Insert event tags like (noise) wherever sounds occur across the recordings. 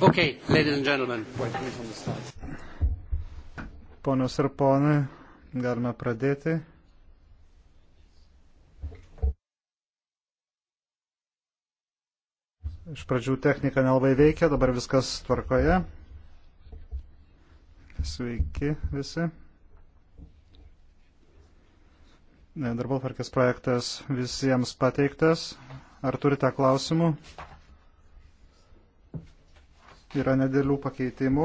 Okay, ladies and gentlemen. Ponios ir ponai, galime pradėti. Iš pradžių technika nelabai veikia, dabar viskas tvarkoje. Sveiki visi. Darbo tvarkės projektas visiems pateiktas. Ar turite klausimų? Yra nedėlių pakeitimų.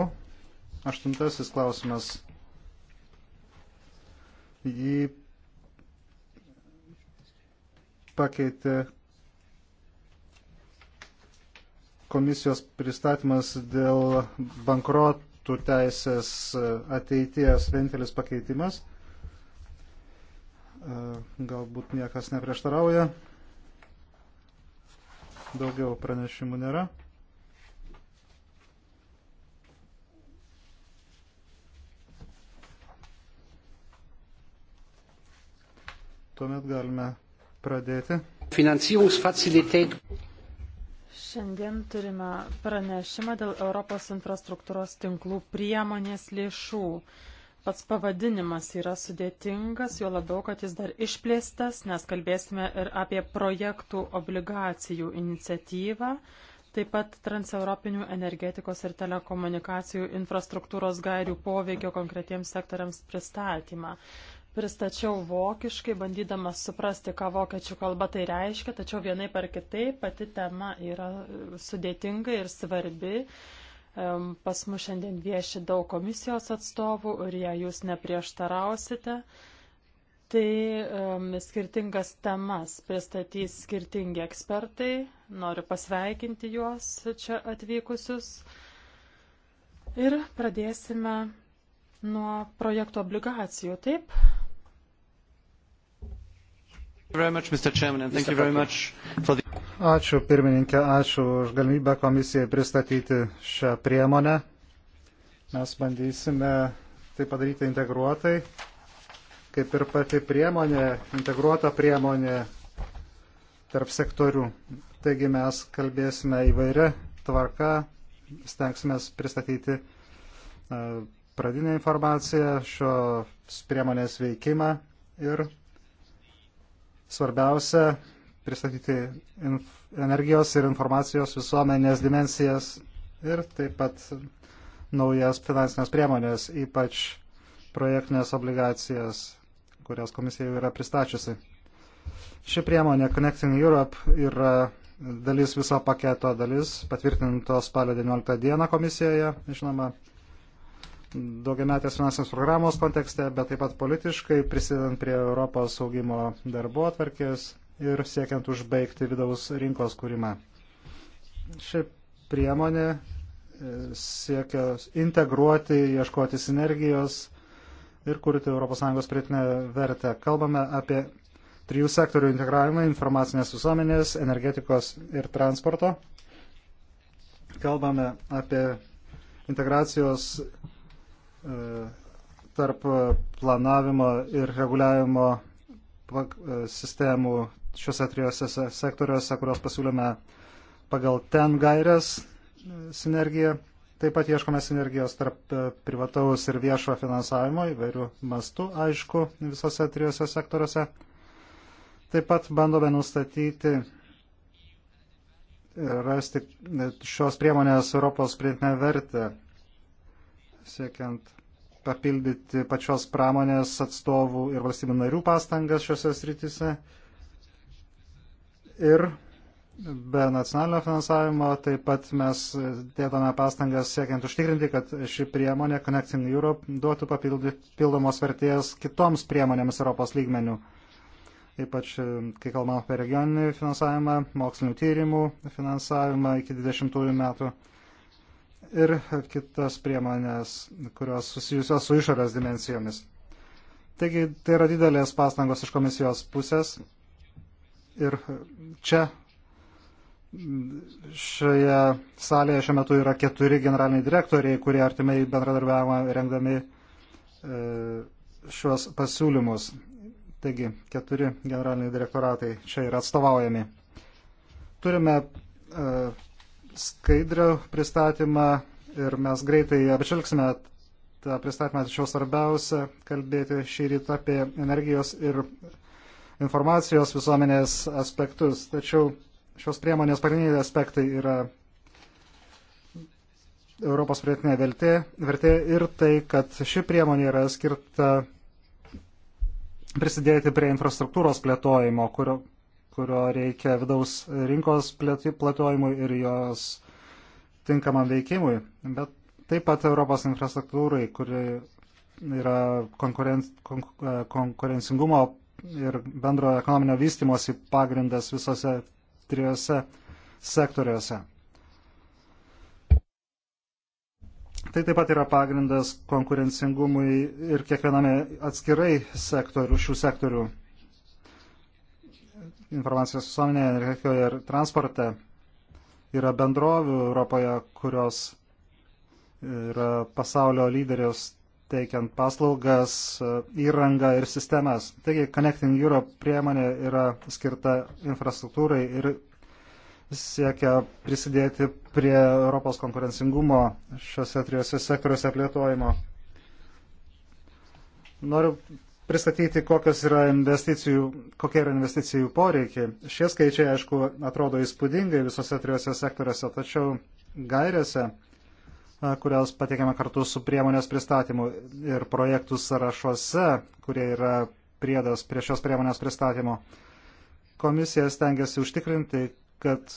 Aštuntasis klausimas. Jį pakeitė komisijos pristatymas dėl bankrotų teisės ateities vienintelis pakeitimas. E, galbūt niekas neprieštarauja. Daugiau pranešimų nėra. Tuomet galime pradėti. Finansijungsfacilitėt. Šiandien turime pranešimą dėl Europos infrastruktūros tinklų priemonės lėšų. Pats pavadinimas yra sudėtingas, jo labiau, kad jis dar išplėstas, nes kalbėsime ir apie projektų obligacijų iniciatyvą, taip pat transeuropinių energetikos ir telekomunikacijų infrastruktūros gairių poveikio konkretiems sektoriams pristatymą pristačiau vokiškai, bandydamas suprasti, ką vokiečių kalba tai reiškia, tačiau vienai par kitai pati tema yra sudėtinga ir svarbi. Pas mus šiandien vieši daug komisijos atstovų ir jei jūs neprieštarausite, tai um, skirtingas temas pristatys skirtingi ekspertai. Noriu pasveikinti juos čia atvykusius. Ir pradėsime nuo projektų obligacijų, taip? Ačiū pirmininkė, ačiū už galimybę komisijai pristatyti šią priemonę. Mes bandysime tai padaryti integruotai, kaip ir pati priemonė, integruota priemonė tarp sektorių. Taigi mes kalbėsime įvairią tvarką, stengsime pristatyti e, pradinę informaciją šios priemonės veikimą ir Svarbiausia pristatyti energijos ir informacijos visuomenės dimensijas ir taip pat naujas finansinės priemonės, ypač projektinės obligacijas, kurias komisija jau yra pristačiusi. Ši priemonė Connecting Europe yra dalis viso paketo dalis, patvirtinto spalio 19 dieną komisijoje. Žinoma, daugiametės finansinės programos kontekste, bet taip pat politiškai prisidedant prie Europos saugimo darbo atvarkės ir siekiant užbaigti vidaus rinkos kūrimą. Ši priemonė e, siekia integruoti, ieškoti sinergijos ir kurti ES pritinę vertę. Kalbame apie trijų sektorių integravimą - informacinės visuomenės, energetikos ir transporto. Kalbame apie integracijos E, tarp planavimo ir reguliavimo e, sistemų šiuose trijose sektoriuose, kurios pasiūlėme pagal ten gairias e, sinergiją. Taip pat ieškome sinergijos tarp privataus ir viešo finansavimo įvairių mastų, aišku, visose trijose sektoriuose. Taip pat bandome nustatyti ir rasti šios priemonės Europos pridėtinę vertę siekiant papildyti pačios pramonės atstovų ir valstybių narių pastangas šiuose srityse. Ir be nacionalinio finansavimo taip pat mes dėdame pastangas siekiant užtikrinti, kad ši priemonė Connecting Europe duotų papildomos vertės kitoms priemonėms Europos lygmenių. Ypač, e, kai kalbame apie regioninį finansavimą, mokslinių tyrimų finansavimą iki 20 metų ir kitas priemonės, kurios susijusios su išorės dimencijomis. Taigi tai yra didelės pastangos iš komisijos pusės ir čia šioje salėje šiuo metu yra keturi generaliniai direktoriai, kurie artimai bendradarbiavimą rengdami e, šiuos pasiūlymus. Taigi keturi generaliniai direktoratai čia yra atstovaujami. Turime e, skaidrą pristatymą ir mes greitai apžvelgsime tą pristatymą, tačiau svarbiausia kalbėti šį rytą apie energijos ir informacijos visuomenės aspektus. Tačiau šios priemonės pagrindiniai aspektai yra Europos prietinė vertė, vertė ir tai, kad ši priemonė yra skirta prisidėti prie infrastruktūros plėtojimo, kurio, kurio reikia vidaus rinkos plėtojimui ir jos tinkamam veikimui, bet taip pat Europos infrastruktūrai, kuri yra konkuren, kon, e, konkurencingumo ir bendro ekonominio vystimosi pagrindas visose trijose sektoriuose. Tai taip pat yra pagrindas konkurencingumui ir kiekviename atskirai sektorių, šių sektorių informacijos visuomenėje, energetikoje ir transporte yra bendrovių Europoje, kurios yra pasaulio lyderius teikiant paslaugas, įrangą ir sistemas. Taigi Connecting Europe priemonė yra skirta infrastruktūrai ir siekia prisidėti prie Europos konkurencingumo šiuose trijose sektoriuose plėtojimo. Noriu pristatyti, yra kokie yra investicijų poreikiai. Šie skaičiai, aišku, atrodo įspūdingai visose trijose sektoriuose, tačiau gairėse, kurios pateikėme kartu su priemonės pristatymu ir projektų sąrašuose, kurie yra priedas prie šios priemonės pristatymo, komisija stengiasi užtikrinti, kad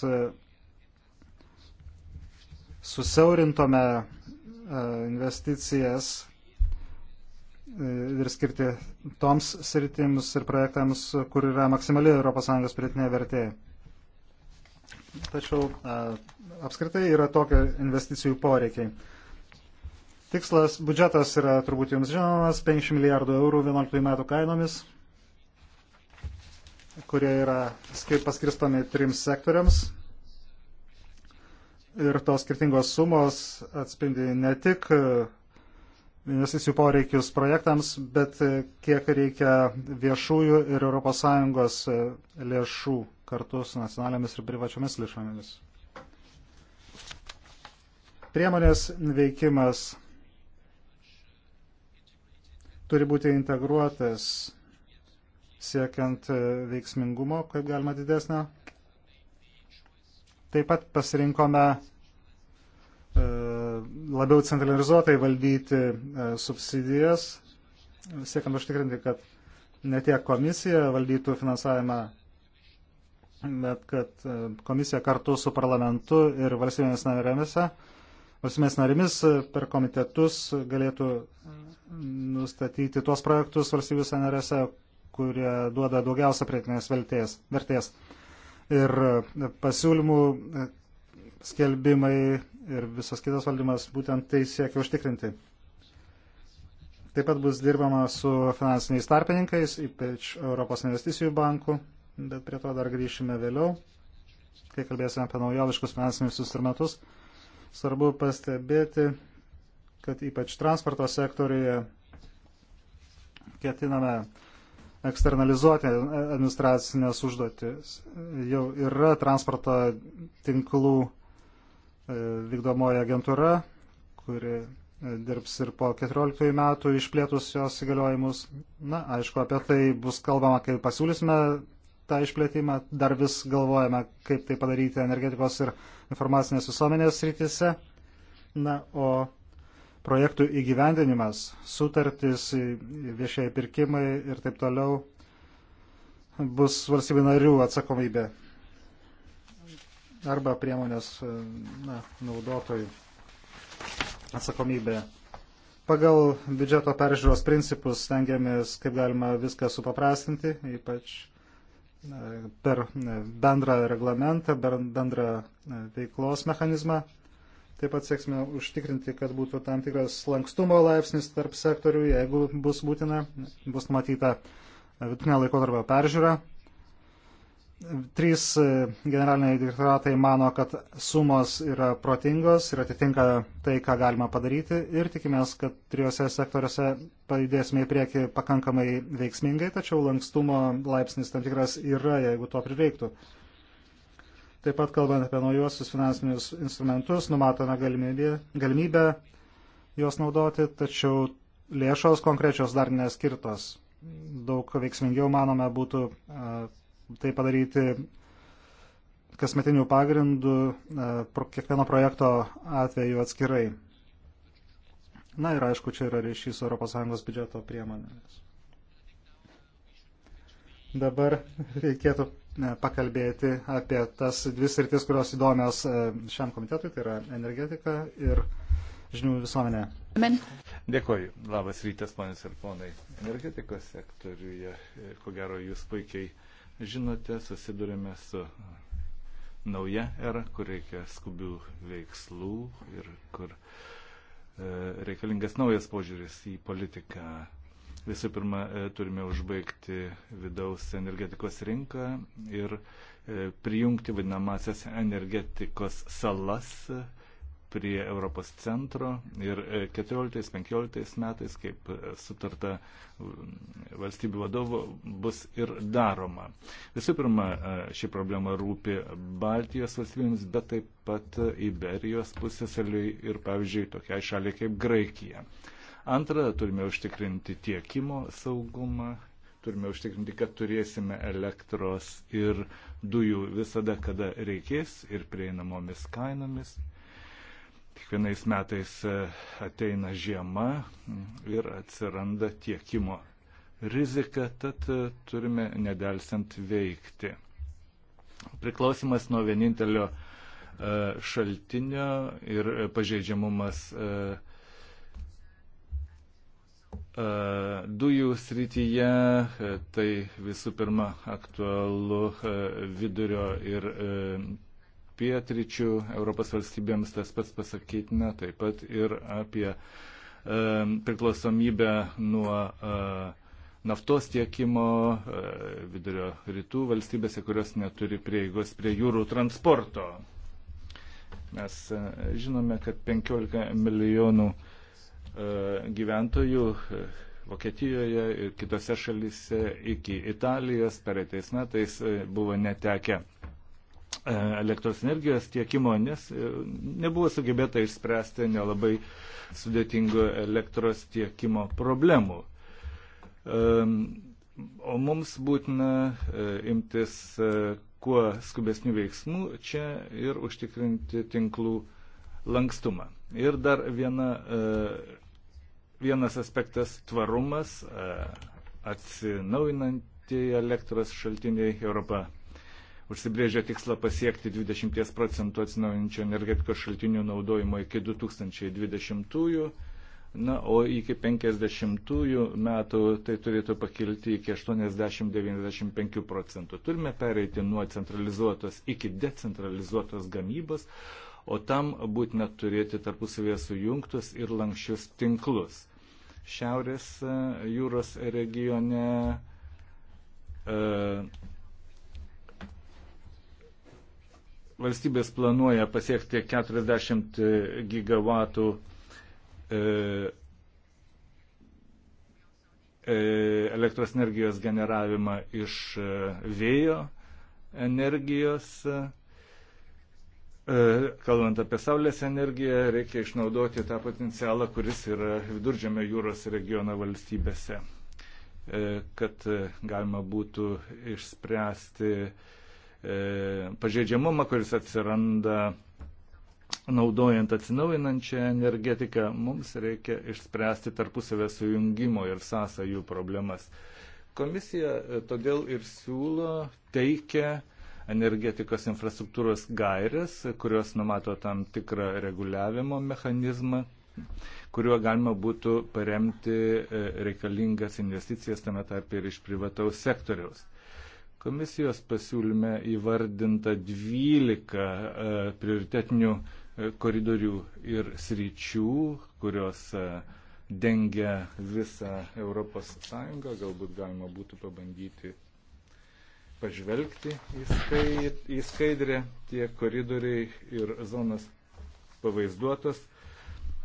susiaurintume investicijas ir skirti toms sritims ir projektams, kur yra maksimali ES pridėtinė vertė. Tačiau apskritai yra tokio investicijų poreikiai. Tikslas biudžetas yra turbūt jums žinomas 5 milijardų eurų 11 metų kainomis, kurie yra paskirstomi trims sektoriams ir tos skirtingos sumos atspindi ne tik investicijų poreikius projektams, bet e, kiek reikia viešųjų ir ES e, lėšų kartu su nacionalėmis ir privačiomis lėšomis. Priemonės veikimas turi būti integruotas siekiant e, veiksmingumo, kaip galima didesnio. Taip pat pasirinkome labiau centralizuotai valdyti e, subsidijas, siekiant užtikrinti, kad ne tiek komisija valdytų finansavimą, bet kad e, komisija kartu su parlamentu ir valstybėmis narėmis, valstybės narėmis per komitetus galėtų nustatyti tuos projektus valstybės narėse, kurie duoda daugiausia prietinės vertės. vertės. Ir e, pasiūlymų skelbimai ir visas kitas valdymas būtent tai siekia užtikrinti. Taip pat bus dirbama su finansiniais tarpininkais, ypač Europos investicijų bankų, bet prie to dar grįšime vėliau, kai kalbėsime apie naujoviškus finansinius instrumentus. Svarbu pastebėti, kad ypač transporto sektoriuje ketiname eksternalizuoti administracinės užduotis. Jau yra transporto tinklų E, vykdomoji agentūra, kuri e, dirbs ir po 14 metų išplėtus jos įgaliojimus. Na, aišku, apie tai bus kalbama, kai pasiūlysime tą išplėtimą. Dar vis galvojame, kaip tai padaryti energetikos ir informacinės visuomenės rytise. Na, o projektų įgyvendinimas, sutartys, viešieji pirkimai ir taip toliau bus valstybių narių atsakomybė arba priemonės e, na, naudotojų atsakomybė. Pagal biudžeto peržiūros principus stengiamės, kaip galima viską supaprastinti, ypač e, per e, bendrą reglamentą, bendrą veiklos mechanizmą. Taip pat sėksime užtikrinti, kad būtų tam tikras lankstumo laipsnis tarp sektorių, jeigu bus būtina, bus numatyta vidutinė laikotarpio peržiūra Trys e, generaliniai direktoratai mano, kad sumos yra protingos ir atitinka tai, ką galima padaryti ir tikimės, kad trijose sektoriuose pajudėsime į priekį pakankamai veiksmingai, tačiau lankstumo laipsnis tam tikras yra, jeigu to prireiktų. Taip pat kalbant apie naujuosius finansinius instrumentus, numatome galimybę, galimybę juos naudoti, tačiau lėšos konkrečios dar neskirtos. Daug veiksmingiau, manome, būtų tai padaryti kasmetinių pagrindų e, kiekvieno projekto atveju atskirai. Na ir aišku, čia yra ryšys su ES biudžeto priemonėmis. Dabar reikėtų e, pakalbėti apie tas dvi sritis, kurios įdomios e, šiam komitetui, tai yra energetika ir žinių visuomenė. Amen. Dėkoju. Labas rytas, ponės ir ponai. Energetikos sektoriuje, ko gero, jūs puikiai uh, žinote, susidurime su nauja era, kur reikia skubių veikslų ir kur e, reikalingas naujas požiūris į politiką. Visų pirma, e, turime užbaigti vidaus energetikos rinką ir e, prijungti vadinamasias energetikos salas prie Europos centro ir 14-15 e, metais, kaip e, sutarta valstybių vadovų, bus ir daroma. Visų pirma, e, ši problema rūpi Baltijos valstybėms, bet taip pat Iberijos pusėseliui ir, pavyzdžiui, tokiai šaliai kaip Graikija. Antra, turime užtikrinti tiekimo saugumą turime užtikrinti, kad turėsime elektros ir dujų visada, kada reikės ir prieinamomis kainomis kiekvienais metais e, ateina žiema ir atsiranda tiekimo rizika, tad e, turime nedelsiant veikti. Priklausimas nuo vienintelio e, šaltinio ir pažeidžiamumas dujų srityje, tai visų pirma aktualu vidurio ir pietričių Europos valstybėms tas pats pasakytina, taip pat ir apie e, priklausomybę nuo e, naftos tiekimo e, vidurio rytų valstybėse, kurios neturi prieigos prie jūrų transporto. Mes e, žinome, kad 15 milijonų e, gyventojų e, Vokietijoje ir kitose šalyse iki Italijos per ateis metais e, buvo netekę E, elektros energijos tiekimo, nes e, nebuvo sugebėta išspręsti nelabai sudėtingų elektros tiekimo problemų. E, o mums būtina imtis kuo skubesnių veiksmų čia ir užtikrinti tinklų lankstumą. Ir dar viena, vienas aspektas - tvarumas, atsinaujinantieji elektros šaltiniai Europą užsibrėžė tikslą pasiekti 20 procentų atsinaujančio energetikos šaltinių naudojimo iki 2020-ųjų. Na, o iki 50-ųjų metų tai turėtų pakilti iki 80-95 procentų. Turime pereiti nuo centralizuotos iki decentralizuotos gamybos, o tam būtina turėti tarpusavėje sujungtus ir lankščius tinklus. Šiaurės e, jūros regione e, valstybės planuoja pasiekti 40 gigavatų e, e, elektros energijos generavimą iš e, vėjo energijos. Kalbant apie saulės energiją, reikia išnaudoti tą potencialą, kuris yra viduržėmio jūros regiono valstybėse, kad galima būtų išspręsti E, pažeidžiamumą, kuris atsiranda naudojant atsinaujinančią energetiką, mums reikia išspręsti tarpusavę sujungimo ir sąsajų problemas. Komisija e, todėl ir siūlo, teikia energetikos infrastruktūros gairias, kurios numato tam tikrą reguliavimo mechanizmą, kuriuo galima būtų paremti e, reikalingas investicijas tame tarp ir iš privataus sektoriaus. Komisijos pasiūlyme įvardinta 12 e, prioritetinių e, koridorių ir sričių, kurios e, dengia visą ES. Galbūt galima būtų pabandyti pažvelgti į skaidrę. Tie koridoriai ir zonas pavaizduotos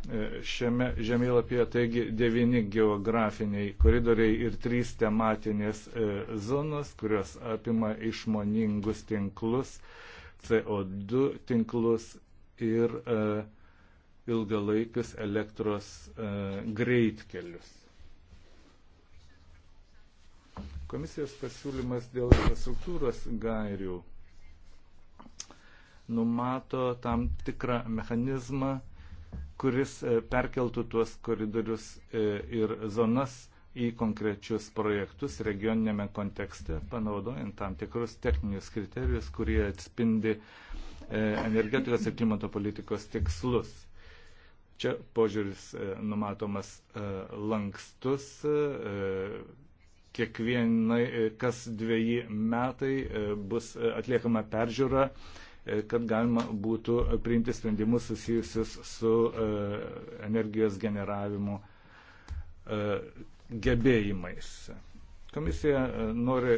E, šiame žemėlapyje, taigi devyni geografiniai koridoriai ir trys tematinės e, zonos, kurios apima išmoningus tinklus, CO2 tinklus ir e, ilgalaikius elektros greitkelius. Komisijos pasiūlymas dėl infrastruktūros gairių numato tam tikrą mechanizmą, kuris e, perkeltų tuos koridorius e, ir zonas į konkrečius projektus regioninėme kontekste, panaudojant tam tikrus techninius kriterijus, kurie atspindi e, energetikos ir klimato politikos tikslus. Čia požiūris numatomas lankstus, kiekvienai kas dviejį metai bus atliekama peržiūra E, kad galima būtų priimti sprendimus susijusius su e, energijos generavimu e, gebėjimais. Komisija nori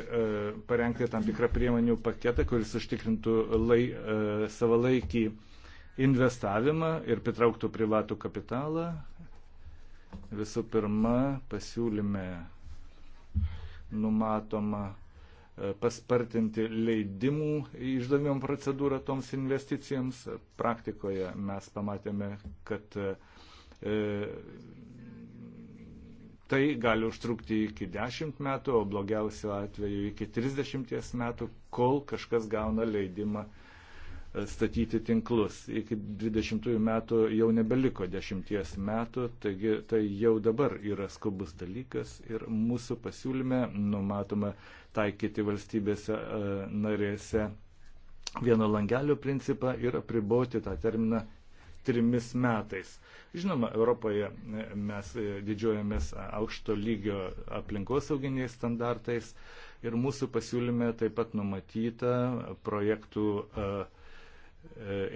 parengti tam tikrą priemonių paketą, kuris užtikrintų lai, savalaikį investavimą ir pritrauktų privatų kapitalą. Visų pirma, pasiūlyme numatoma paspartinti leidimų išdavimo procedūrą toms investicijoms. Praktikoje mes pamatėme, kad e, tai gali užtrukti iki 10 metų, o blogiausiu atveju iki 30 metų, kol kažkas gauna leidimą e, statyti tinklus. Iki 20 metų jau nebeliko 10 metų, taigi tai jau dabar yra skubus dalykas ir mūsų pasiūlyme numatoma taikyti valstybėse e, narėse vieno langelio principą ir apriboti tą terminą trimis metais. Žinoma, Europoje e, mes e, didžiuojamės aukšto lygio aplinkosauginiais standartais ir mūsų pasiūlyme taip pat numatyta projektų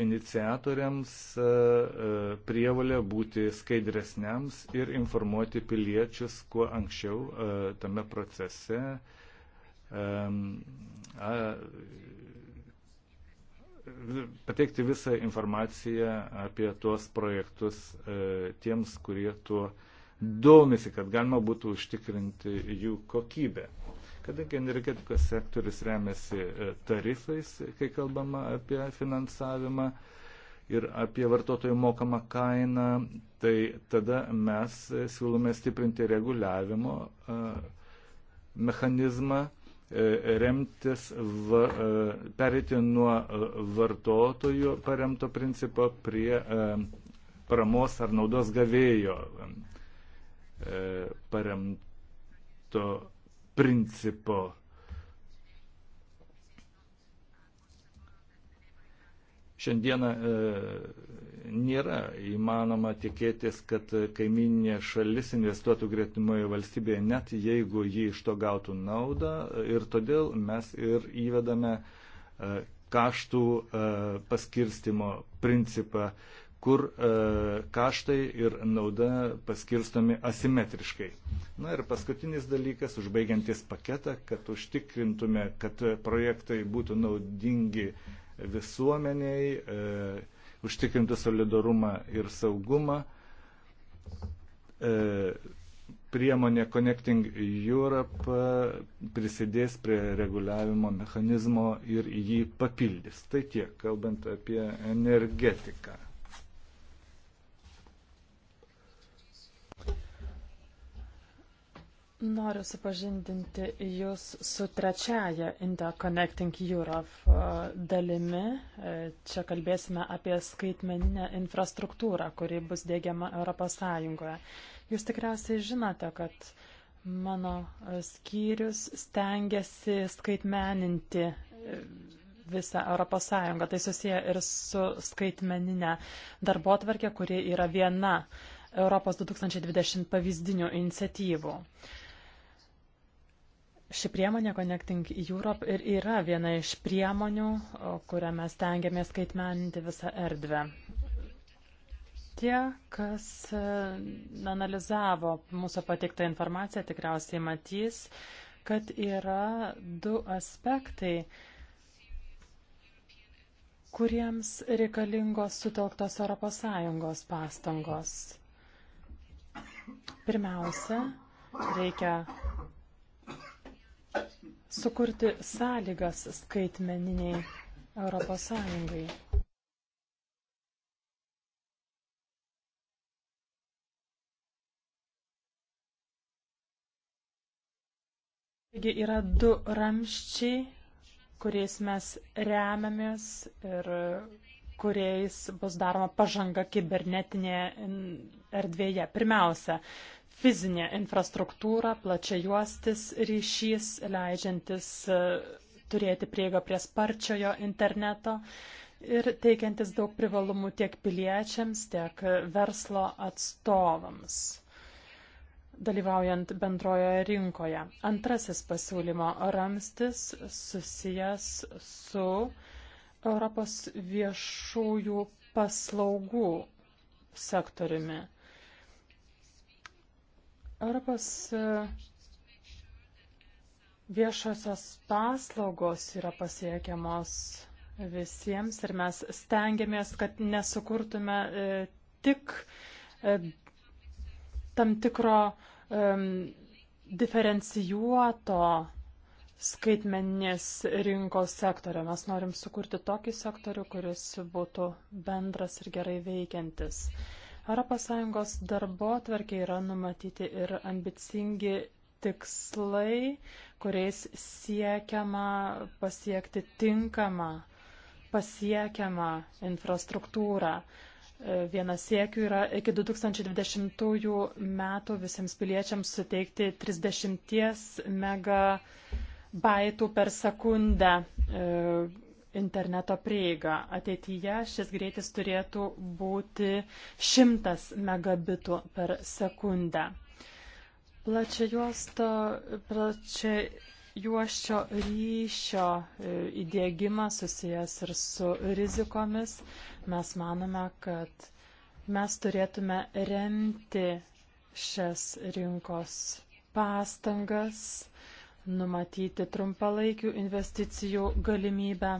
iniciatoriams prievalė būti skaidresniams ir informuoti piliečius kuo anksčiau tame procese pateikti visą informaciją apie tuos projektus e, tiems, kurie tuo domisi, kad galima būtų užtikrinti jų kokybę. Kadangi energetikos sektorius remiasi e, tarifais, kai kalbama apie finansavimą ir apie vartotojų mokamą kainą, tai tada mes e, siūlome stiprinti reguliavimo mechanizmą remtis, va, e, perėti nuo e, vartotojų paremto principo prie e, paramos ar naudos gavėjo paremto principo. Šiandieną e, nėra įmanoma tikėtis, kad kaiminė šalis investuotų gretimoje valstybėje, net jeigu ji iš to gautų naudą. Ir todėl mes ir įvedame e, kaštų e, paskirstimo principą, kur kaštai ir nauda paskirstomi asimetriškai. Na ir paskutinis dalykas, užbaigiantis paketą, kad užtikrintume, kad projektai būtų naudingi visuomeniai, e, užtikrinti solidarumą ir saugumą. E, priemonė Connecting Europe prisidės prie reguliavimo mechanizmo ir jį papildys. Tai tiek, kalbant apie energetiką. Noriu supažindinti Jūs su trečiaja Interconnecting Europe e, dalimi. E, čia kalbėsime apie skaitmeninę infrastruktūrą, kuri bus dėgiama ES. Jūs tikriausiai žinote, kad mano skyrius stengiasi skaitmeninti e, visą ES. Tai susiję ir su skaitmeninė darbotvarkė, kuri yra viena Europos 2020 pavyzdinių iniciatyvų. Uh, Ši priemonė Connecting Europe ir yra viena iš priemonių, kurią mes tengiamės skaitmeninti visą erdvę. Tie, kas e, analizavo mūsų pateiktą informaciją, tikriausiai matys, kad yra du aspektai, kuriems reikalingos sutelktos ES pastangos. Pirmiausia, reikia sukurti sąlygas skaitmeniniai Europos Sąjungai. Taigi yra du ramščiai, kuriais mes remiamės ir kuriais bus daroma pažanga kibernetinėje erdvėje. Pirmiausia, fizinė infrastruktūra, plačiajuostis ryšys, leidžiantis e, turėti prieigą prie sparčiojo interneto ir teikiantis daug privalumų tiek piliečiams, tiek verslo atstovams dalyvaujant bendrojoje rinkoje. Antrasis pasiūlymo ramstis susijęs su Europos viešųjų paslaugų sektoriumi. Europos e, viešosios paslaugos yra pasiekiamos visiems ir mes stengiamės, kad nesukurtume e, tik e, tam tikro diferencijuoto skaitmeninės rinkos sektorio. Mes norim sukurti tokį sektorių, kuris būtų bendras ir gerai veikiantis. ES darbo tvarkė yra numatyti ir ambicingi tikslai, kuriais siekiama pasiekti tinkamą, pasiekiamą infrastruktūrą. Vienas siekių yra iki 2020 metų visiems piliečiams suteikti 30 megabaitų per sekundę interneto prieigą. Ateityje šis greitis turėtų būti 100 megabitų per sekundę. Plačiajuosto, plačiajuoščio ryšio e, įdėgymas susijęs ir su rizikomis. Mes manome, kad mes turėtume remti šias rinkos pastangas numatyti trumpalaikių investicijų galimybę.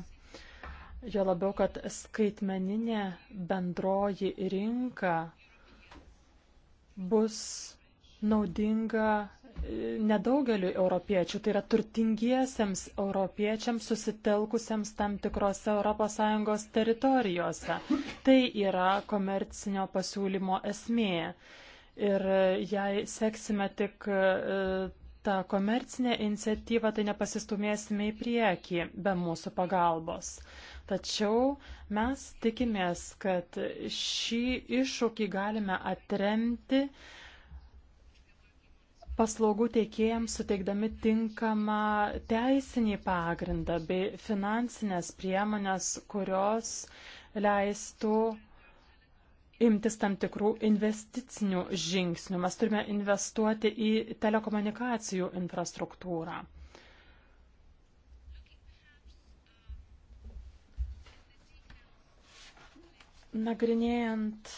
Jo labiau, kad skaitmeninė bendroji rinka bus naudinga e, nedaugeliu europiečių, tai yra turtingiesiems europiečiams susitelkusiems tam tikrose ES teritorijose. Tai yra komercinio pasiūlymo esmė. Ir jei seksime tik e, tą komercinę iniciatyvą, tai nepasistumėsime į priekį be mūsų pagalbos. Tačiau mes tikimės, kad šį iššūkį galime atremti paslaugų teikėjams suteikdami tinkamą teisinį pagrindą bei finansinės priemonės, kurios leistų imtis tam tikrų investicinių žingsnių. Mes turime investuoti į telekomunikacijų infrastruktūrą. nagrinėjant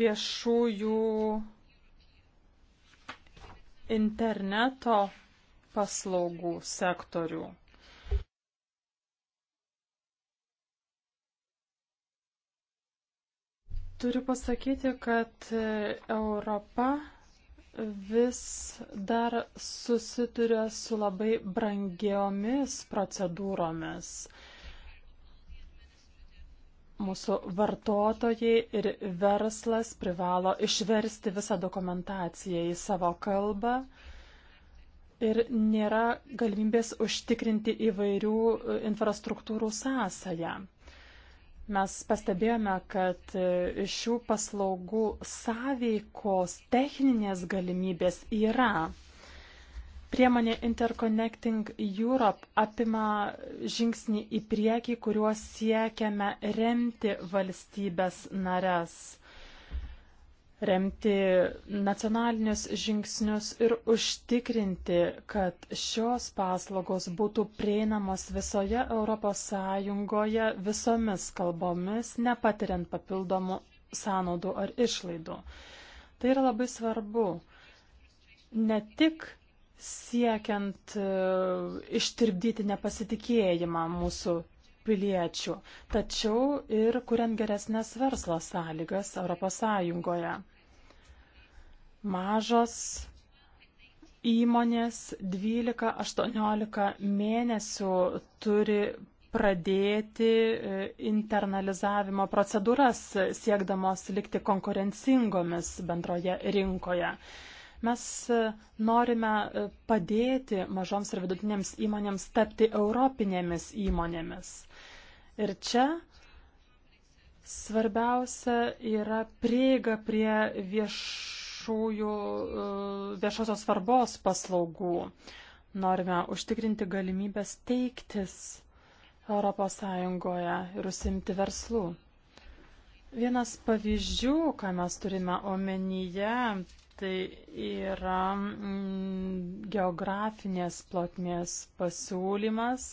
viešųjų interneto paslaugų sektorių. Turiu pasakyti, kad Europa vis dar susiduria su labai brangiomis procedūromis. Mūsų vartotojai ir verslas privalo išversti visą dokumentaciją į savo kalbą ir nėra galimybės užtikrinti įvairių e, infrastruktūrų sąsają. Mes pastebėjome, kad e, šių paslaugų sąveikos techninės galimybės yra. Priemonė Interconnecting Europe apima žingsnį į priekį, kuriuos siekiame remti valstybės nares, remti nacionalinius žingsnius ir užtikrinti, kad šios paslaugos būtų prieinamos visoje ES visomis kalbomis, nepatiriant papildomų sąnaudų ar išlaidų. Tai yra labai svarbu ne tik siekiant e, ištirpdyti nepasitikėjimą mūsų piliečių, tačiau ir kuriant geresnės verslo sąlygas ES. Mažos įmonės 12-18 mėnesių turi pradėti e, internalizavimo procedūras, siekdamos likti konkurencingomis bendroje rinkoje. Mes e, norime e, padėti mažoms ir vidutinėms įmonėms tapti europinėmis įmonėmis. Ir čia svarbiausia yra prieiga prie viešųjų, e, viešosios svarbos paslaugų. Norime užtikrinti galimybės teiktis ES ir užsimti verslų. Vienas pavyzdžių, ką mes turime omenyje, Tai yra mm, geografinės plotmės pasiūlymas.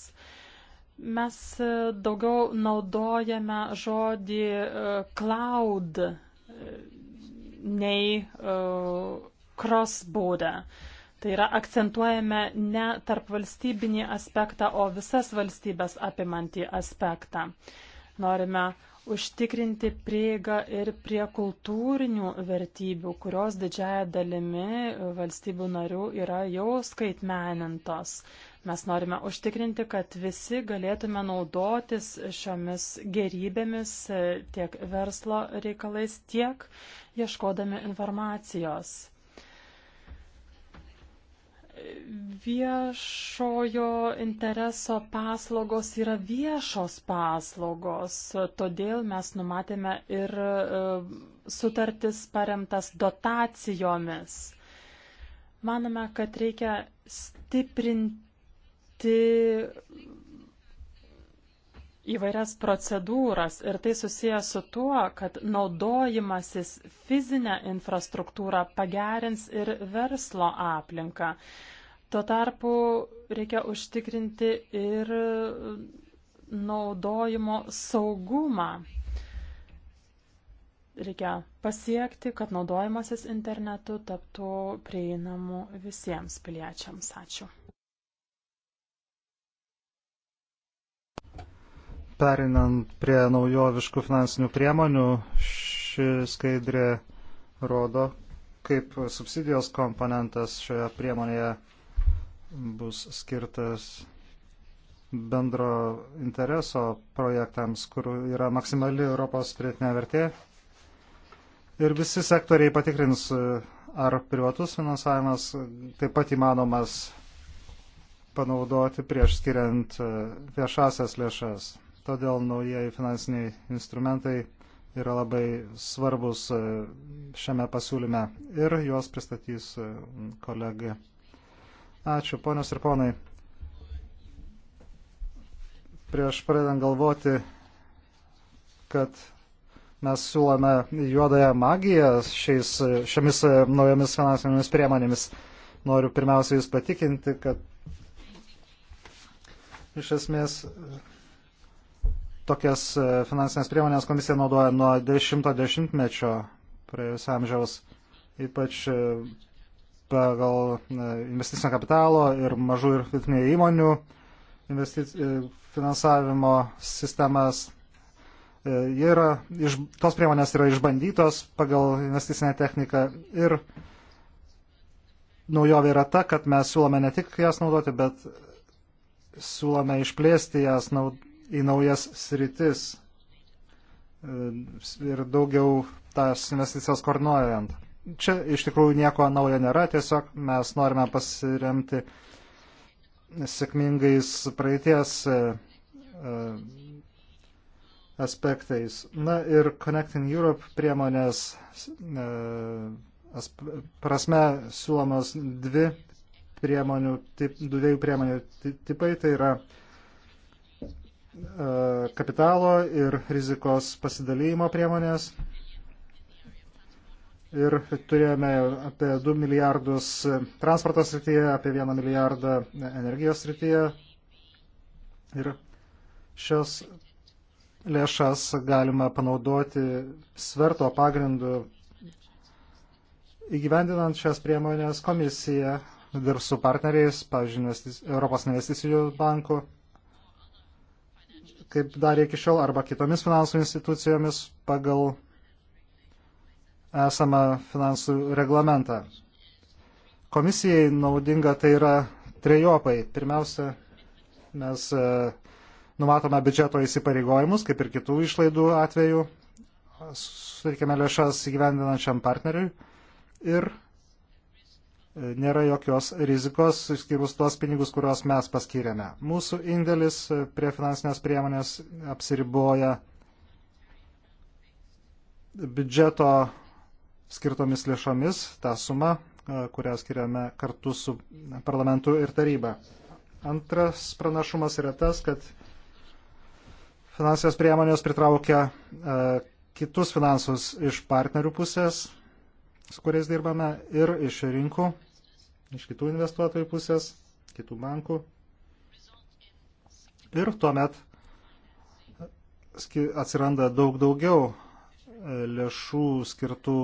Mes e, daugiau naudojame žodį e, cloud e, nei crossborder. Tai yra akcentuojame ne tarp valstybinį aspektą, o visas valstybės apimantį aspektą. Norime uh, užtikrinti prieigą ir prie kultūrinių vertybių, kurios didžiaja dalimi valstybių narių yra jau skaitmenintos. Mes norime užtikrinti, kad visi galėtume naudotis šiomis gerybėmis tiek verslo reikalais, tiek ieškodami informacijos viešojo intereso paslaugos yra viešos paslaugos, todėl mes numatėme ir e, sutartis paremtas dotacijomis. Manome, kad reikia stiprinti įvairias procedūras ir tai susijęs su tuo, kad naudojimasis fizinę infrastruktūrą pagerins ir verslo aplinką. Tuo tarpu reikia užtikrinti ir naudojimo saugumą. Reikia pasiekti, kad naudojimasis internetu taptų prieinamu visiems piliečiams. Ačiū. Perinant prie naujoviškų finansinių priemonių, ši skaidrė rodo, kaip subsidijos komponentas šioje priemonėje bus skirtas bendro intereso projektams, kur yra maksimali Europos pridėtinė vertė. Ir visi sektoriai patikrins, ar privatus finansavimas taip pat įmanomas panaudoti prieš skiriant e, viešasias lėšas todėl naujieji finansiniai instrumentai yra labai svarbus e, šiame pasiūlyme ir juos pristatys e, kolegai. Ačiū, ponios ir ponai. Prieš pradedant galvoti, kad mes siūlome juodąją magiją šiais, šiomis e, naujomis finansinėmis priemonėmis. Noriu pirmiausia Jūs patikinti, kad iš esmės Tokias e, finansinės priemonės komisija naudoja nuo 10-mečio praėjusio amžiaus, ypač e, pagal e, investicinio kapitalo ir mažų ir vidutinių įmonių investic... finansavimo sistemas. Jie yra, iš, tos priemonės yra išbandytos pagal investicinę techniką ir naujovė yra ta, kad mes siūlome ne tik jas naudoti, bet siūlome išplėsti jas naud į naujas sritis e, ir daugiau tas investicijas koordinuojant. Čia iš tikrųjų nieko naujo nėra, tiesiog mes norime pasiremti sėkmingais praeities e, e, aspektais. Na ir Connecting Europe priemonės prasme siūlomos dvi priemonių, dviejų priemonių tipai, tai yra uh, E, kapitalo ir rizikos pasidalymo priemonės. Ir turėjome apie 2 milijardus transporto srityje, apie 1 milijardą energijos srityje. Ir šios lėšas galima panaudoti sverto pagrindu. Įgyvendinant šias priemonės komisija dirbs su partneriais, pavyzdžiui, Europos investicijų banku kaip darė iki šiol, arba kitomis finansų institucijomis pagal esamą finansų reglamentą. Komisijai naudinga tai yra trejopai. Pirmiausia, mes e, numatome biudžeto įsipareigojimus, kaip ir kitų išlaidų atveju, suteikėme lėšas įgyvendinančiam partneriui ir nėra jokios rizikos, išskyrus tuos pinigus, kuriuos mes paskyrėme. Mūsų indėlis e, prie finansinės priemonės apsiriboja biudžeto skirtomis lėšomis, tą sumą, e, kurią skiriame kartu su parlamentu ir taryba. Antras pranašumas yra tas, kad finansinės priemonės pritraukia e, kitus finansus iš partnerių pusės, su kuriais dirbame, ir iš rinkų, iš kitų investuotojų pusės, kitų bankų. Ir tuomet atsiranda daug daugiau e, lėšų skirtų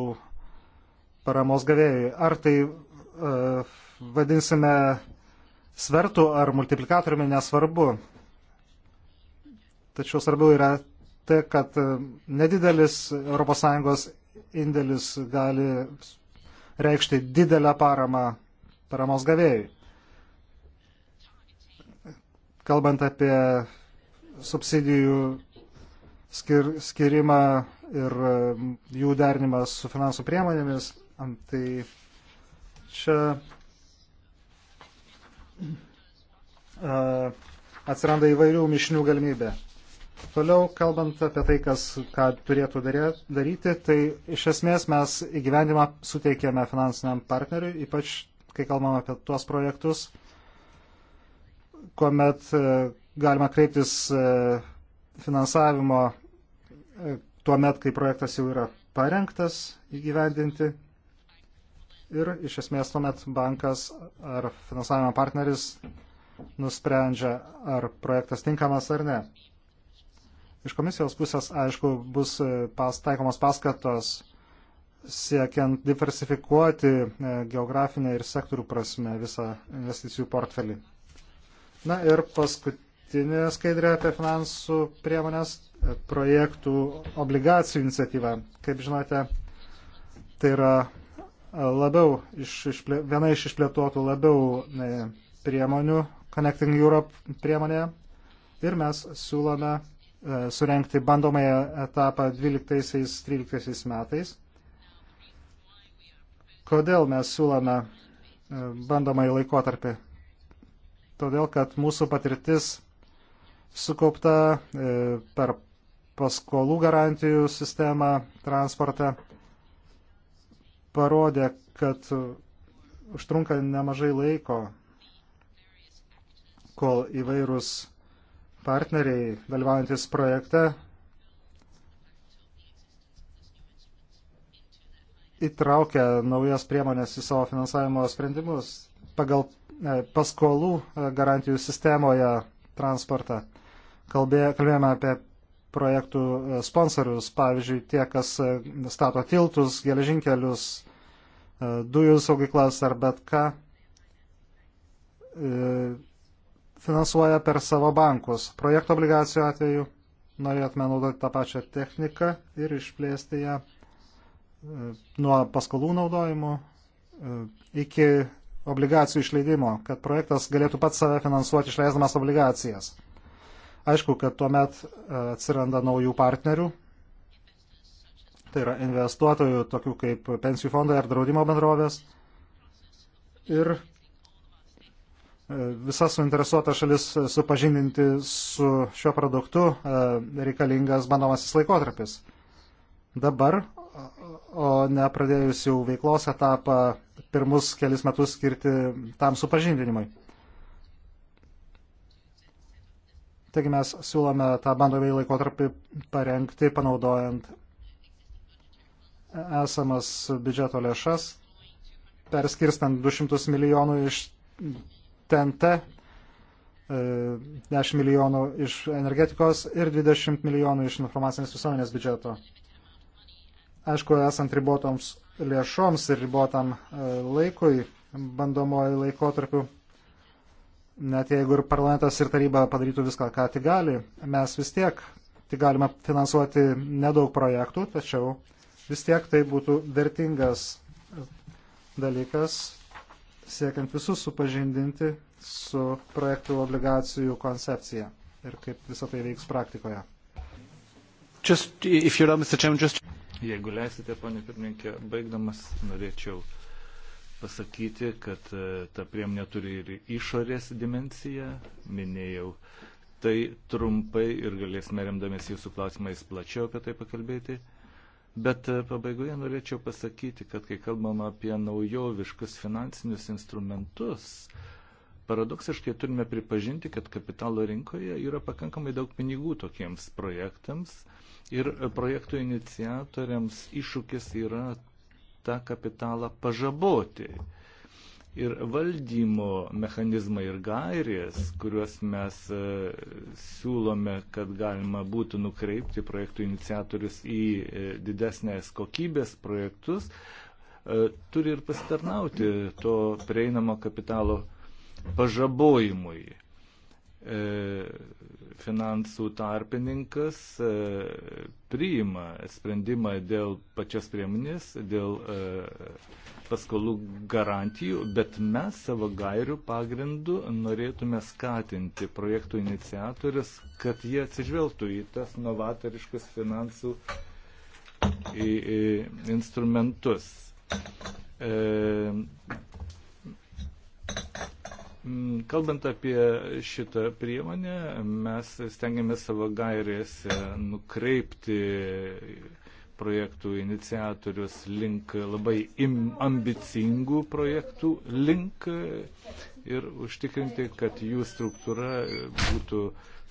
paramos gavėjui. Ar tai uh, vadinsime svertų ar multiplikatoriumi, nesvarbu. Tačiau svarbiau yra tai, kad e, nedidelis ES indėlis gali reikšti didelę paramą paramos gavėjui. Kalbant apie subsidijų skir, skirimą ir jų derinimą su finansų priemonėmis, tai čia atsiranda įvairių mišinių galimybė. Toliau, kalbant apie tai, kas ką turėtų daryti, tai iš esmės mes įgyvendimą suteikėme finansiniam partneriui, ypač kai kalbam apie tuos projektus, kuomet e, galima kreiptis e, finansavimo e, tuo met, kai projektas jau yra parengtas įgyvendinti. Ir iš esmės tuomet bankas ar finansavimo partneris nusprendžia, ar projektas tinkamas ar ne. Iš komisijos pusės, aišku, bus e, pas, taikomos paskatos siekiant diversifikuoti e, geografinę ir sektorių prasme visą investicijų portfelį. Na ir paskutinė skaidrė apie finansų priemonės e, projektų obligacijų iniciatyva. Kaip žinote, tai yra labiau iš, išplė, viena iš išplėtotų labiau priemonių Connecting Europe priemonėje ir mes siūlome E, surenkti bandomąją etapą 12-13 metais. Kodėl mes siūlome e, bandomąjį laikotarpį? Todėl, kad mūsų patirtis sukaupta e, per paskolų garantijų sistemą transporte parodė, kad užtrunka nemažai laiko, kol įvairūs partneriai dalyvaujantis projekte įtraukia naujas priemonės į savo finansavimo sprendimus pagal e, paskolų e, garantijų sistemoje transportą. Kalbė, kalbėjome apie projektų e, sponsorius, pavyzdžiui, tie, kas stato tiltus, geležinkelius, dujų saugyklas ar bet ką finansuoja per savo bankus. Projekto obligacijų atveju norėtume naudoti tą pačią techniką ir išplėsti ją e, nuo paskolų naudojimo e, iki obligacijų išleidimo, kad projektas galėtų pats save finansuoti išleisdamas obligacijas. Aišku, kad tuomet e, atsiranda naujų partnerių, tai yra investuotojų, tokių kaip pensijų fondai ar draudimo bendrovės. Ir visas suinteresuotas šalis supažindinti su šiuo produktu e, reikalingas bandomasis laikotarpis. Dabar, o ne pradėjus jau veiklos etapą, pirmus kelis metus skirti tam supažindinimui. Taigi mes siūlome tą bandomąjį laikotarpį parengti, panaudojant esamas biudžeto lėšas, perskirstant 200 milijonų iš TNT, 10 e, milijonų iš energetikos ir 20 milijonų iš informacinės visuomenės biudžeto. Aišku, esant ribotoms lėšoms ir ribotam e, laikui, bandomoji laikotarpiu, net jeigu ir parlamentas ir taryba padarytų viską, ką tik gali, mes vis tiek tik galime finansuoti nedaug projektų, tačiau vis tiek tai būtų vertingas dalykas siekiant visus supažindinti su projektų obligacijų koncepcija ir kaip visą tai veiks praktikoje. Just, if you're Mr. Chairman, just... Jeigu leisite, ponė pirmininkė, baigdamas norėčiau pasakyti, kad e, ta priemonė turi ir išorės dimenciją, minėjau. Tai trumpai ir galėsime remdamės jūsų klausimais plačiau apie tai pakalbėti. Bet e, pabaigoje norėčiau pasakyti, kad kai kalbam apie naujoviškus finansinius instrumentus, paradoksiškai turime pripažinti, kad kapitalo rinkoje yra pakankamai daug pinigų tokiems projektams ir projektų iniciatoriams iššūkis yra tą kapitalą pažaboti ir valdymo mechanizmai ir gairės, kuriuos mes e, siūlome, kad galima būtų nukreipti projektų iniciatorius į e, didesnės kokybės projektus, e, turi ir pasitarnauti to prieinamo kapitalo pažabojimui. Finansų tarpininkas priima sprendimą dėl pačios priemonės, dėl paskolų garantijų, bet mes savo gairių pagrindų norėtume skatinti projektų iniciatorius, kad jie atsižvelgtų į tas novatoriškus finansų į, į instrumentus. E, Kalbant apie šitą priemonę, mes stengiamės savo gairėse nukreipti projektų iniciatorius link labai ambicingų projektų link e, ir užtikrinti, kad jų struktūra e, būtų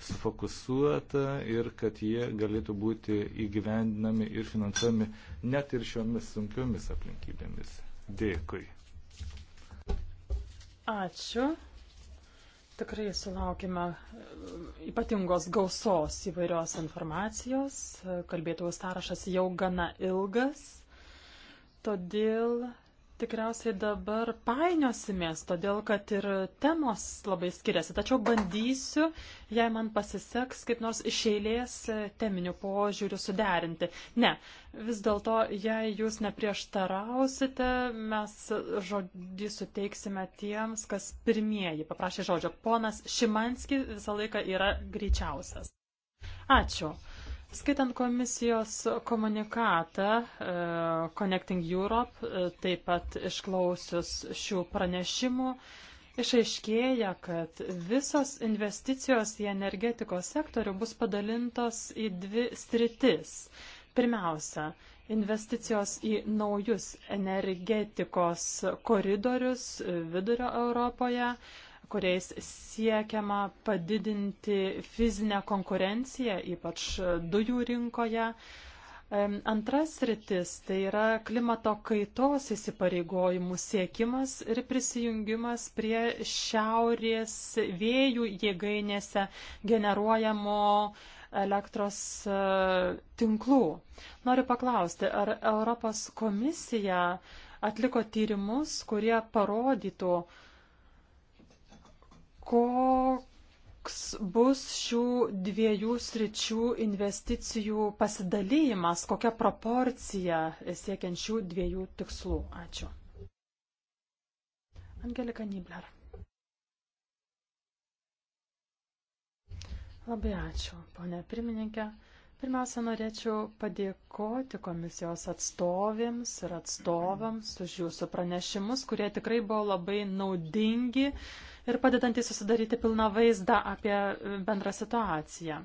sufokusuota ir kad jie galėtų būti įgyvendinami ir finansuojami net ir šiomis sunkiomis aplinkybėmis. Dėkui. Ačiū. Tikrai sulaukime e, ypatingos gausos įvairios informacijos. Kalbėtojų sąrašas jau gana ilgas. Todėl tikriausiai dabar painiosimės, todėl kad ir temos labai skiriasi. Tačiau bandysiu, jei man pasiseks, kaip nors iš eilės teminių požiūrių suderinti. Ne, vis dėlto, jei jūs neprieštarausite, mes žodį suteiksime tiems, kas pirmieji paprašė žodžio. Ponas Šimanski visą laiką yra greičiausias. Ačiū. Skaitant komisijos komunikatą e, Connecting Europe, e, taip pat išklausius šių pranešimų, išaiškėja, kad visos investicijos į energetikos sektorių bus padalintos į dvi sritis. Pirmiausia, investicijos į naujus energetikos koridorius vidurio Europoje, kuriais siekiama padidinti fizinę konkurenciją, ypač dujų rinkoje. Antras rytis tai yra klimato kaitos įsipareigojimų siekimas ir prisijungimas prie šiaurės vėjų jėgainėse generuojamo elektros e, tinklų. Noriu paklausti, ar Europos komisija atliko tyrimus, kurie parodytų, koks bus šių dviejų sričių investicijų pasidalymas, kokia proporcija siekiant šių dviejų tikslų. Ačiū. Angelika Nibler. Labai ačiū, ponė pirmininkė. Pirmiausia, norėčiau padėkoti komisijos atstovėms ir atstovams už jūsų pranešimus, kurie tikrai buvo labai naudingi ir padedantys susidaryti pilną vaizdą apie bendrą situaciją.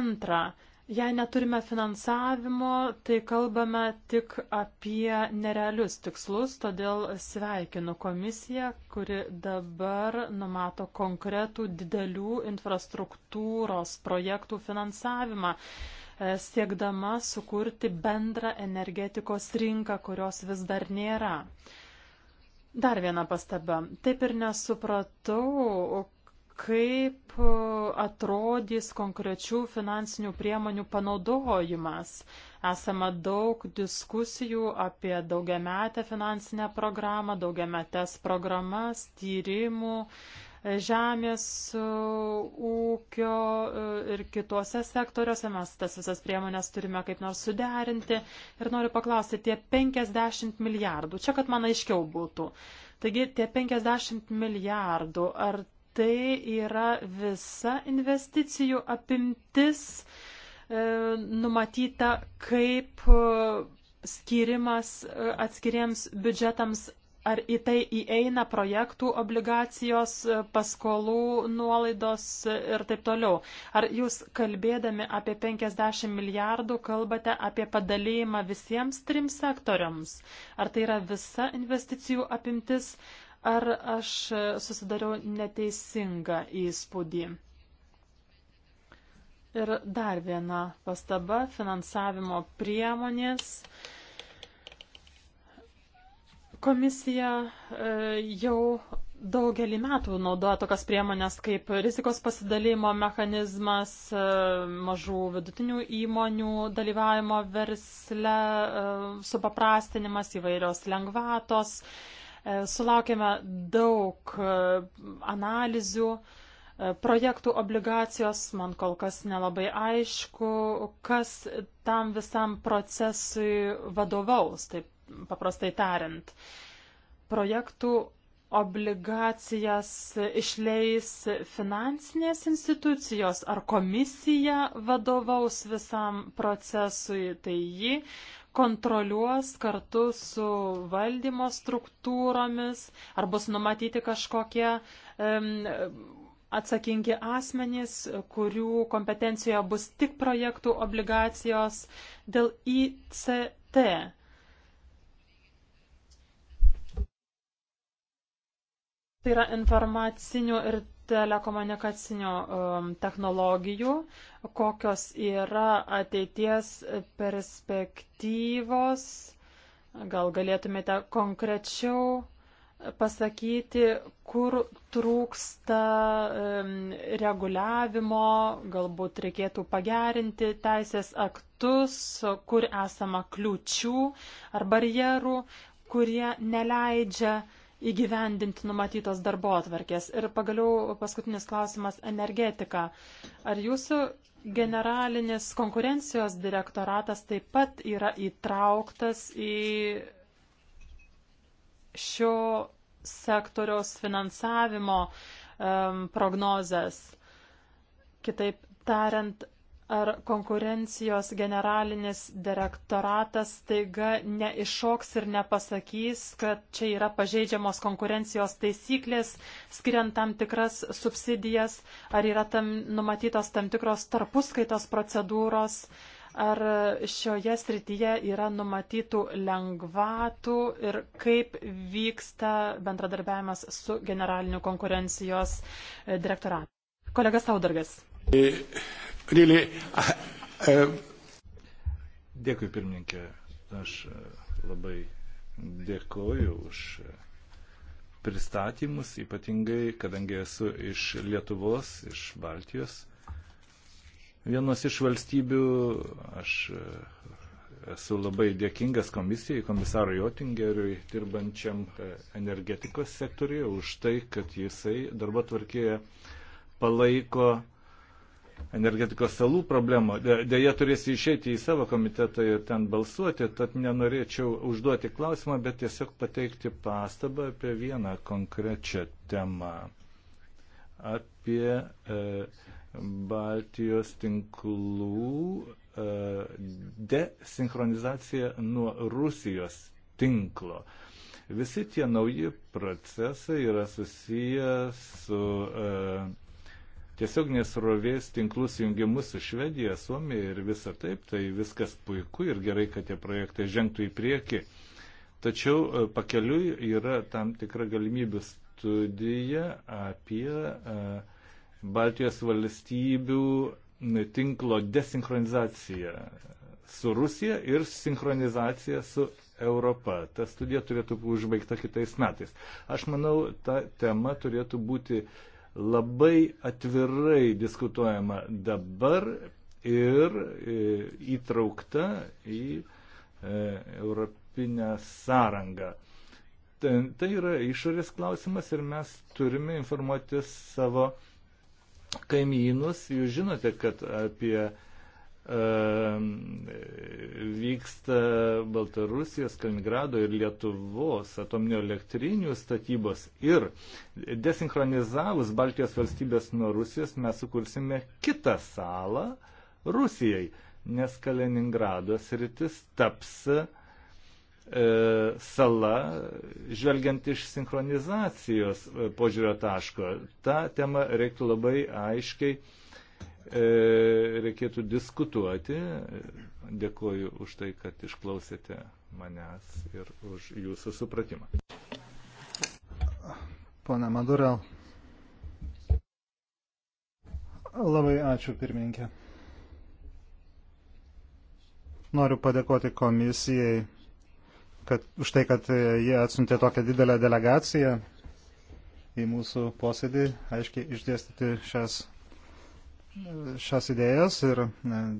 Antra, Jei neturime finansavimo, tai kalbame tik apie nerealius tikslus, todėl sveikinu komisiją, kuri dabar numato konkretų didelių infrastruktūros projektų finansavimą, e, siekdama sukurti bendrą energetikos rinką, kurios vis dar nėra. Dar viena pastaba. Taip ir nesupratau, kaip e, atrodys konkrečių finansinių priemonių panaudojimas. Esama daug diskusijų apie daugiametę finansinę programą, daugiametes programas, tyrimų, e, žemės e, ūkio ir kitose sektoriuose. Mes tas visas priemonės turime kaip nors suderinti. Ir noriu paklausti, tie 50 milijardų, čia kad man aiškiau būtų. Taigi tie 50 milijardų, ar tai yra visa investicijų apimtis e, numatyta kaip e, skirimas e, atskiriems biudžetams, ar į tai įeina projektų obligacijos, paskolų nuolaidos ir taip toliau. Ar jūs kalbėdami apie 50 milijardų kalbate apie padalėjimą visiems trim sektoriams? Ar tai yra visa investicijų apimtis? ar aš susidariau neteisingą įspūdį. Ir dar viena pastaba - finansavimo priemonės. Komisija e, jau daugelį metų naudoja tokias priemonės kaip rizikos pasidalymo mechanizmas, e, mažų vidutinių įmonių dalyvavimo versle e, supaprastinimas, įvairios lengvatos. E, sulaukėme daug e, analizių, e, projektų obligacijos, man kol kas nelabai aišku, kas tam visam procesui vadovaus, taip paprastai tariant. Projektų obligacijas išleis finansinės institucijos ar komisija vadovaus visam procesui, tai ji kontroliuos kartu su valdymo struktūromis, ar bus numatyti kažkokie um, atsakingi asmenys, kurių kompetencijoje bus tik projektų obligacijos dėl ICT. Tai yra informacinių ir telekomunikacinių um, technologijų, kokios yra ateities perspektyvos, gal galėtumėte konkrečiau pasakyti, kur trūksta um, reguliavimo, galbūt reikėtų pagerinti teisės aktus, kur esama kliučių ar barjerų, kurie neleidžia įgyvendinti numatytos darbo atvarkės. Ir pagaliau paskutinis klausimas - energetika. Ar jūsų generalinis konkurencijos direktoratas taip pat yra įtrauktas į šio sektoriaus finansavimo um, prognozes? Kitaip tariant, ar konkurencijos generalinis direktoratas taiga neiššoks ir nepasakys, kad čia yra pažeidžiamos konkurencijos taisyklės, skiriant tam tikras subsidijas, ar yra tam numatytos tam tikros tarpuskaitos procedūros, ar šioje srityje yra numatytų lengvatų ir kaip vyksta bendradarbiavimas su generaliniu konkurencijos e, direktoratu. Kolega Saudargas. E really, uh, uh, Dėkui, pirmininkė. Aš uh, labai dėkoju už uh, pristatymus, ypatingai, kadangi esu iš Lietuvos, iš Baltijos. Vienos iš valstybių aš esu labai dėkingas komisijai, komisarui Jotingeriui, dirbančiam energetikos sektoriuje, už tai, kad jisai darbo tvarkėje palaiko energetikos salų problemą. Deja, turėsiu išeiti į savo komitetą ir ten balsuoti, tad nenorėčiau užduoti klausimą, bet tiesiog pateikti pastabą apie vieną konkrečią temą. Apie e, Baltijos tinklų e, desinkronizaciją nuo Rusijos tinklo. Visi tie nauji procesai yra susiję su e, tiesioginės rovės tinklus jungimus su Švedija, Suomija ir visa taip, tai viskas puiku ir gerai, kad tie projektai žengtų į priekį. Tačiau e, pakeliui yra tam tikra galimybių studija apie e, Baltijos valstybių tinklo desinkronizaciją su Rusija ir sinchronizacija su Europa. Ta studija turėtų būti užbaigta kitais metais. Aš manau, ta tema turėtų būti uh, Labai atvirai diskutuojama dabar ir e, įtraukta į e, Europinę sąrangą. Tai, tai yra išorės klausimas ir mes turime informuoti savo kaimynus. Jūs žinote, kad apie Ehm, vyksta Baltarusijos, Kaliningrado ir Lietuvos atominių elektrinių statybos ir desinchronizavus Baltijos valstybės nuo Rusijos mes sukursime kitą salą Rusijai, nes Kaliningrado sritis taps e, sala, žvelgiant iš sinchronizacijos e, požiūrio taško. Ta tema reiktų labai aiškiai E, reikėtų diskutuoti. Dėkuoju už tai, kad išklausėte manęs ir už jūsų supratimą. Pone Madurel. Labai ačiū pirmininkė. Noriu padėkoti komisijai kad, už tai, kad jie atsintė tokią didelę delegaciją į mūsų posėdį, aiškiai išdėstyti šias šias idėjas ir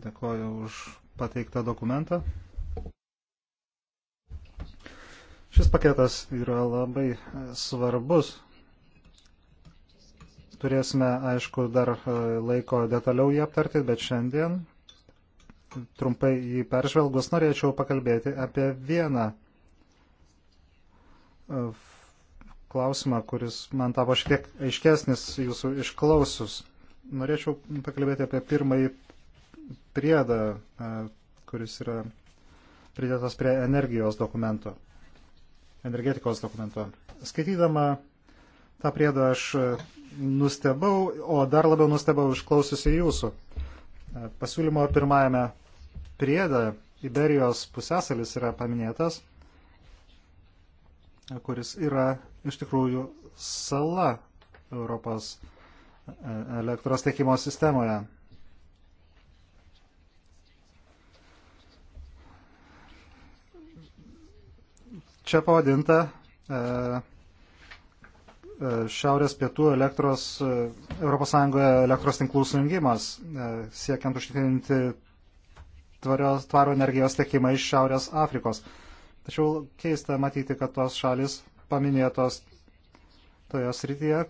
dėkoju už pateiktą dokumentą. Šis paketas yra labai svarbus. Turėsime, aišku, dar e, laiko detaliau jį aptarti, bet šiandien trumpai jį peržvelgus norėčiau pakalbėti apie vieną e, klausimą, kuris man tapo šiek tiek aiškesnis jūsų išklausus. Norėčiau pakalbėti apie pirmąjį priedą, e, kuris yra pridėtas prie energijos dokumento, energetikos dokumento. Skaitydama tą priedą aš e, nustebau, o dar labiau nustebau išklausiusi jūsų e, pasiūlymo pirmajame priede Iberijos pusėsalis yra paminėtas, kuris yra iš tikrųjų sala Europos elektros tiekimo sistemoje. Čia pavadinta e, e, Šiaurės pietų elektros ES elektros tinklų sujungimas, e, siekiant užtikrinti tvarų energijos tiekimą iš Šiaurės Afrikos. Tačiau keista matyti, kad tos šalis paminėtos toje srityje,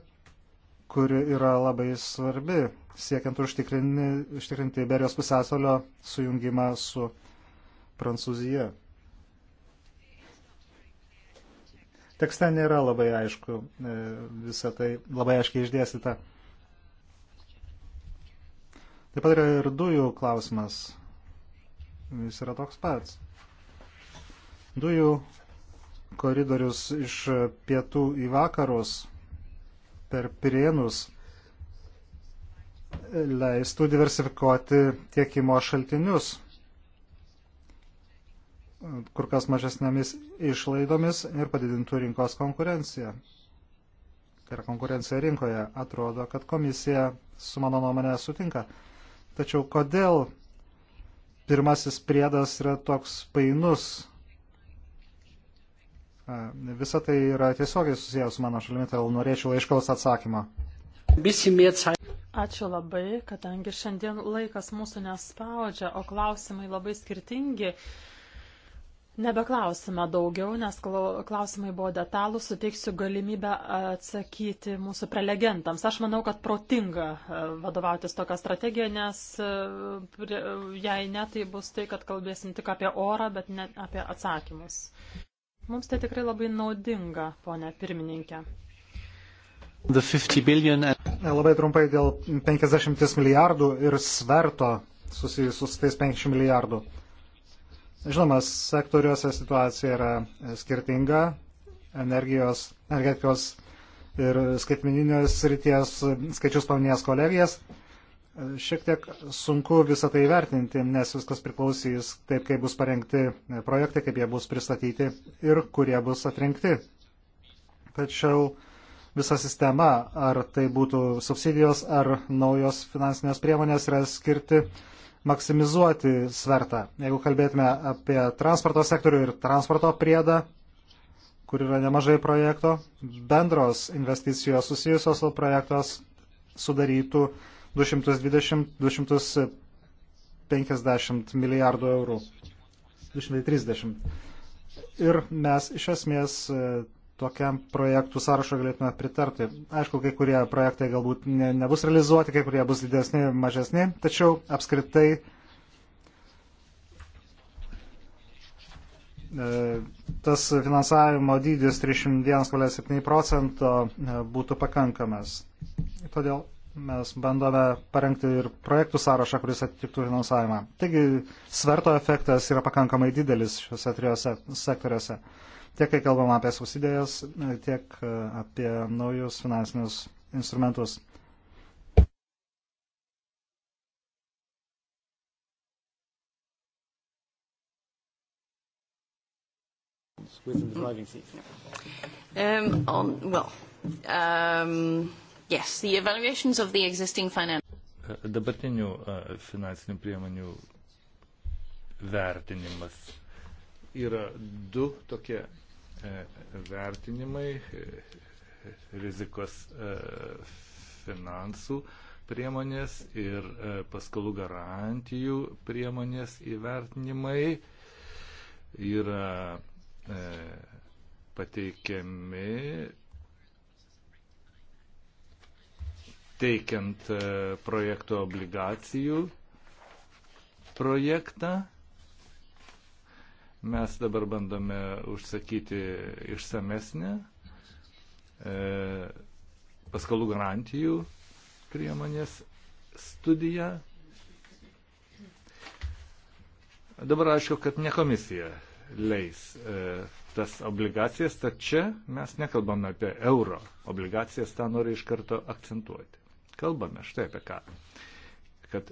kuri yra labai svarbi, siekiant užtikrinti, užtikrinti Iberijos pusėsalio sujungimą su Prancūzija. Tekste nėra labai aišku, e, visą tai labai aiškiai išdėstyta. Taip pat yra ir dujų klausimas. Jis yra toks pats. Dujų koridorius iš pietų į vakarus per Pirienus leistų diversifikuoti tiekimo šaltinius kur kas mažesnėmis išlaidomis ir padidintų rinkos konkurenciją. Tai yra konkurencija rinkoje. Atrodo, kad komisija su mano nuomonė sutinka. Tačiau kodėl pirmasis priedas yra toks painus Visa tai yra tiesiogiai susijęs su mano šalimi, todėl norėčiau aiškaus atsakymą. Ačiū labai, kadangi šiandien laikas mūsų nespaudžia, o klausimai labai skirtingi. Nebeklausime daugiau, nes klausimai buvo detalų, suteiksiu galimybę atsakyti mūsų prelegentams. Aš manau, kad protinga e, vadovautis tokią strategiją, nes e, jei ne, tai bus tai, kad kalbėsim tik apie orą, bet ne apie atsakymus. Mums tai tikrai labai naudinga, ponė pirmininkė. Billion... Labai trumpai dėl 50 milijardų ir sverto susijusius su tais 50 milijardų. Žinoma, sektoriuose situacija yra skirtinga. Energijos, energetikos ir skaitmeninės ryties skaičius paminės kolegijas. Šiek tiek sunku visą tai vertinti, nes viskas priklausys taip, kaip bus parengti projektai, kaip jie bus pristatyti ir kurie bus atrinkti. Tačiau visa sistema, ar tai būtų subsidijos, ar naujos finansinės priemonės, yra skirti maksimizuoti svertą. Jeigu kalbėtume apie transporto sektorių ir transporto priedą, kur yra nemažai projekto, bendros investicijos susijusios su projektos sudarytų 220-250 milijardų eurų. 230. Ir mes iš esmės e, tokiam projektų sąrašo galėtume pritarti. Aišku, kai kurie projektai galbūt ne, nebus realizuoti, kai kurie bus didesni, mažesni, tačiau apskritai e, tas finansavimo dydis 31,7 procento e, būtų pakankamas. Todėl mes bandome parengti ir projektų sąrašą, kuris atitiktų finansavimą. Taigi sverto efektas yra pakankamai didelis šiuose trijose sektoriuose. Tiek, kai kalbam apie susidėjas, tiek e, apie naujus finansinius instrumentus. Um, on, um, well, um... Yes, the evaluations of the existing finance. Dabartinių e, finansinių priemonių vertinimas. Yra du tokie e, vertinimai e, rizikos finansų priemonės ir paskolų garantijų priemonės įvertinimai yra pateikiami teikiant e, projekto obligacijų projektą. Mes dabar bandome užsakyti išsamesnę e, paskolų garantijų priemonės studiją. Dabar aišku, kad ne komisija leis e, tas obligacijas, tad čia mes nekalbame apie euro obligacijas, tą noriu iš karto akcentuoti. Kalbame štai apie ką. Kad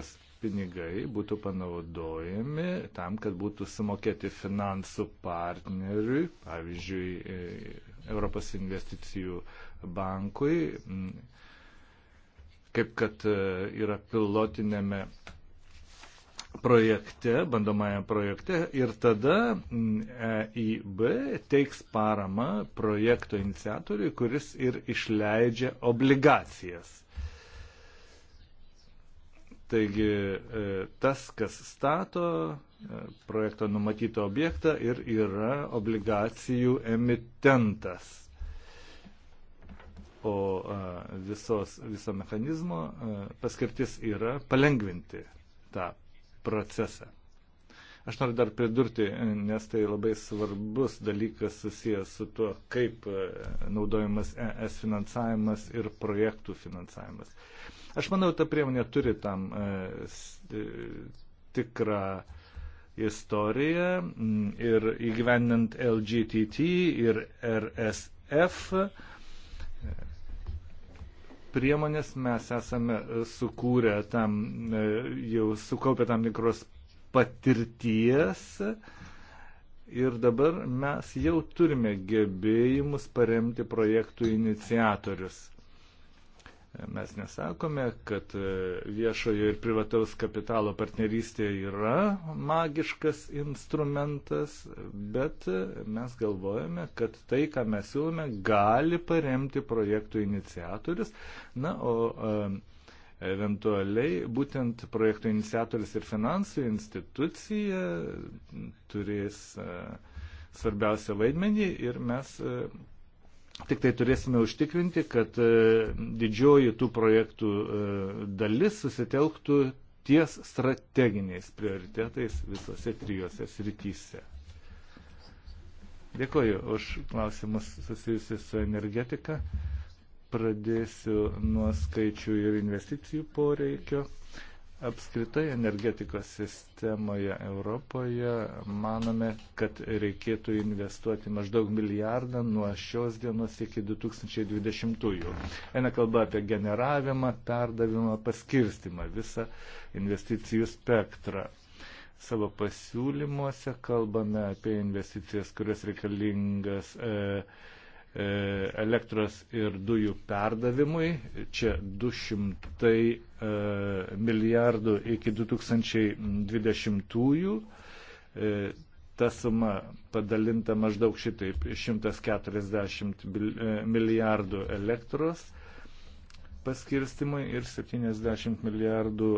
ES pinigai būtų panaudojami tam, kad būtų sumokėti finansų partneriui, pavyzdžiui, Europos investicijų bankui, kaip kad yra pilotinėme projekte, bandomajam projekte ir tada mm, EIB teiks paramą projekto iniciatoriui, kuris ir išleidžia obligacijas. Taigi e, tas, kas stato e, projekto numatytą objektą ir yra obligacijų emitentas. O e, visos, viso mechanizmo paskirtis yra palengvinti tą procesą. Aš noriu dar pridurti, nes tai labai svarbus dalykas susijęs su tuo, kaip e, naudojamas ES finansavimas ir projektų finansavimas. Aš manau, ta priemonė turi tam e, e, tikrą istoriją ir įgyvendinant LGTT ir RSF priemonės, mes esame e, sukūrę tam, e, jau sukaupę tam tikros patirties ir dabar mes jau turime gebėjimus paremti projektų iniciatorius. Mes nesakome, kad e, viešojo ir privataus kapitalo partnerystė yra magiškas instrumentas, bet e, mes galvojame, kad tai, ką mes siūlome, gali paremti projektų iniciatorius. Na, o e, eventualiai būtent projektų iniciatorius ir finansų institucija turės svarbiausią vaidmenį ir mes Tik tai turėsime užtikrinti, kad e, didžioji tų projektų e, dalis susitelktų ties strateginiais prioritetais visose trijose srityse. Dėkoju už klausimus susijusius su energetika. Pradėsiu nuo skaičių ir investicijų poreikio. E, Apskritai energetikos sistemoje Europoje manome, kad reikėtų investuoti maždaug milijardą nuo šios dienos iki 2020-ųjų. Eina kalba apie generavimą, perdavimą, paskirstimą, visą investicijų spektrą. Savo pasiūlymuose kalbame apie investicijas, kurios reikalingas. E, E, elektros ir dujų perdavimui. Čia 200 e, milijardų iki 2020-ųjų. E, ta suma padalinta maždaug šitaip 140 milijardų elektros paskirstimui ir 70 milijardų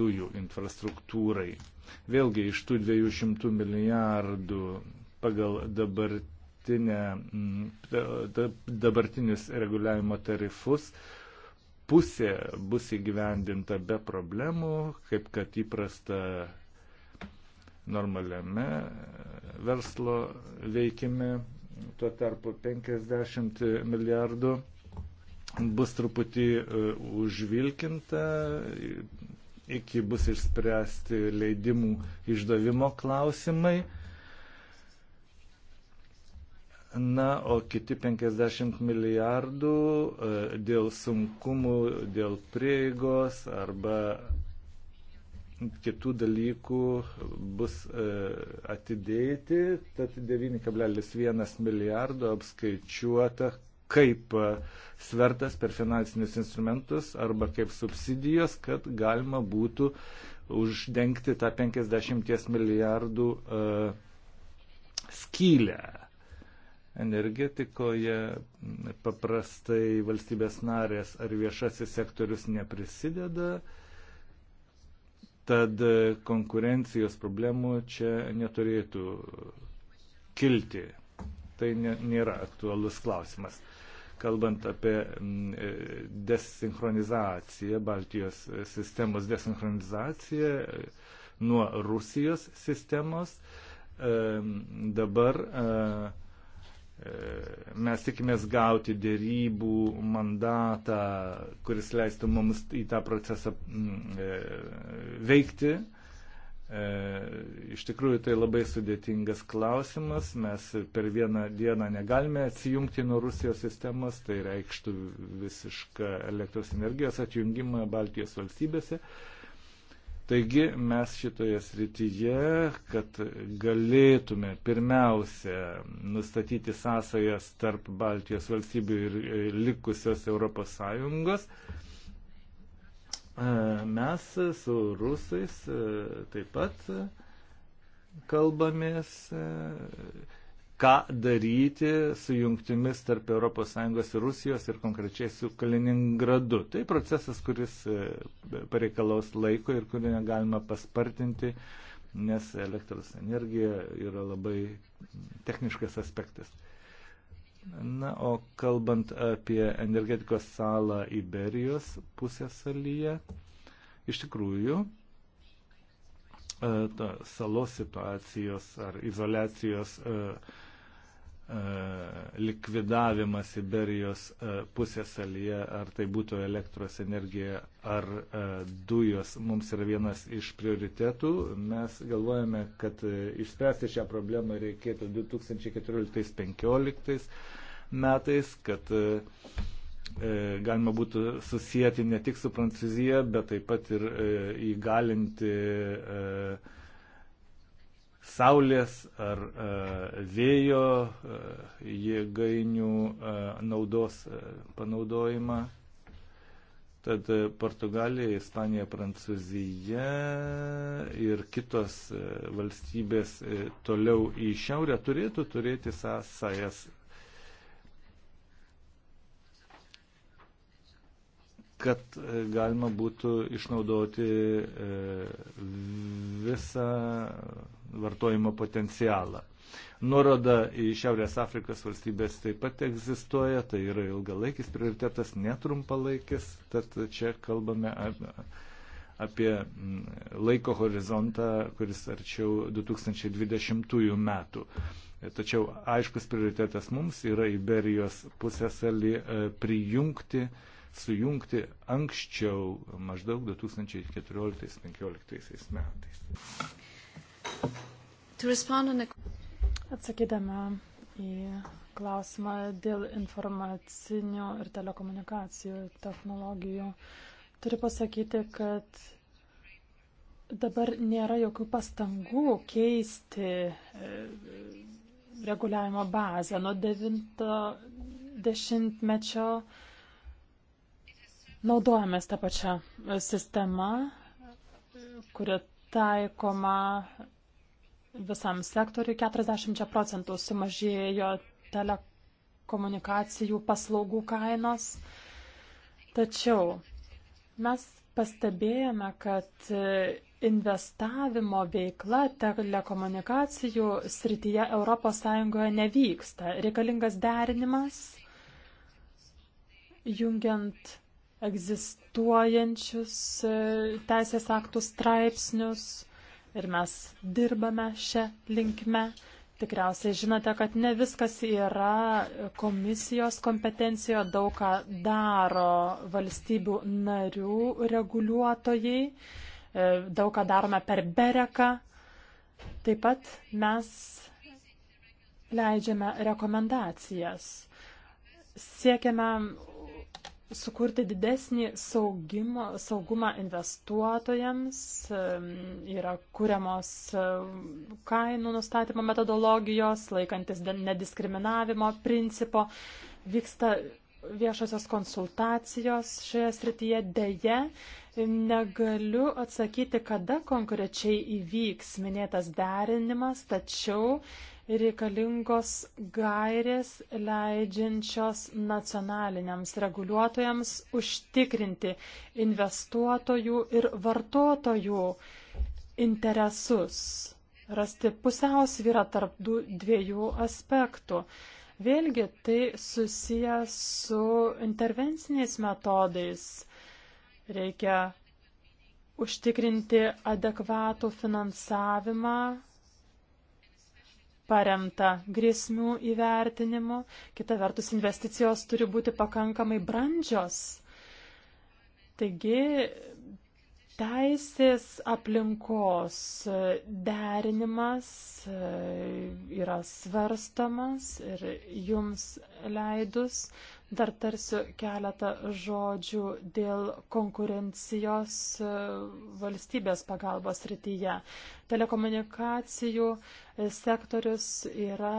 dujų infrastruktūrai. Vėlgi iš tų 200 milijardų pagal dabar Mm, dabartinius reguliavimo tarifus. Pusė bus įgyvendinta be problemų, kaip kad įprasta normaliame verslo veikime. Tuo tarpu 50 milijardų bus truputį e, užvilkinta, iki bus išspręsti leidimų išdavimo klausimai. Na, o kiti 50 milijardų e, dėl sunkumų, dėl prieigos arba kitų dalykų bus e, atidėti, tad 9,1 milijardo apskaičiuota kaip e, svertas per finansinius instrumentus arba kaip subsidijos, kad galima būtų uždengti tą 50 milijardų skylę energetikoje paprastai valstybės narės ar viešasis sektorius neprisideda, tad konkurencijos problemų čia neturėtų kilti. Tai nėra aktualus klausimas. Kalbant apie e, desinkronizaciją, Baltijos sistemos desinkronizaciją e, nuo Rusijos sistemos, e, dabar Mes tikimės gauti dėrybų mandatą, kuris leistų mums į tą procesą mm, e, veikti. E, iš tikrųjų tai labai sudėtingas klausimas, mes per vieną dieną negalime atsijungti nuo Rusijos sistemos, tai reikštų visišką elektros energijos atjungimą Baltijos valstybėse. E, Taigi mes šitoje srityje, kad galėtume pirmiausia nustatyti sąsajas tarp Baltijos valstybių ir e, likusios ES, e, mes su rusais e, taip pat kalbamės ką daryti su jungtimis tarp ES ir Rusijos ir konkrečiai su Kaliningradu. Tai procesas, kuris e, pareikalaus laiko ir kurį negalima paspartinti, nes elektros energija yra labai techniškas aspektas. Na, o kalbant apie energetikos salą Iberijos pusėsalyje, iš tikrųjų, e, salos situacijos ar izolacijos uh, E, likvidavimas Iberijos e, pusėsalyje, ar tai būtų elektros energija ar e, dujos, mums yra vienas iš prioritetų. Mes galvojame, kad išspręsti šią problemą reikėtų 2014-2015 metais, kad galima būtų susijęti ne tik su Prancūzija, bet taip pat ir įgalinti e, saulės ar e, vėjo e, jėgainių e, naudos panaudojimą. Tad Portugalija, Ispanija, Prancūzija ir kitos valstybės toliau į šiaurę turėtų turėti sąsajas kad e, galima būtų išnaudoti e, visą vartojimo potencialą. Nuoroda į Šiaurės Afrikos valstybės taip pat egzistuoja, tai yra ilgalaikis prioritetas, netrumpalaikis, tad čia kalbame apie, apie laiko horizontą, kuris arčiau 2020 metų. Tačiau aiškus prioritetas mums yra Iberijos pusėsalį e, prijungti uh, sujungti anksčiau, maždaug 2014-2015 metais. Atsakydama į klausimą dėl informacinių ir telekomunikacijų technologijų, turiu pasakyti, kad dabar nėra jokių pastangų keisti e, reguliavimo bazę. Nuo 90-mečio Naudojamės tą pačią sistemą, kuri taikoma visam sektoriui 40 procentų sumažėjo telekomunikacijų paslaugų kainos. Tačiau mes pastebėjome, kad investavimo veikla telekomunikacijų srityje ES nevyksta. Reikalingas derinimas, jungiant egzistuojančius e, teisės aktų straipsnius ir mes dirbame šią linkme. Tikriausiai žinote, kad ne viskas yra komisijos kompetencijoje, daug ką daro valstybių narių reguliuotojai, e, daug ką darome per bereką. Taip pat mes leidžiame rekomendacijas. Siekiame sukurti didesnį saugimo, saugumą investuotojams, yra kuriamos kainų nustatymo metodologijos, laikantis nediskriminavimo principo, vyksta viešosios konsultacijos šioje srityje. Deja, negaliu atsakyti, kada konkrečiai įvyks minėtas derinimas, tačiau reikalingos gairės leidžiančios nacionaliniams reguliuotojams užtikrinti investuotojų ir vartotojų interesus, rasti pusiausvyrą tarp dviejų aspektų. Vėlgi tai susiję su intervenciniais metodais. Reikia užtikrinti adekvatų finansavimą paremta grėsmių įvertinimu, kita vertus investicijos turi būti pakankamai brandžios. Taigi teisės aplinkos derinimas e, yra svarstamas ir jums leidus Dar tarsiu keletą žodžių dėl konkurencijos e, valstybės pagalbos rytyje. Telekomunikacijų e, sektorius yra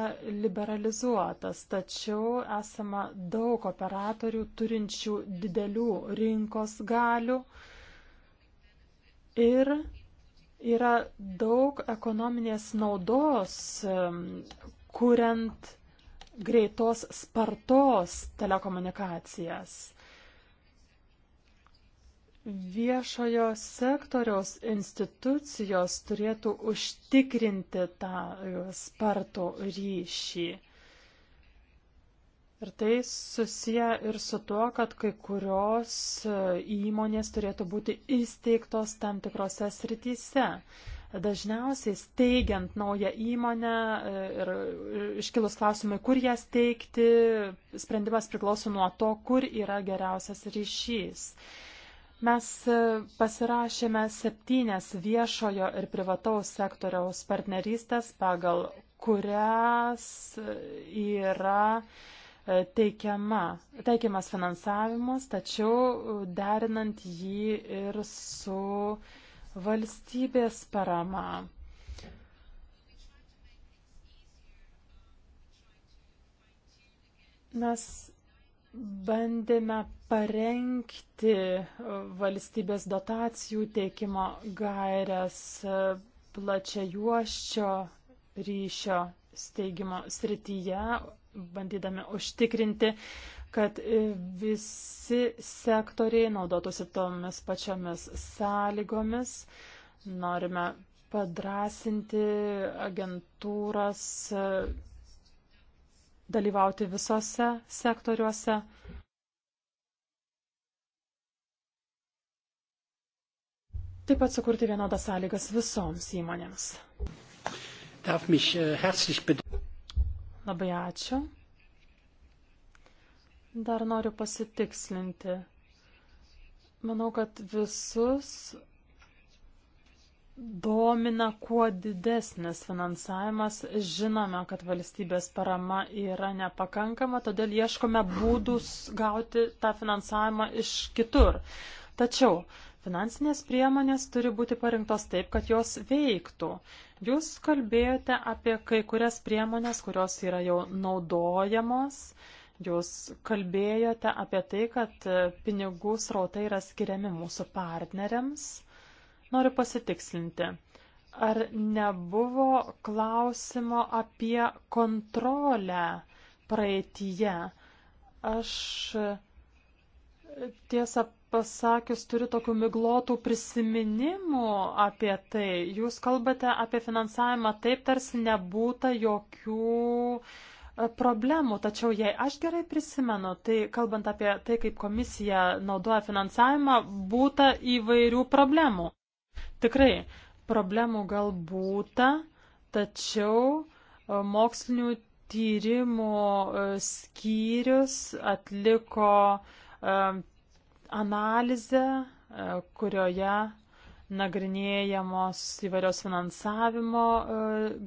liberalizuotas, tačiau esama daug operatorių turinčių didelių rinkos galių ir yra daug ekonominės naudos e, kuriant greitos spartos telekomunikacijas. Viešojo sektoriaus institucijos turėtų užtikrinti tą e, spartų ryšį. Ir tai susiję ir su tuo, kad kai kurios e, įmonės turėtų būti įsteigtos tam tikrose srityse. Dažniausiai steigiant naują įmonę e, ir e, iškilus klausimai, kur ją steigti, sprendimas priklauso nuo to, kur yra geriausias ryšys. Mes e, pasirašėme septynės viešojo ir privataus sektoriaus partnerystės, pagal kurias yra teikiama, teikiamas finansavimas, tačiau derinant jį ir su uh, valstybės parama. Mes bandėme parengti valstybės dotacijų teikimo gairias plačia juoščio ryšio steigimo srityje, bandydami užtikrinti, kad visi sektoriai naudotųsi tomis pačiomis sąlygomis. Norime padrasinti agentūras e, dalyvauti visose sektoriuose. Taip pat sukurti vienodas sąlygas visoms įmonėms. Labai ačiū. Dar noriu pasitikslinti. Manau, kad visus domina kuo didesnis finansavimas. Žinome, kad valstybės parama yra nepakankama, todėl ieškome būdus gauti tą finansavimą iš kitur. Tačiau Finansinės priemonės turi būti parinktos taip, kad jos veiktų. Jūs kalbėjote apie kai kurias priemonės, kurios yra jau naudojamos. Jūs kalbėjote apie tai, kad pinigų srautai yra skiriami mūsų partneriams. Noriu pasitikslinti. Ar nebuvo klausimo apie kontrolę praeityje? Aš tiesą pasakius, turiu tokių miglotų prisiminimų apie tai. Jūs kalbate apie finansavimą taip, tarsi nebūta jokių e, problemų. Tačiau jei aš gerai prisimenu, tai kalbant apie tai, kaip komisija naudoja finansavimą, būta įvairių problemų. Tikrai, problemų gal būta, tačiau e, mokslinių tyrimų e, skyrius atliko uh, E, analizę, e, kurioje nagrinėjamos įvairios finansavimo e,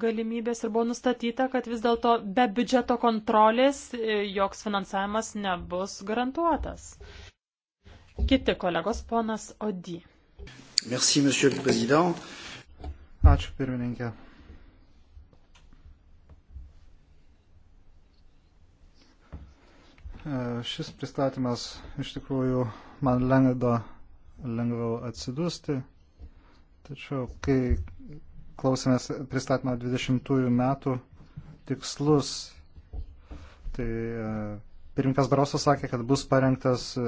galimybės ir buvo nustatyta, kad vis dėlto be biudžeto kontrolės joks finansavimas nebus garantuotas. Kiti kolegos, ponas Odi. Merci, Ačiū, pirmininkė. E, šis pristatymas iš tikrųjų man lengdo lengviau atsidusti, tačiau kai klausėmės pristatymą 20 metų tikslus, tai e, pirmininkas Barosas sakė, kad bus parengtas e,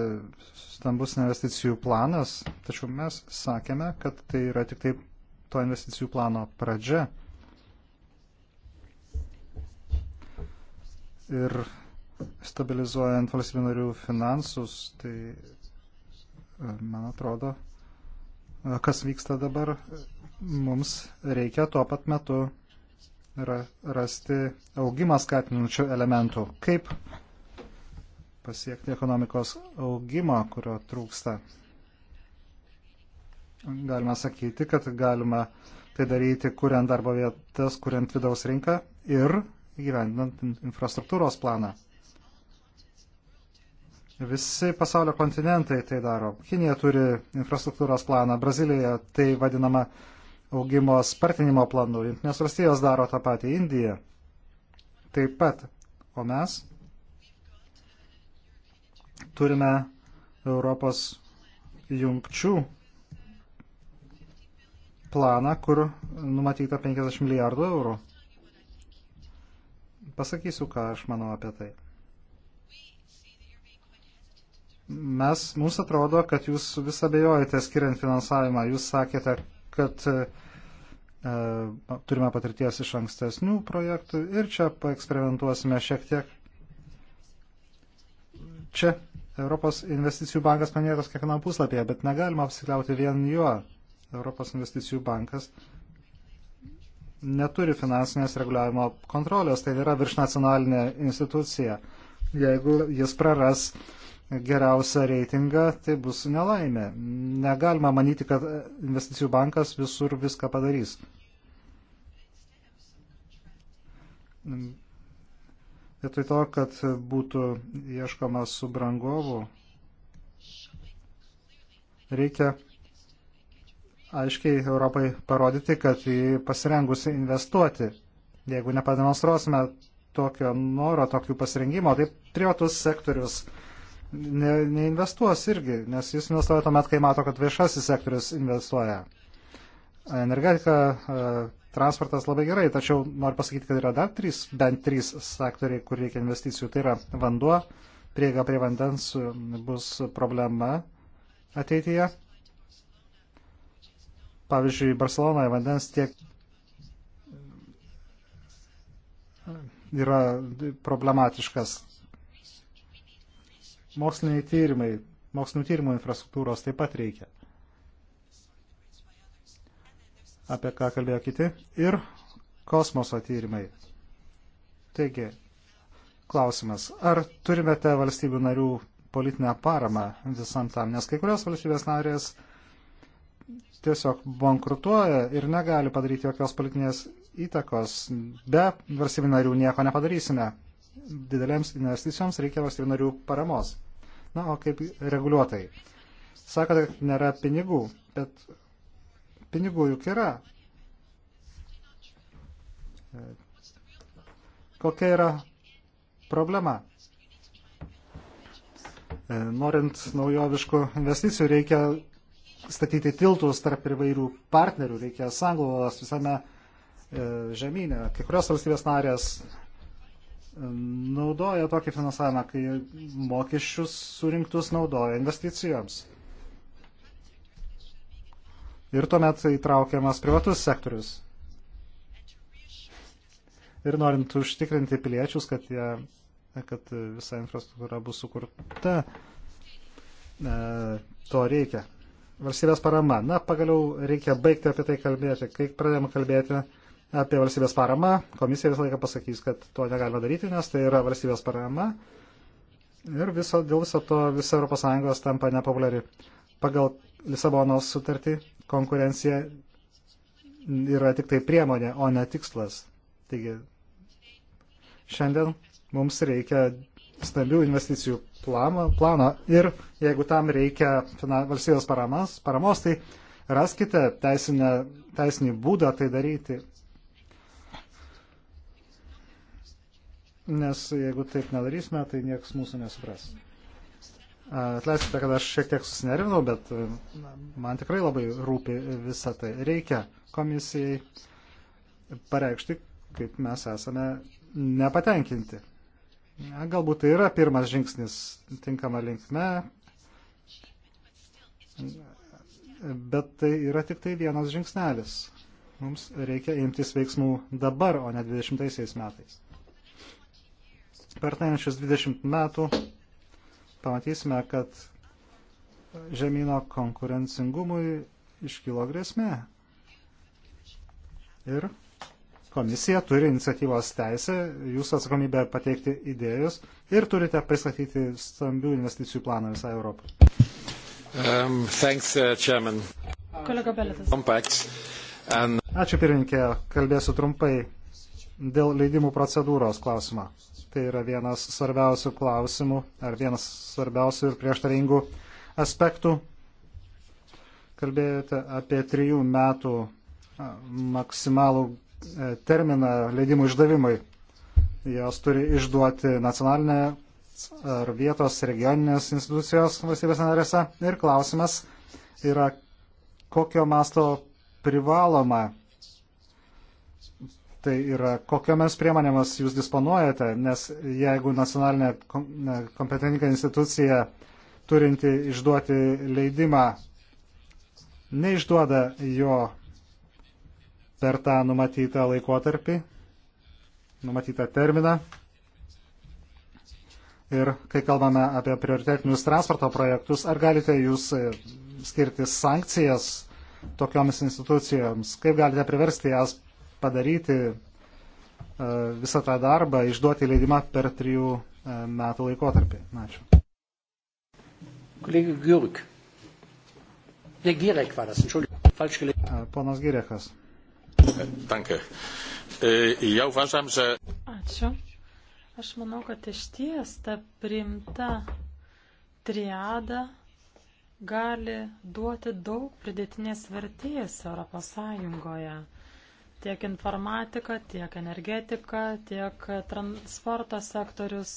stambus investicijų planas, tačiau mes sakėme, kad tai yra tik tai to investicijų plano pradžia. Ir stabilizuojant valstybių narių finansus, tai e, man atrodo, e, kas vyksta dabar, mums reikia tuo pat metu ra rasti augimą skatinančių elementų. Kaip pasiekti ekonomikos augimą, kurio trūksta? Galima sakyti, kad galima tai daryti, kuriant darbo vietas, kuriant vidaus rinką ir gyvendant infrastruktūros planą. Visi pasaulio kontinentai tai daro. Kinija turi infrastruktūros planą, Brazilija tai vadinama augimo spartinimo planu, Junktinės valstijos daro tą patį, Indija taip pat. O mes turime Europos jungčių planą, kur numatyta 50 milijardų eurų. Pasakysiu, ką aš manau apie tai. Mes, mums atrodo, kad jūs vis abejojate skiriant finansavimą. Jūs sakėte, kad e, turime patirties iš ankstesnių projektų ir čia paeksperimentuosime šiek tiek. Čia Europos investicijų bankas minėtas kiekvienam puslapyje, bet negalima apsikliauti vien juo. Europos investicijų bankas neturi finansinės reguliavimo kontrolės, tai yra virš nacionalinė institucija. Jeigu jis praras geriausią reitingą, tai bus nelaimė. Negalima manyti, kad investicijų bankas visur viską padarys. Vietoj to, kad būtų ieškoma subrangovų, reikia aiškiai Europai parodyti, kad jį pasirengusi investuoti. Jeigu nepademonstruosime tokio noro, tokių pasirengimo, tai privatus sektorius ne, neinvestuos irgi, nes jis investuoja tuomet, kai mato, kad viešasis sektorius investuoja. Energetika, e, transportas labai gerai, tačiau noriu pasakyti, kad yra dar trys, bent trys sektoriai, kur reikia investicijų. Tai yra vanduo, prieiga prie vandens bus problema ateityje. Pavyzdžiui, Barcelonoje vandens tiek yra problematiškas Moksliniai tyrimai, mokslinių tyrimų infrastruktūros taip pat reikia. Apie ką kalbėjo kiti. Ir kosmoso tyrimai. Taigi, klausimas. Ar turimete valstybių narių politinę paramą visam tam? Nes kai kurios valstybės narės tiesiog bankrutuoja ir negali padaryti jokios politinės įtakos. Be valstybių narių nieko nepadarysime didelėms investicijoms reikia valstybių narių paramos. Na, o kaip reguliuotojai? Sakote, kad nėra pinigų, bet pinigų juk yra. Kokia yra problema? Norint naujoviškų investicijų reikia statyti tiltus tarp įvairių partnerių, reikia sanglovos visame e, žemynė. Kai kurios valstybės narės naudoja tokį finansavimą, kai mokesčius surinktus naudoja investicijoms. Ir tuomet įtraukiamas privatus sektorius. Ir norint užtikrinti piliečius, kad, jie, kad visa infrastruktūra bus sukurta, e, to reikia. Valstybės parama. Na, pagaliau reikia baigti apie tai kalbėti. Kai pradėjome kalbėti, apie valstybės paramą. Komisija visą laiką pasakys, kad to negalima daryti, nes tai yra valstybės parama. Ir viso, dėl viso to visa ES tampa nepopuliari. Pagal Lisabonos sutartį konkurencija yra tik tai priemonė, o ne tikslas. Taigi šiandien mums reikia stambių investicijų plano, plano ir jeigu tam reikia valstybės paramos, paramos tai raskite teisinę, teisinį būdą tai daryti nes jeigu taip nedarysime, tai niekas mūsų nesupras. Atleiskite, kad aš šiek tiek susinervinau, bet man tikrai labai rūpi visą tai. Reikia komisijai pareikšti, kaip mes esame nepatenkinti. Galbūt tai yra pirmas žingsnis tinkama linkme, bet tai yra tik tai vienas žingsnelis. Mums reikia imtis veiksmų dabar, o ne 20 metais. Per tenčius 20 metų pamatysime, kad žemyno konkurencingumui iškilo grėsmė. Ir komisija turi iniciatyvos teisę, jūsų atsakomybę pateikti idėjus ir turite pristatyti stambių investicijų planą visą Europą. Um, thanks, uh, Kolega Beletas. And... Ačiū pirmininkė, kalbėsiu trumpai dėl leidimų procedūros klausimą. Tai yra vienas svarbiausių klausimų, ar vienas svarbiausių ir prieštaringų aspektų. Kalbėjote apie trijų metų maksimalų e, terminą leidimų išdavimui. Jos turi išduoti nacionalinė ar vietos regioninės institucijos valstybės narėse. Ir klausimas yra, kokio masto privaloma tai yra kokiamis priemonėmis jūs disponuojate, nes jeigu nacionalinė kompetentinga institucija turinti išduoti leidimą neišduoda jo per tą numatytą laikotarpį, numatytą terminą. Ir kai kalbame apie prioritetinius transporto projektus, ar galite jūs e, skirti sankcijas tokioms institucijoms? Kaip galite priversti jas padaryti e, visą tą darbą, išduoti leidimą per trijų e, metų laikotarpį. Ačiū. Kolega Gürk. Ne, Girek war das, entschuldigung, falsch gelesen. E, ponas Girekas. Danke. Ja uważam, że... Ačiū. Aš manau, kad iš ties ta primta triada gali duoti daug pridėtinės vertės Europos Sąjungoje tiek informatika, tiek energetika, tiek transporto sektorius.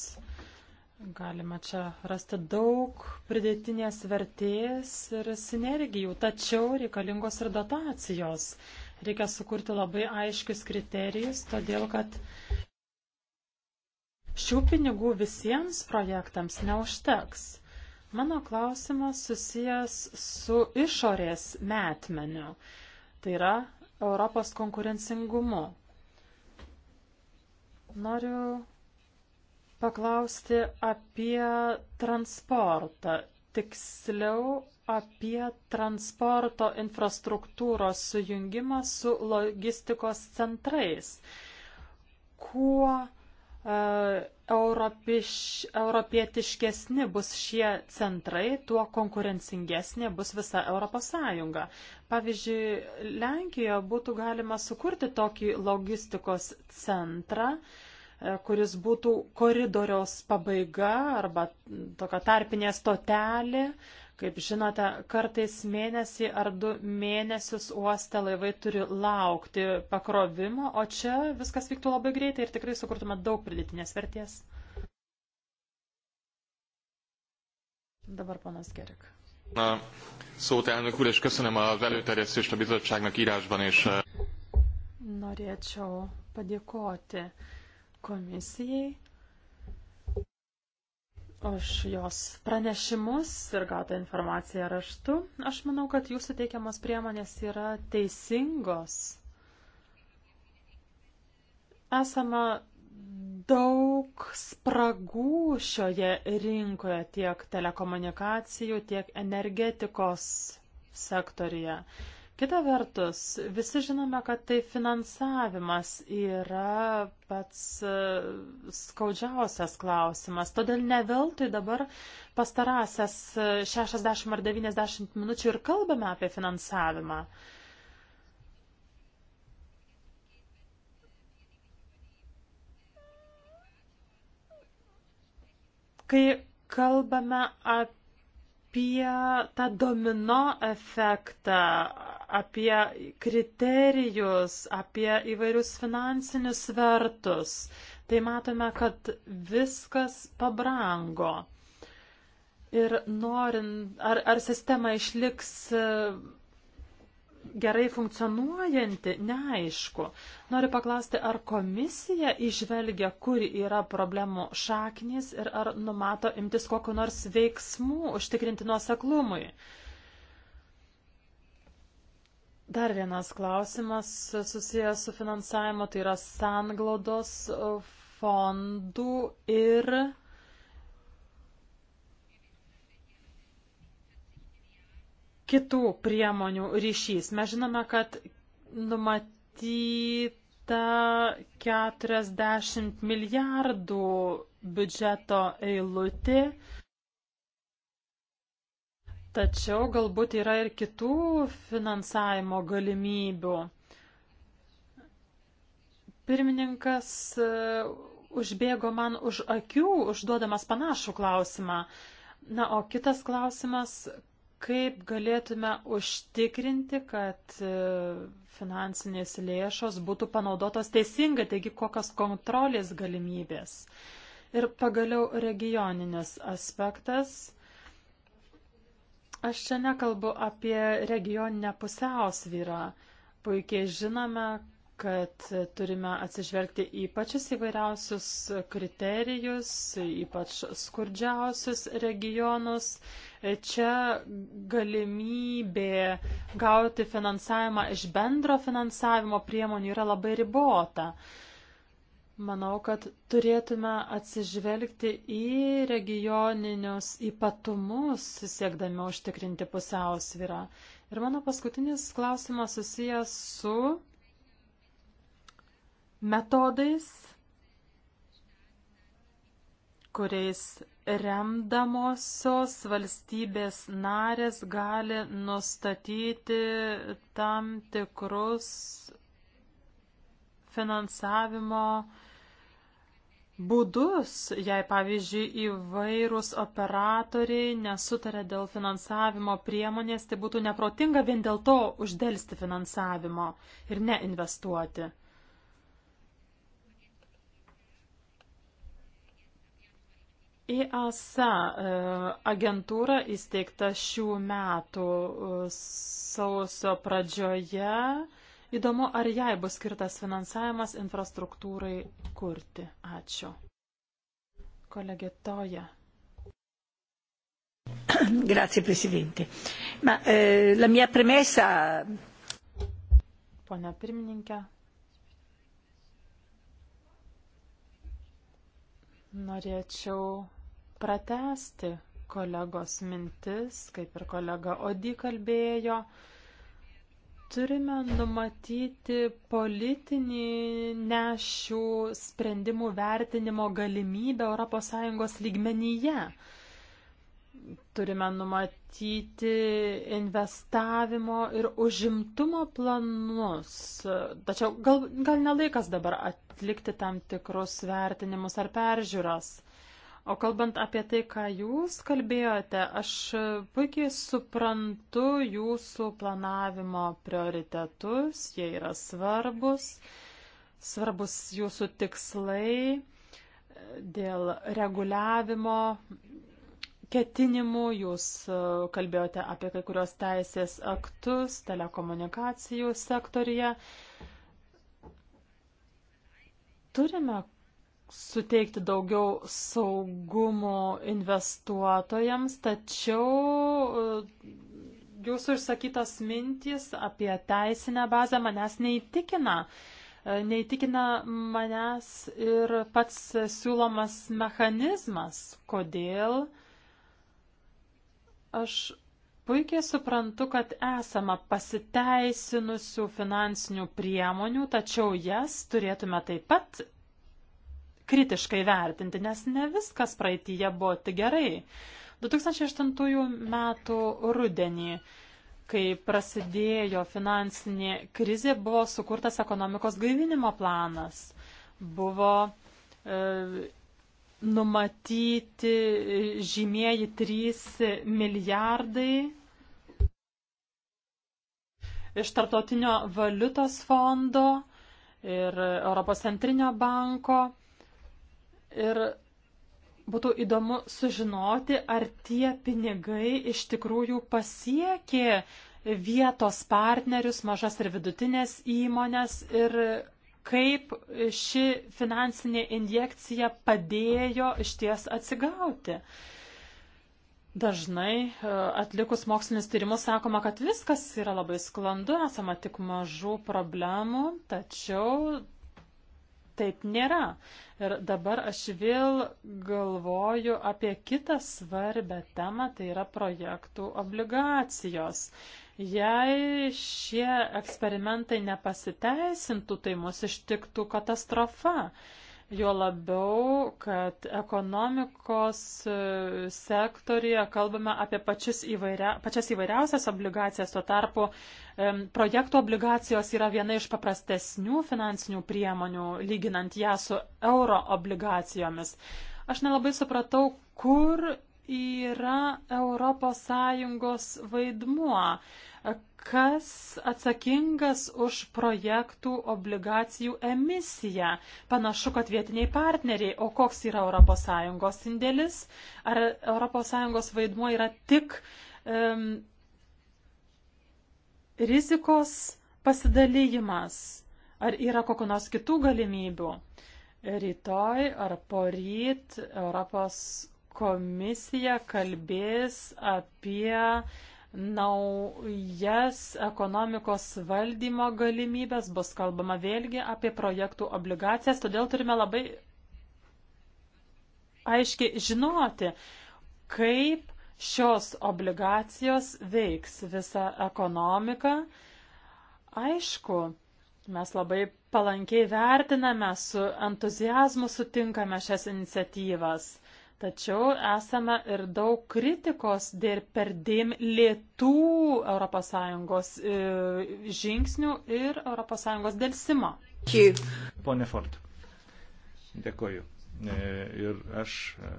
Galima čia rasti daug pridėtinės vertės ir sinergijų, tačiau reikalingos ir dotacijos. Reikia sukurti labai aiškius kriterijus, todėl kad šių pinigų visiems projektams neužteks. Mano klausimas susijęs su išorės metmeniu. Tai yra Europos konkurencingumu. Noriu paklausti apie transportą, tiksliau apie transporto infrastruktūros sujungimą su logistikos centrais. Kuo europiš, europietiškesni bus šie centrai, tuo konkurencingesnė bus visa Europos Sąjunga. Pavyzdžiui, Lenkijoje būtų galima sukurti tokį logistikos centrą, e, kuris būtų koridoriaus pabaiga arba tokia tarpinė stotelė, uh, Kaip žinote, kartais mėnesį ar du mėnesius uoste laivai turi laukti pakrovimo, o čia viskas vyktų labai greitai ir tikrai sukurtume daug pridėtinės vertės. Dabar panas Gerik. Na, szót elnök úr, és köszönöm az előterjesztést a bizottságnak írásban és... Norėčiau padėkoti komisijai už jos pranešimus ir gautą informaciją raštu. Aš manau, kad jūsų teikiamos priemonės yra teisingos. Esama daug spragų šioje rinkoje tiek telekomunikacijų, tiek energetikos sektorija. Kita vertus, visi žinome, kad tai finansavimas yra pats e, skaudžiausias klausimas. Todėl ne veltui dabar pastarąsias 60 e, ar 90 minučių ir kalbame apie finansavimą. Kai kalbame apie apie tą domino efektą, apie kriterijus, apie įvairius finansinius vertus, tai matome, kad viskas pabrango. Ir norint, ar, ar sistema išliks gerai funkcionuojanti, neaišku. Noriu paklausti, ar komisija išvelgia, kur yra problemų šaknis ir ar numato imtis kokiu nors veiksmų užtikrinti nuoseklumui. Dar vienas klausimas susijęs su finansavimu, tai yra sanglaudos fondų ir kitų priemonių ryšys. Mes žinome, kad numatyta 40 milijardų biudžeto eilutė. Tačiau galbūt yra ir kitų finansavimo galimybių. Pirmininkas e, užbėgo man už akių, užduodamas panašų klausimą. Na, o kitas klausimas, kaip galėtume užtikrinti, kad e, finansinės lėšos būtų panaudotos teisingai, taigi kokios kontrolės galimybės. Ir pagaliau regioninis aspektas. Aš čia nekalbu apie regioninę pusiausvyrą. Puikiai žinome, kad turime atsižvelgti į pačius įvairiausius kriterijus, ypač skurdžiausius regionus. Čia galimybė gauti finansavimą iš bendro finansavimo priemonių yra labai ribota. Manau, kad turėtume atsižvelgti į regioninius ypatumus, siekdami užtikrinti pusiausvyrą. Ir mano paskutinis klausimas susijęs su metodais, kuriais remdamosios valstybės narės gali nustatyti tam tikrus finansavimo būdus, jei pavyzdžiui įvairūs operatoriai nesutarė dėl finansavimo priemonės, tai būtų neprotinga vien dėl to uždėlsti finansavimo ir neinvestuoti. EASA e, agentūra įsteigta šių metų e, sausio pradžioje. Įdomu, ar jai bus skirtas finansavimas infrastruktūrai kurti. Ačiū. Kolegė Toja. (coughs) Grazie, Presidente. Ma eh, la mia premessa. Pone pirmininkė. Norėčiau pratesti kolegos mintis, kaip ir kolega Odi kalbėjo. Turime numatyti politinį nešių sprendimų vertinimo galimybę ES lygmenyje turime numatyti investavimo ir užimtumo planus. Tačiau gal, gal nelaikas dabar atlikti tam tikrus vertinimus ar peržiūras. O kalbant apie tai, ką jūs kalbėjote, aš puikiai suprantu jūsų planavimo prioritetus, jie yra svarbus, svarbus jūsų tikslai dėl reguliavimo ketinimų, jūs e, kalbėjote apie kai kurios teisės aktus telekomunikacijų sektorija. Turime suteikti daugiau saugumo investuotojams, tačiau e, jūsų išsakytos mintys apie teisinę bazę manęs neįtikina. E, neįtikina manęs ir pats siūlomas mechanizmas, kodėl uh, Aš puikiai suprantu, kad esama pasiteisinusių finansinių priemonių, tačiau jas turėtume taip pat kritiškai vertinti, nes ne viskas praeitįje buvo tik gerai. 2008 metų rudenį, kai prasidėjo finansinė krizė, buvo sukurtas ekonomikos gaivinimo planas. Buvo e, numatyti e, žymieji 3 milijardai iš Tartautinio valiutos fondo ir Europos centrinio banko. Ir būtų įdomu sužinoti, ar tie pinigai iš tikrųjų pasiekė vietos partnerius, mažas ir vidutinės įmonės ir kaip ši finansinė injekcija padėjo išties atsigauti. Dažnai e, atlikus mokslinis tyrimus sakoma, kad viskas yra labai sklandu, esama tik mažų problemų, tačiau taip nėra. Ir dabar aš vėl galvoju apie kitą svarbę temą, tai yra projektų obligacijos. Jei šie eksperimentai nepasiteisintų, tai mus ištiktų katastrofa. Jo labiau, kad ekonomikos e, sektorija kalbame apie pačius įvairia, pačias įvairiausias obligacijas, tuo tarpu projektų obligacijos yra viena iš paprastesnių finansinių priemonių, lyginant ją su euro obligacijomis. Aš nelabai supratau, kur yra ES vaidmuo? Kas atsakingas už projektų obligacijų emisiją? Panašu, kad vietiniai partneriai. O koks yra ES indėlis? Ar ES vaidmuo yra tik um, rizikos pasidalymas? Ar yra kokiu nors kitų galimybių? Rytoj ar poryt Europos komisija kalbės apie naujas ekonomikos valdymo galimybės, bus kalbama vėlgi apie projektų obligacijas, todėl turime labai aiškiai žinoti, kaip šios obligacijos veiks visą ekonomiką. Aišku, mes labai palankiai vertiname, su entuzijazmu sutinkame šias iniciatyvas. Tačiau esame ir daug kritikos dėl perdėm lėtų ES e, žingsnių ir ES dėlsimo. Pone Ford, dėkoju. E, ir aš e,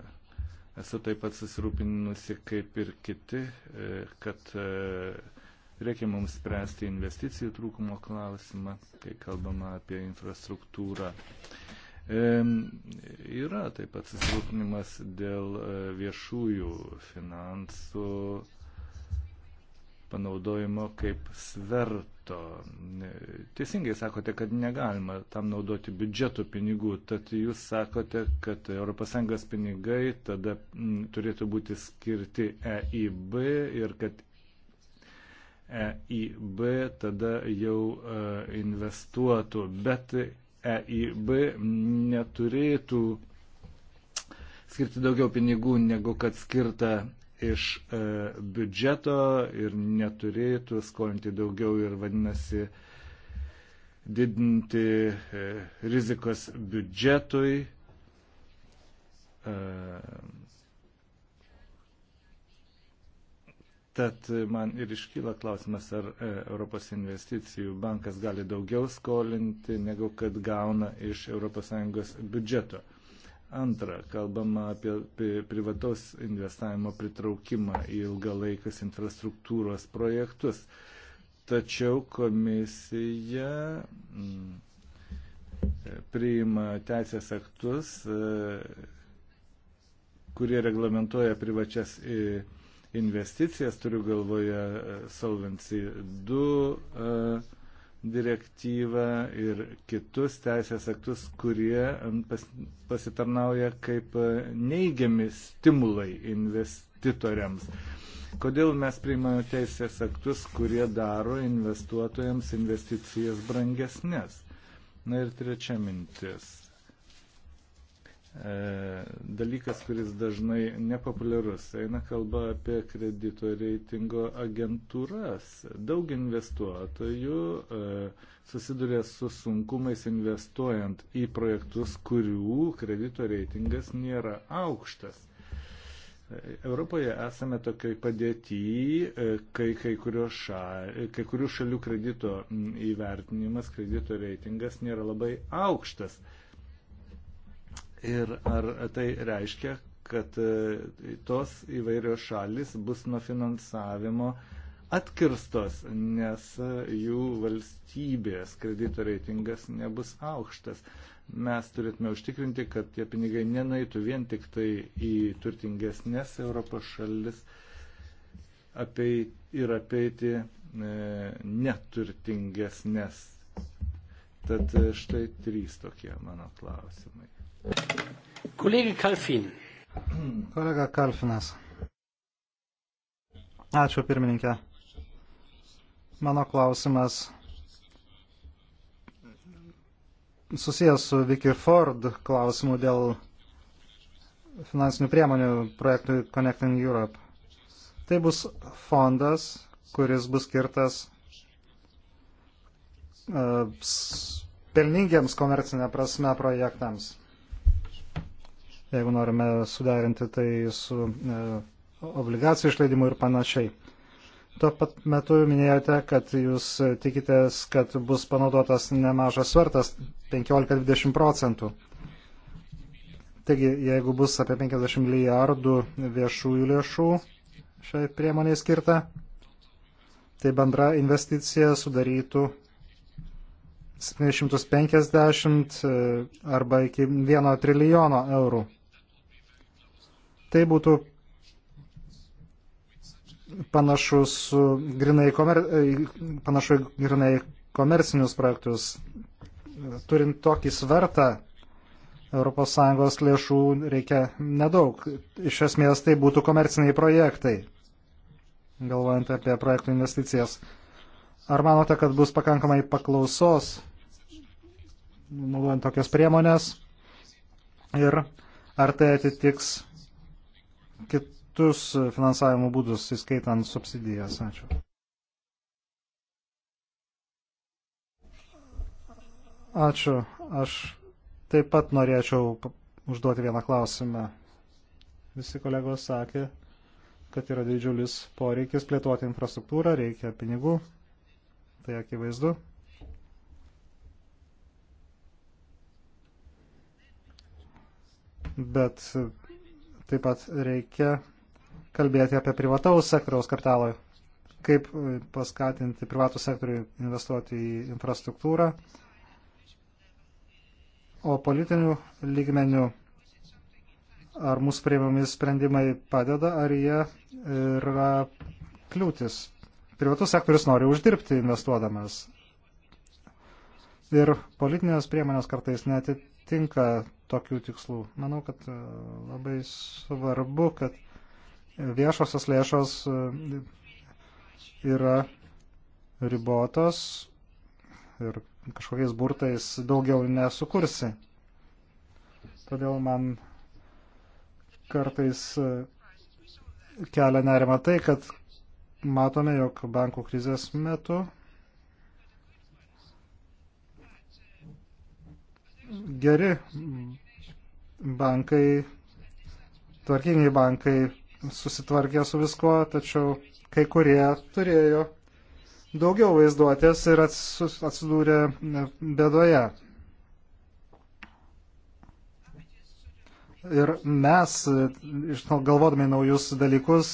esu taip pat susirūpinusi kaip ir kiti, kad reikia mums spręsti investicijų trūkumo klausimą, kai kalbama apie infrastruktūrą. E, yra taip pat susirūpinimas dėl e, viešųjų finansų panaudojimo kaip sverto. Teisingai sakote, kad negalima tam naudoti biudžeto pinigų, tad jūs sakote, kad ES pinigai tada turėtų būti skirti EIB ir kad EIB tada jau e, investuotų, bet EIB neturėtų skirti daugiau pinigų, negu kad skirta iš e, biudžeto ir neturėtų skolinti daugiau ir vadinasi didinti e, rizikos biudžetui. E, Tad man ir iškyla klausimas, ar e, Europos investicijų bankas gali daugiau skolinti, negu kad gauna iš ES biudžeto. Antra, kalbama apie privataus investavimo pritraukimą į ilgalaikius infrastruktūros projektus. Tačiau komisija mm, e, priima teisės aktus, e, kurie reglamentoja privačias investicijas investicijas, turiu galvoje e, Solvency 2 e, direktyvą ir kitus teisės aktus, kurie pasitarnauja kaip e, neigiami stimulai investitoriams. Kodėl mes priimame teisės aktus, kurie daro investuotojams investicijas brangesnės? Na ir trečia mintis E, dalykas, kuris dažnai nepopuliarus. Eina kalba apie kredito reitingo agentūras. Daug investuotojų e, susiduria su sunkumais investuojant į projektus, kurių kredito reitingas nėra aukštas. E, Europoje esame tokiai padėtyje, kai kai, šal, kai kurių šalių kredito įvertinimas, kredito reitingas nėra labai aukštas ir ar tai reiškia, kad e, tos įvairios šalis bus nuo finansavimo atkirstos, nes e, jų valstybės kredito reitingas nebus aukštas. Mes turėtume užtikrinti, kad tie pinigai nenaitų vien tik tai į turtingesnės Europos šalis apei, ir apeiti e, neturtingesnės. Tad e, štai trys tokie mano klausimai. Kolega Kalfin. Kolega Kalfinas. Ačiū pirmininkė. Mano klausimas susijęs su Vicky Ford klausimu dėl finansinių priemonių projektui Connecting Europe. Tai bus fondas, kuris bus skirtas uh, pelningiams komercinė prasme projektams jeigu norime suderinti tai su e, obligacijų išleidimu ir panašiai. Tuo pat metu minėjote, kad jūs tikitės, kad bus panaudotas nemažas svertas 15-20 procentų. Taigi, jeigu bus apie 50 milijardų viešųjų lėšų šiai priemoniai skirta, tai bendra investicija sudarytų 750 e, arba iki 1 trilijono eurų. Tai būtų panašus grinai, komer, panašu grinai komercinius projektus. Turint tokį svertą ES lėšų reikia nedaug. Iš esmės tai būtų komerciniai projektai, galvojant apie projektų investicijas. Ar manote, kad bus pakankamai paklausos, naudojant tokias priemonės? Ir ar tai atitiks kitus finansavimo būdus, įskaitant subsidijas. Ačiū. Ačiū. Aš taip pat norėčiau užduoti vieną klausimą. Visi kolegos sakė, kad yra didžiulis poreikis plėtoti infrastruktūrą, reikia pinigų. Tai akivaizdu. Bet Taip pat reikia kalbėti apie privataus sektoriaus kapitalą, kaip e, paskatinti privatų sektorių investuoti į infrastruktūrą, o politinių lygmenių ar mūsų priimami sprendimai padeda, ar jie yra kliūtis. Privatus sektorius nori uždirbti investuodamas. Ir politinės priemonės kartais netit tinka tokių tikslų. Manau, kad e, labai svarbu, kad viešosios lėšos e, yra ribotos ir kažkokiais burtais daugiau nesukursi. Todėl man kartais e, kelia nerima tai, kad matome, jog bankų krizės metu geri bankai, tvarkingi bankai susitvarkė su viskuo, tačiau kai kurie turėjo daugiau vaizduotės ir atsidūrė bėdoje. Ir mes, galvodami naujus dalykus,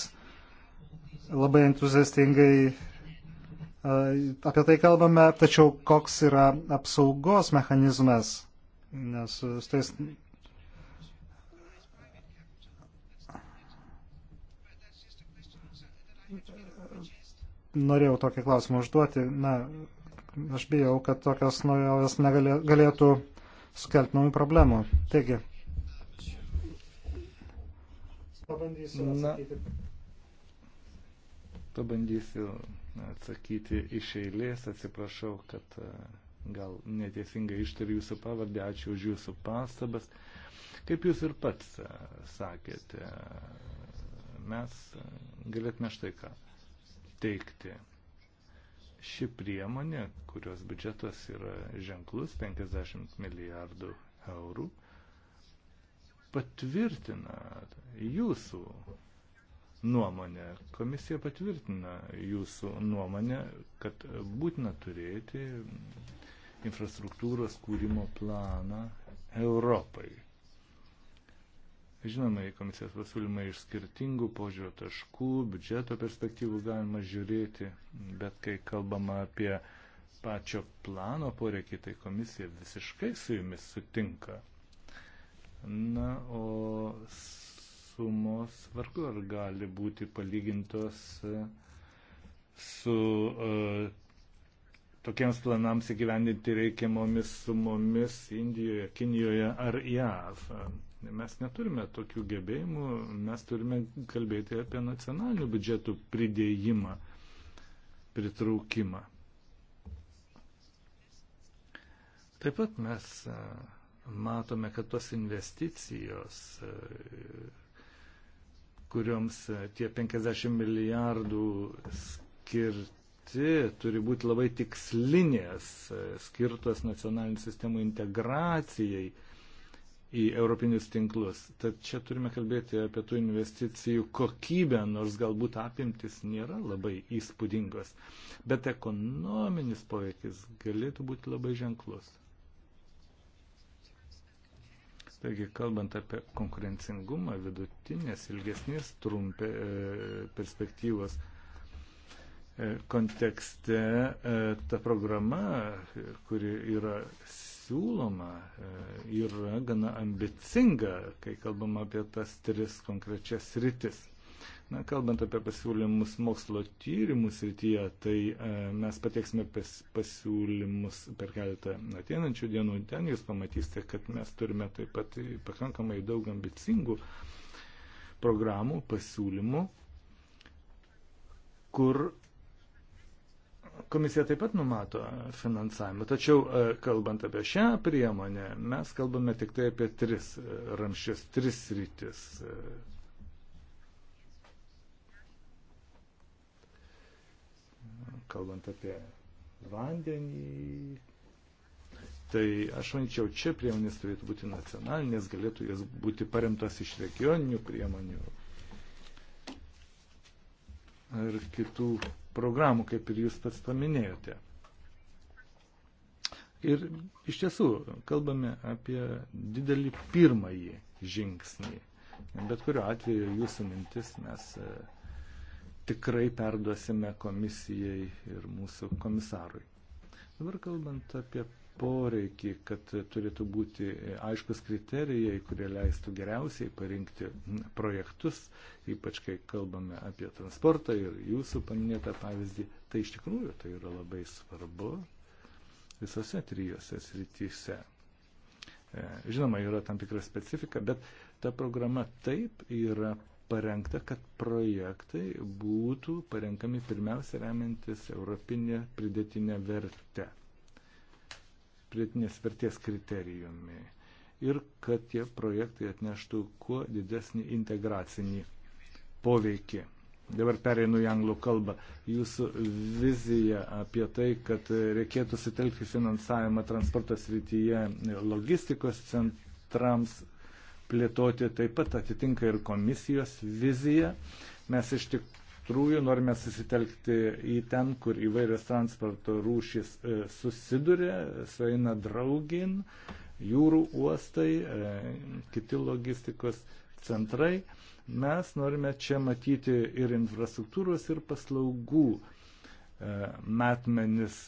labai entuziastingai apie tai kalbame, tačiau koks yra apsaugos mechanizmas nes su tais norėjau tokį klausimą užduoti. Na, aš bijau, kad tokios naujovės galėtų sukelti naujų problemų. Taigi. Pabandysiu atsakyti. Na, pabandysiu atsakyti iš eilės. Atsiprašau, kad gal neteisingai ištariu jūsų pavardę, ačiū už jūsų pastabas. Kaip jūs ir pats e, sakėte, mes galėtume štai ką teikti. Ši priemonė, kurios biudžetas yra ženklus, 50 milijardų eurų, patvirtina jūsų nuomonę. Komisija patvirtina jūsų nuomonę, kad būtina turėti infrastruktūros kūrimo planą Europai. Žinoma, į komisijos pasiūlymą iš skirtingų požiūrio taškų, biudžeto perspektyvų galima žiūrėti, bet kai kalbama apie pačio plano poreikį, tai komisija visiškai su jumis sutinka. Na, o sumos vargu ar gali būti palygintos su e, tokiems planams įgyvendinti reikiamomis sumomis Indijoje, Kinijoje ar JAV. Mes neturime tokių gebėjimų, mes turime kalbėti apie nacionalinių biudžetų pridėjimą, pritraukimą. Taip pat mes matome, kad tos investicijos, kurioms tie 50 milijardų skirti, kiti turi būti labai tikslinės, e, skirtos nacionalinių sistemų integracijai į europinius tinklus. Tad čia turime kalbėti apie tų investicijų kokybę, nors galbūt apimtis nėra labai įspūdingos, bet ekonominis poveikis galėtų būti labai ženklus. Taigi, kalbant apie konkurencingumą, vidutinės, ilgesnės trumpė e, perspektyvos kontekste e, ta programa, kuri yra siūloma, e, yra gana ambicinga, kai kalbam apie tas tris konkrečias rytis. Na, kalbant apie pasiūlymus mokslo tyrimų srityje, tai e, mes pateiksime pasiūlymus per keletą ateinančių dienų. Ten jūs pamatysite, kad mes turime taip pat pakankamai daug ambicingų programų, pasiūlymų, kur Komisija taip pat numato finansavimą, tačiau e, kalbant apie šią priemonę, mes kalbame tik tai apie tris e, ramščius, tris rytis. E. Kalbant apie vandenį, Tai aš manyčiau, čia priemonės turėtų būti nacionalinės, galėtų jas būti paremtas iš regioninių priemonių ar kitų programų, kaip ir jūs pats paminėjote. Ir iš tiesų, kalbame apie didelį pirmąjį žingsnį. Bet kuriuo atveju jūsų mintis mes e, tikrai perduosime komisijai ir mūsų komisarui. Dabar kalbant apie poreikį, kad turėtų būti aiškus kriterijai, kurie leistų geriausiai parinkti projektus, ypač kai kalbame apie transportą ir jūsų paminėtą pavyzdį. Tai iš tikrųjų tai yra labai svarbu visose trijose srityse. E, žinoma, yra tam tikra specifika, bet ta programa taip yra parengta, kad projektai būtų parenkami pirmiausia remiantis europinė pridėtinė vertė pritinės vertės kriterijumi ir kad tie projektai atneštų kuo didesnį integracinį poveikį. Dabar pereinu į anglų kalbą. Jūsų vizija apie tai, kad reikėtų sutelkti finansavimą transporto srityje logistikos centrams plėtoti, taip pat atitinka ir komisijos viziją. Mes iš tik tikrųjų norime susitelkti į ten, kur įvairios transporto rūšys e, susiduria, sueina draugin, jūrų uostai, e, kiti logistikos centrai. Mes norime čia matyti ir infrastruktūros, ir paslaugų e, metmenis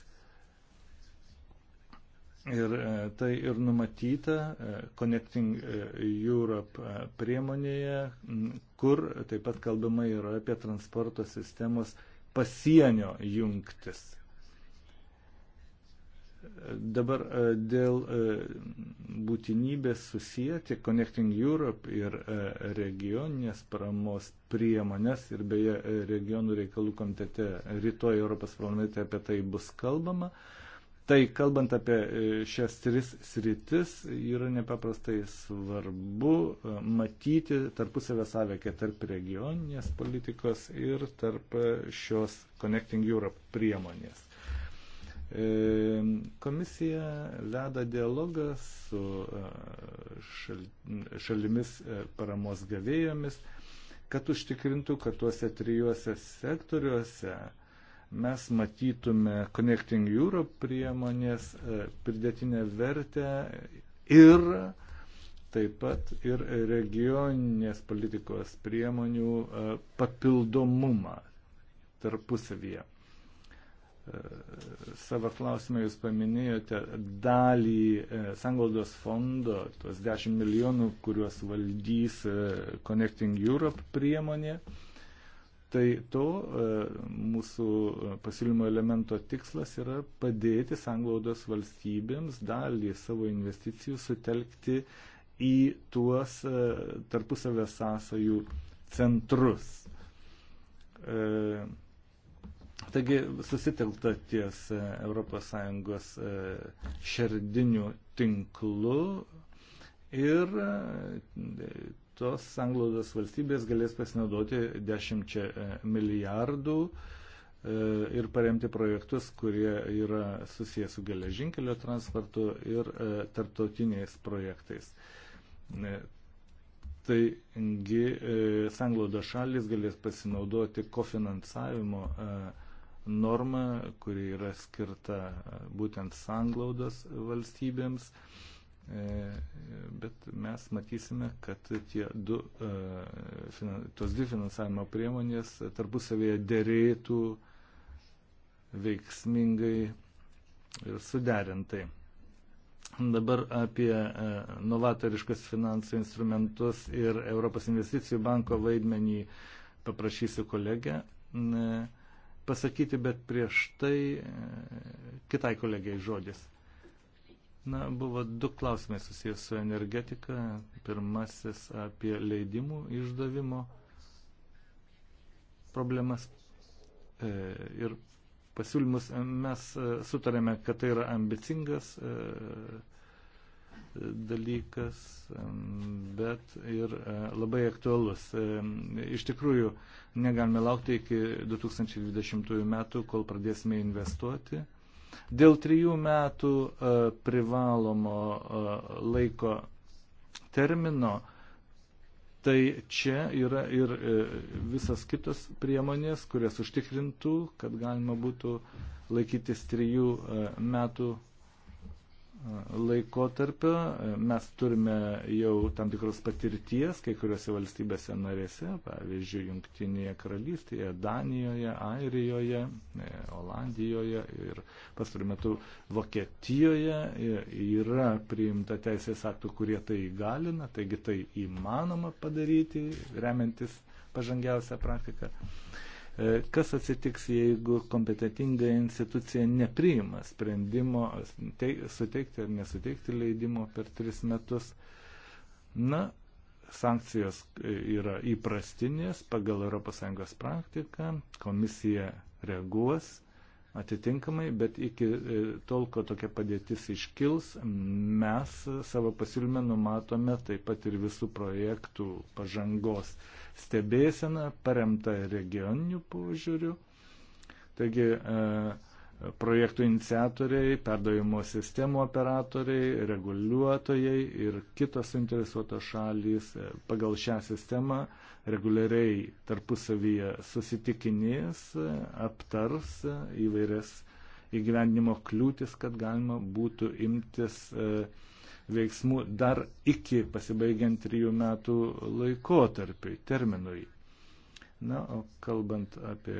Ir e, tai ir numatyta e, Connecting e, Europe priemonėje, kur taip pat kalbama yra apie transporto sistemos pasienio jungtis. Dabar dėl būtinybės susijęti Connecting Europe ir regioninės paramos priemonės ir beje regionų reikalų komitete rytoj Europos parlamente apie tai bus kalbama. Tai kalbant apie e, šias tris sritis, yra nepaprastai svarbu e, matyti tarpusavę sąveikę tarp regioninės politikos ir tarp e, šios Connecting Europe priemonės. Komisija veda dialogą su šal, šalimis paramos gavėjomis, kad užtikrintų, kad tuose trijuose sektoriuose mes matytume Connecting Europe priemonės e, pridėtinę vertę ir taip pat ir regioninės politikos priemonių e, papildomumą tarpusavyje. E, savo klausimą jūs paminėjote dalį Sangoldos fondo, tuos 10 milijonų, kuriuos valdys Connecting Europe priemonė. E, Tai to e, mūsų pasiūlymo elemento tikslas yra padėti sanglaudos valstybėms dalį savo investicijų sutelkti į tuos e, tarpusavę sąsajų centrus. E, taigi susitelkta ties ES šerdiniu tinklu ir tos sanglaudos valstybės galės pasinaudoti 10 e, milijardų e, ir paremti projektus, kurie yra susijęs su geležinkelio transportu ir e, tarptautiniais projektais. Taigi sanglaudos šalis galės pasinaudoti kofinansavimo normą, kuri yra skirta būtent sanglaudos valstybėms. E, bet mes matysime, kad du, e, tos dvi finansavimo priemonės tarpusavėje dėrėtų veiksmingai ir suderintai. Dabar apie e, novatoriškus finansų instrumentus ir Europos investicijų banko vaidmenį paprašysiu kolegę pasakyti, bet prieš tai kitai kolegiai žodis. Na, buvo du klausimai susijęs su energetika. Pirmasis apie leidimų išdavimo problemas e, ir pasiūlymus. Mes e, sutarėme, kad tai yra ambicingas e, dalykas, bet ir e, labai aktualus. E, iš tikrųjų, negalime laukti iki 2020 metų, kol pradėsime investuoti Dėl trijų metų e, privalomo e, laiko termino, tai čia yra ir e, visas kitos priemonės, kurias užtikrintų, kad galima būtų laikytis trijų metų laikotarpio. Mes turime jau tam tikros patirties kai kuriuose valstybėse narėse, pavyzdžiui, Junktinėje karalystėje, Danijoje, Airijoje, e, Olandijoje ir pastaruoju metu Vokietijoje e, yra priimta teisės aktų, kurie tai įgalina, taigi tai įmanoma padaryti, remiantis pažangiausią praktiką. Uh, E, kas atsitiks, jeigu kompetitinga institucija nepriima sprendimo te, suteikti ar nesuteikti leidimo per tris metus? Na, sankcijos e, yra įprastinės pagal ES praktiką, komisija reaguos atitinkamai, bet iki e, tol, kol tokia padėtis iškils, mes savo pasiūlyme numatome taip pat ir visų projektų pažangos stebėsena paremta regioniniu požiūriu. Taigi e, projektų iniciatoriai, perdavimo sistemų operatoriai, reguliuotojai ir kitos suinteresuotos šalys e, pagal šią sistemą reguliariai tarpusavyje susitikinės, e, aptars įvairias įgyvendinimo kliūtis, kad galima būtų imtis uh, veiksmų dar iki pasibaigiant trijų metų laikotarpiui, terminui. Na, o kalbant apie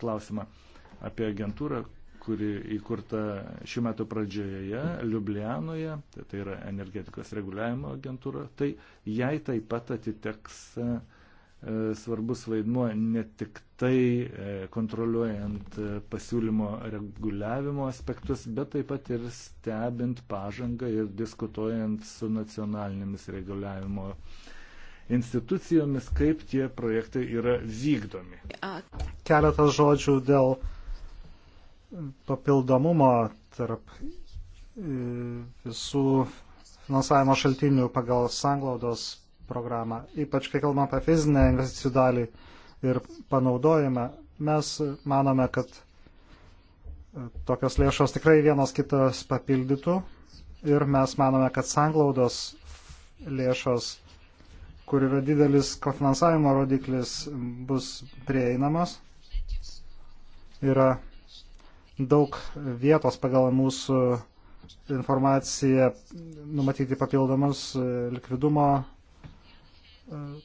klausimą apie agentūrą, kuri įkurta šių metų pradžioje Liublianoje, tai yra energetikos reguliavimo agentūra, tai jai taip pat atiteks uh, E, svarbus vaidmuo ne tik tai e, kontroliuojant e, pasiūlymo reguliavimo aspektus, bet taip pat ir stebint pažangą ir diskutuojant su nacionalinėmis reguliavimo institucijomis, kaip tie projektai yra vykdomi. Keletas žodžių dėl papildomumo tarp visų finansavimo šaltinių pagal sanglaudos programą, ypač kai kalbam apie fizinę investicijų dalį ir panaudojimą, mes manome, kad e, tokios lėšos tikrai vienos kitas papildytų ir mes manome, kad sanglaudos lėšos, kur yra didelis kofinansavimo rodiklis, bus prieinamos. Yra daug vietos pagal mūsų informaciją numatyti papildomus e, likvidumo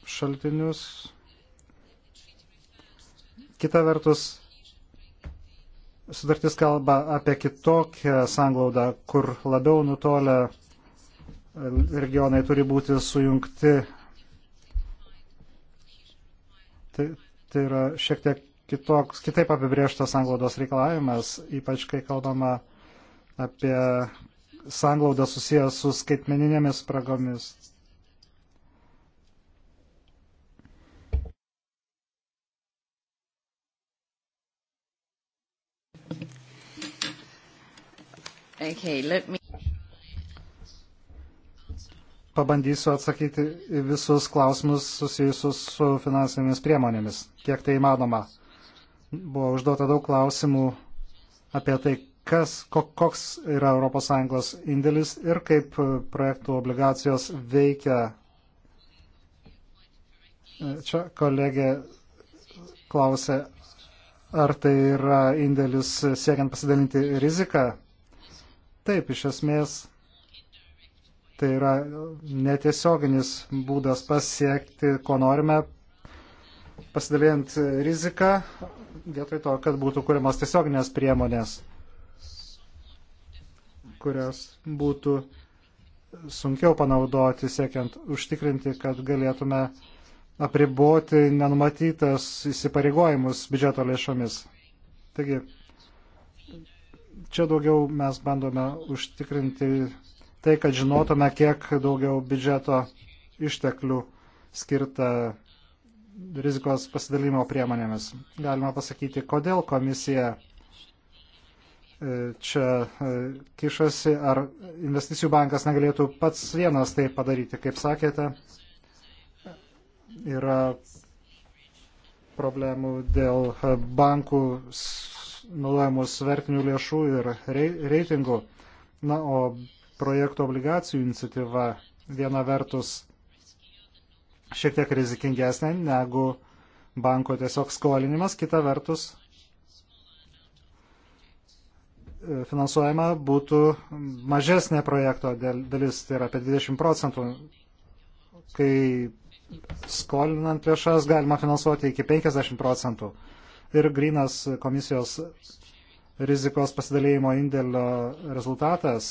šaltinius. Kita vertus, sudartis kalba apie kitokią sanglaudą, kur labiau nutolę regionai turi būti sujungti. Tai, tai yra šiek tiek kitoks, kitaip apibrieštas sanglaudos reikalavimas, ypač kai kalbama apie sanglaudą susijęs su skaitmeninėmis spragomis. Okay, let me... Pabandysiu atsakyti visus klausimus susijusius su finansinėmis priemonėmis, kiek tai įmanoma. Buvo užduota daug klausimų apie tai, kas, koks yra ES indėlis ir kaip projektų obligacijos veikia. Čia kolegė klausė, ar tai yra indėlis siekiant pasidalinti riziką Taip, iš esmės tai yra netiesioginis būdas pasiekti, ko norime, pasidalėjant riziką, vietoj to, kad būtų kuriamas tiesioginės priemonės, kurias būtų sunkiau panaudoti, siekiant užtikrinti, kad galėtume apriboti nenumatytas įsipareigojimus biudžeto lėšomis. Taigi, Čia daugiau mes bandome užtikrinti tai, kad žinotume, kiek daugiau biudžeto išteklių skirta rizikos pasidalimo priemonėmis. Galima pasakyti, kodėl komisija e, čia e, kišasi, ar investicijų bankas negalėtų pats vienas tai padaryti, kaip sakėte. Yra problemų dėl bankų naudojamus vertinių lėšų ir reitingų. Na, o projektų obligacijų iniciatyva viena vertus šiek tiek rizikingesnė negu banko tiesiog skolinimas, kita vertus e, finansuojama būtų mažesnė projekto dalis, tai yra apie 20 procentų, kai skolinant lėšas galima finansuoti iki 50 procentų ir grinas komisijos rizikos pasidalėjimo indėlio rezultatas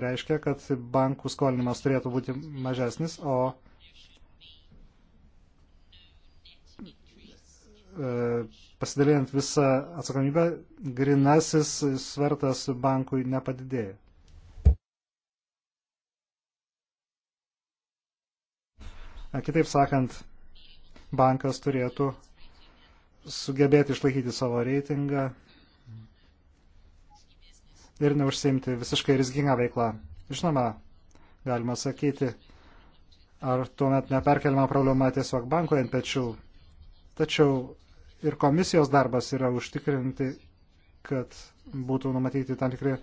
reiškia, kad bankų skolinimas turėtų būti mažesnis, o e, pasidalinant visą atsakomybę, grinasis svertas bankui nepadidėja. E, kitaip sakant, bankas turėtų sugebėti išlaikyti savo reitingą ir neužsiimti visiškai rizgingą veiklą. Žinoma, galima sakyti, ar tuomet neperkeliama problema tiesiog bankoje ant pečių. Tačiau ir komisijos darbas yra užtikrinti, kad būtų numatyti tam tikri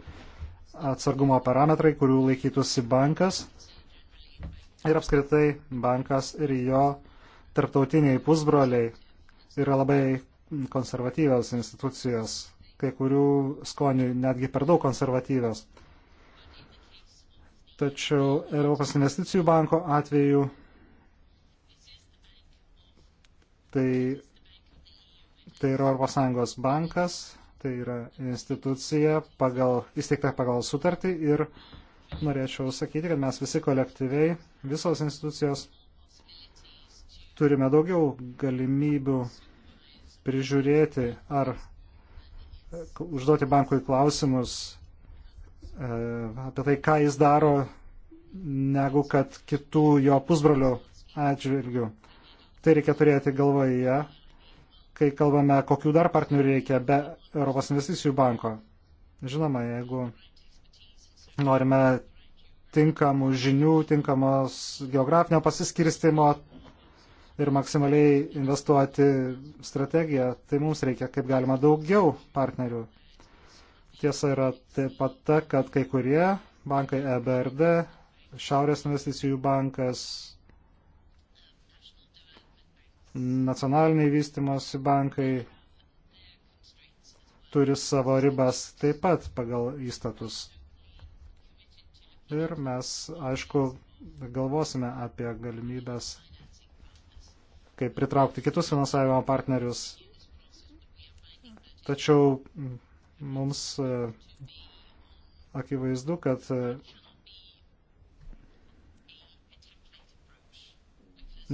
atsargumo parametrai, kurių laikytųsi bankas ir apskritai bankas ir jo tarptautiniai pusbroliai yra labai konservatyvios institucijos, kai kurių skonių netgi per daug konservatyvios. Tačiau Europos investicijų banko atveju tai, tai yra Europos Sąjungos bankas, tai yra institucija pagal, įsteigta pagal sutartį ir norėčiau sakyti, kad mes visi kolektyviai, visos institucijos turime daugiau galimybių prižiūrėti ar e, užduoti bankui klausimus e, apie tai, ką jis daro, negu kad kitų jo pusbrolių atžvilgių. Tai reikia turėti galvoje, kai kalbame, kokių dar partnerių reikia be Europos investicijų banko. Žinoma, jeigu norime tinkamų žinių, tinkamos geografinio pasiskirstimo, ir maksimaliai investuoti strategiją, tai mums reikia kaip galima daugiau partnerių. Tiesa yra taip pat ta, kad kai kurie bankai EBRD, Šiaurės investicijų bankas, nacionaliniai vystimosi bankai turi savo ribas taip pat pagal įstatus. Ir mes, aišku, galvosime apie galimybės kaip pritraukti kitus finansavimo partnerius. Tačiau mums e, akivaizdu, kad e,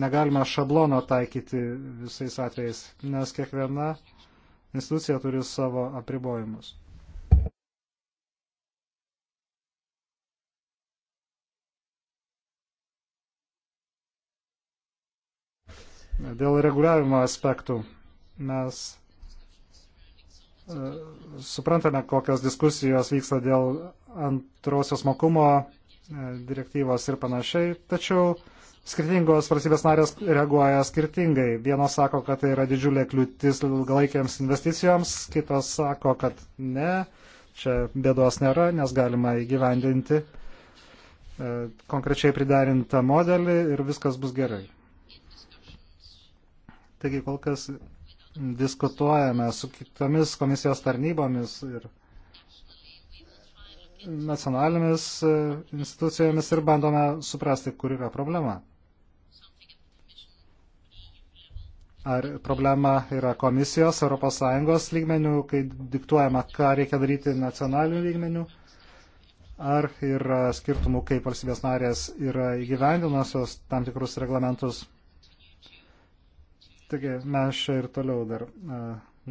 negalime šablono taikyti visais atvejais, nes kiekviena institucija turi savo apribojimus. Dėl reguliavimo aspektų mes e, suprantame, kokios diskusijos vyksta dėl antrosios mokumo e, direktyvos ir panašiai, tačiau skirtingos valstybės narės reaguoja skirtingai. Vienos sako, kad tai yra didžiulė kliūtis ilgalaikiams investicijoms, kitos sako, kad ne, čia bėdos nėra, nes galima įgyvendinti e, konkrečiai pridarintą modelį ir viskas bus gerai. Taigi kol kas diskutuojame su kitomis komisijos tarnybomis ir nacionalinėmis e, institucijomis ir bandome suprasti, kur yra problema. Ar problema yra komisijos, ES lygmenių, kai diktuojama, ką reikia daryti nacionalinių lygmenių, ar yra skirtumų, kaip valstybės narės yra įgyvendinusios tam tikrus reglamentus Taigi mes čia ir toliau dar e,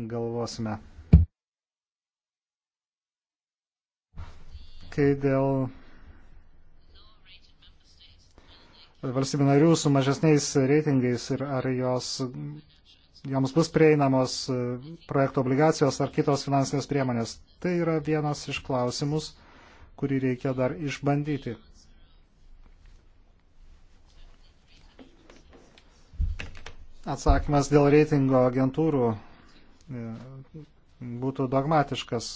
galvosime. Kai dėl valstybių narių su mažesniais reitingais ir ar jos, joms bus prieinamos e, projekto obligacijos ar kitos finansinės priemonės. Tai yra vienas iš klausimus, kurį reikia dar išbandyti. atsakymas dėl reitingo agentūrų e, būtų dogmatiškas,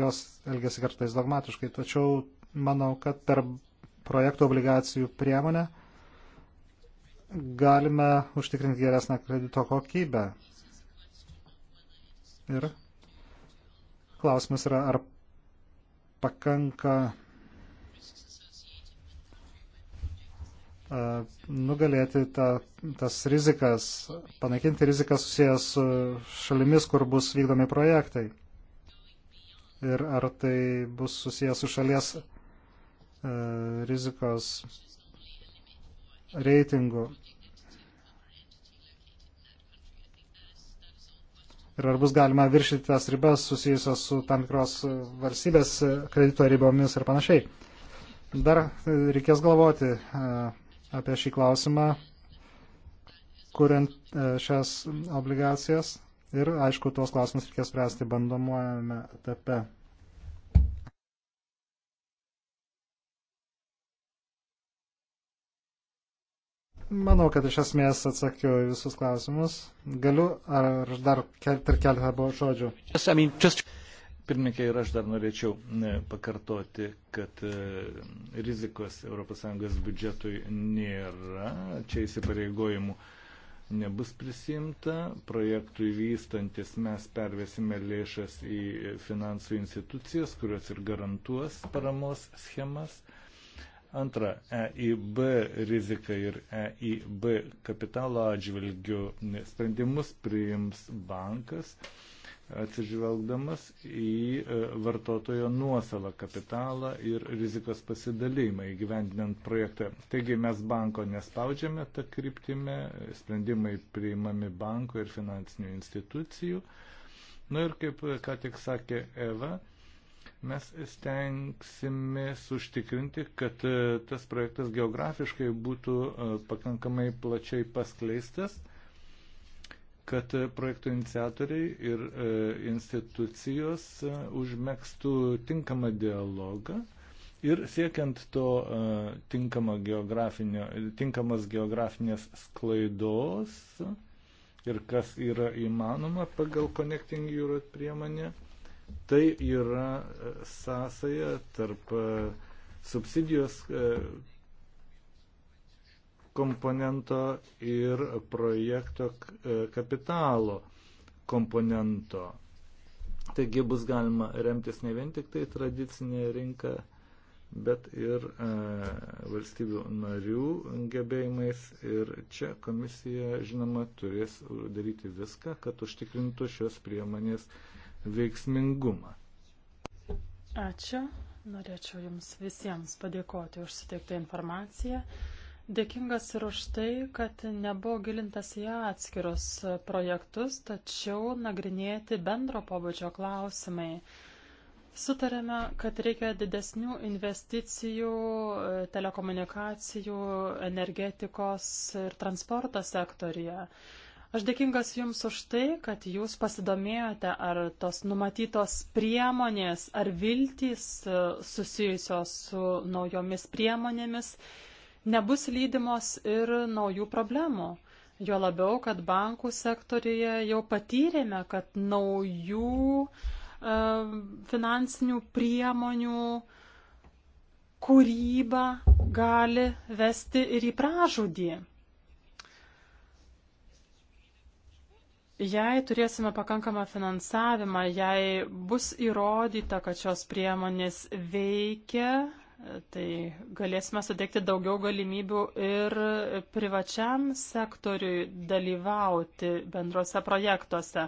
jos elgesi kartais dogmatiškai, tačiau manau, kad per projektų obligacijų priemonę galime užtikrinti geresnę kredito kokybę. Ir klausimas yra, ar pakanka E, nugalėti ta, tas rizikas, panaikinti rizikas susijęs su šalimis, kur bus vykdomi projektai. Ir ar tai bus susijęs su šalies e, rizikos reitingu. Ir ar bus galima viršyti tas ribas susijusios su tam tikros valstybės kredito ribomis ir panašiai. Dar e, reikės galvoti, e, apie šį klausimą, kuriant e, šias obligacijas. Ir, aišku, tuos klausimus reikės spręsti bandomuojame etape. Manau, kad iš esmės atsakiau į visus klausimus. Galiu, ar aš dar kel, keletą žodžių? Just, I mean, just... Pirmininkė ir aš dar norėčiau pakartoti, kad e, rizikos ES biudžetui nėra, čia įsipareigojimų nebus prisimta, projektui vystantis mes pervesime lėšas į finansų institucijas, kurios ir garantuos paramos schemas. Antra, EIB rizika ir EIB kapitalo atžvilgių sprendimus priims bankas atsižvelgdamas į e, vartotojo nuosavą kapitalą ir rizikos pasidalymą įgyvendinant projektą. Taigi mes banko nespaudžiame tą kryptimę, sprendimai priimami banko ir finansinių institucijų. Na nu ir kaip ką tik sakė Eva, mes stengsimės užtikrinti, kad e, tas projektas geografiškai būtų e, pakankamai plačiai paskleistas kad e, projektų iniciatoriai ir e, institucijos e, užmėgstų tinkamą dialogą ir siekiant to tinkamos geografinės sklaidos ir kas yra įmanoma pagal Connecting Europe priemonę, tai yra sąsaja tarp subsidijos komponento ir projekto e, kapitalo komponento. Taigi bus galima remtis ne vien tik tai tradicinė rinka, bet ir e, valstybių narių gebėjimais. Ir čia komisija, žinoma, turės daryti viską, kad užtikrintų šios priemonės veiksmingumą. Ačiū. Norėčiau Jums visiems padėkoti už suteiktą informaciją. Dėkingas ir už tai, kad nebuvo gilintas į atskirus projektus, tačiau nagrinėti bendro pobūdžio klausimai. Sutarėme, kad reikia didesnių investicijų telekomunikacijų, energetikos ir transporto sektorija. Aš dėkingas Jums už tai, kad Jūs pasidomėjote, ar tos numatytos priemonės, ar viltys susijusios su naujomis priemonėmis nebus lydimos ir naujų problemų. Jo labiau, kad bankų sektorija jau patyrėme, kad naujų e, finansinių priemonių kūryba gali vesti ir į pražudį. Jei turėsime pakankamą finansavimą, jei bus įrodyta, kad šios priemonės veikia, Tai galėsime suteikti daugiau galimybių ir privačiam sektoriui dalyvauti bendrose projektuose.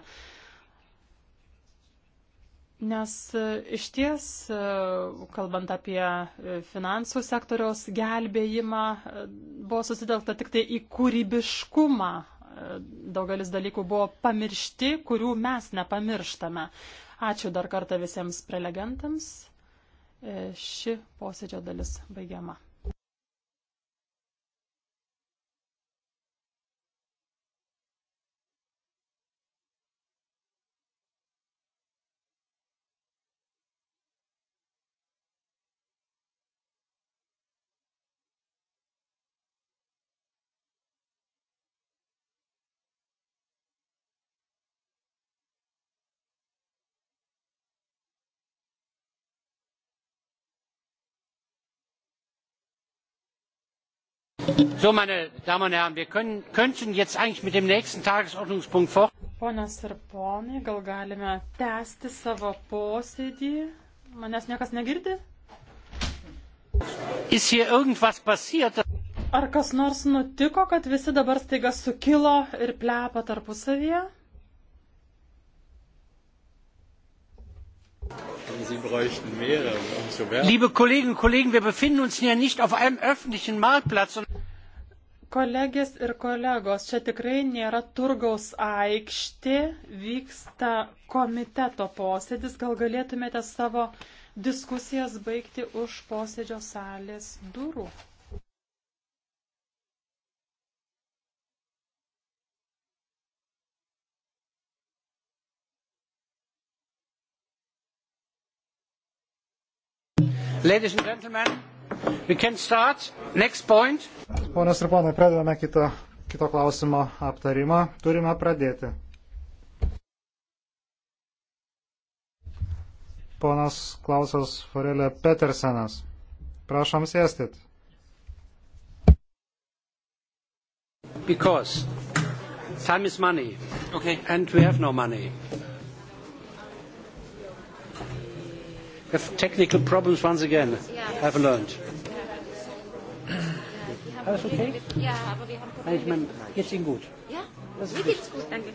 Nes iš ties, kalbant apie finansų sektoriaus gelbėjimą, buvo susidelta tik tai į kūrybiškumą. Daugelis dalykų buvo pamiršti, kurių mes nepamirštame. Ačiū dar kartą visiems prelegentams ši posėdžio dalis baigiama So, meine Damen und Herren, wir können, könnten jetzt eigentlich mit dem nächsten Tagesordnungspunkt vor. Ponas ir ponai, gal galime tęsti savo posėdį? Manęs niekas negirdi? Ist hier irgendwas passiert? Ar kas nors nutiko, kad visi dabar staiga sukilo ir plepa tarpusavyje? Sie bräuchten mehrere, um zu werben. Liebe Kolleginnen und Kollegen, wir befinden uns ja nicht auf einem öffentlichen Marktplatz. Kolegės ir kolegos, čia tikrai nėra turgaus aikštė, vyksta komiteto posėdis. Gal galėtumėte savo diskusijas baigti už posėdžio salės durų? Ladies and gentlemen, we can start. Next point. Ponios ir ponai, pradedame kito, kito klausimo aptarimą. Turime pradėti. Ponas Klausas Forelė Petersenas. Prašom sėstit. Because time is money. Okay. And we have no money. have technical problems once again, yeah. I've learned. Alles okay? Ja, aber wir haben Probleme. Ich meine, geht's Ihnen gut? Ja, mir geht's gut, danke.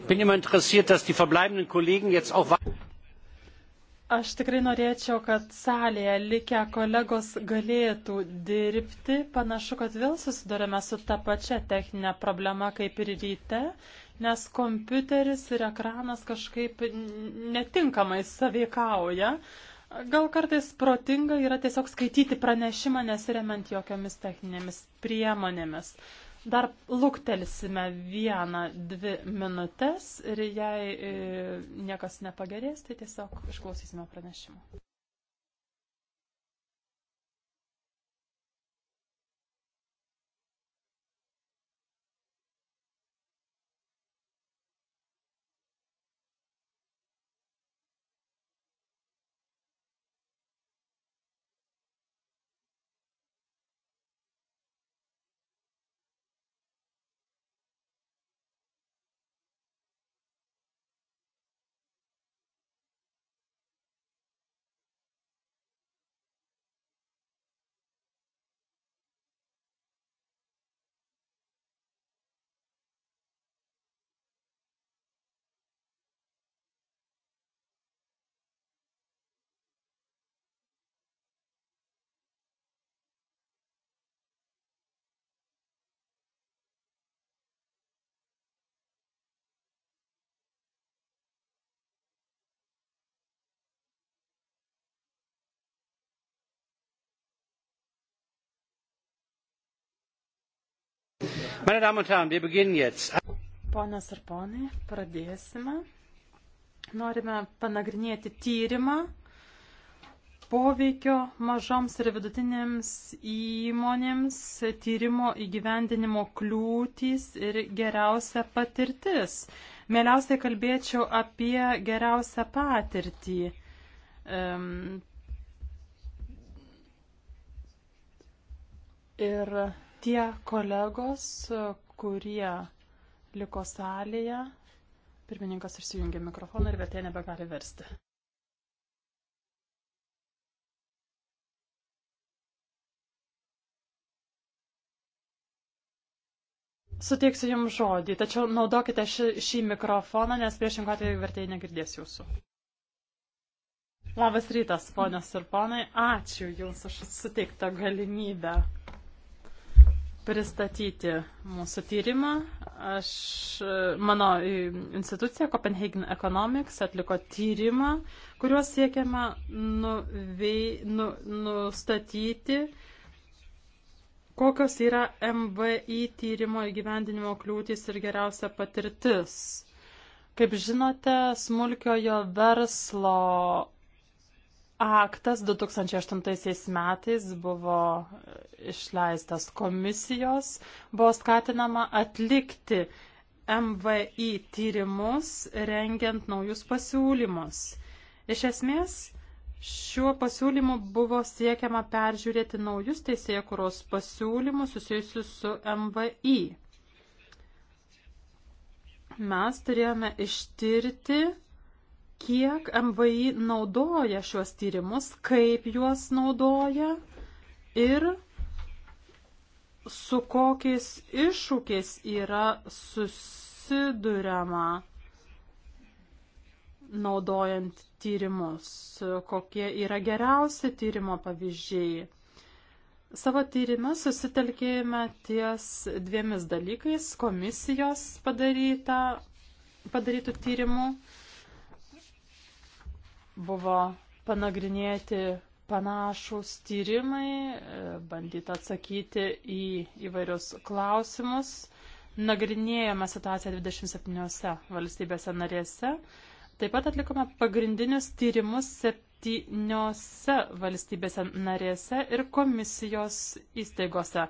Ich bin immer interessiert, dass die verbleibenden Kollegen jetzt auch Aš tikrai norėčiau, kad salėje likę kolegos galėtų dirbti. Panašu, kad vėl susidurime su ta pačia techninė problema kaip ir ryte, nes kompiuteris ir ekranas kažkaip netinkamai saveikauja. Gal kartais protinga yra tiesiog skaityti pranešimą nesiremiant jokiomis techninėmis priemonėmis. Dar luktelsime vieną, dvi minutės ir jei e, niekas nepagerės, tai tiesiog išklausysime pranešimą. Meine Damen und Herren, wir beginnen jetzt. Ponas ir ponai, pradėsime. Norime panagrinėti tyrimą poveikio mažoms ir vidutinėms įmonėms, tyrimo įgyvendinimo kliūtys ir geriausia patirtis. Mieliausiai kalbėčiau apie geriausią patirtį. Um, ir Tie kolegos, kurie liko salėje, pirmininkas išsijungė mikrofoną ir vertė nebegali versti. Suteiksiu Jums žodį, tačiau naudokite šį, šį mikrofoną, nes priešingų atveju vertėjai negirdės Jūsų. Labas rytas, ponios ir ponai. Ačiū Jums už suteiktą galimybę pristatyti mūsų tyrimą. Aš, e, mano e, institucija Copenhagen Economics atliko tyrimą, kuriuo siekiama nuvei, nu, nustatyti, kokios yra MVI tyrimo įgyvendinimo kliūtis ir geriausia patirtis. Kaip žinote, smulkiojo verslo aktas 2008 metais buvo e, išleistas komisijos, buvo skatinama atlikti MVI tyrimus, rengiant naujus pasiūlymus. Iš esmės, šiuo pasiūlymu buvo siekiama peržiūrėti naujus teisėkuros pasiūlymus susijusius su MVI. Mes turėjome ištirti kiek MVI naudoja šiuos tyrimus, kaip juos naudoja ir su kokiais iššūkiais yra susiduriama naudojant tyrimus, kokie yra geriausi tyrimo pavyzdžiai. Savo tyrimą susitelkėjome ties dviemis dalykais - komisijos padaryta, padarytų tyrimų Buvo panagrinėti panašus tyrimai, e, bandyta atsakyti į įvairius klausimus. Nagrinėjome situaciją 27 valstybėse narėse. Taip pat atlikome pagrindinius tyrimus septyniose valstybėse narėse ir komisijos įstaigose.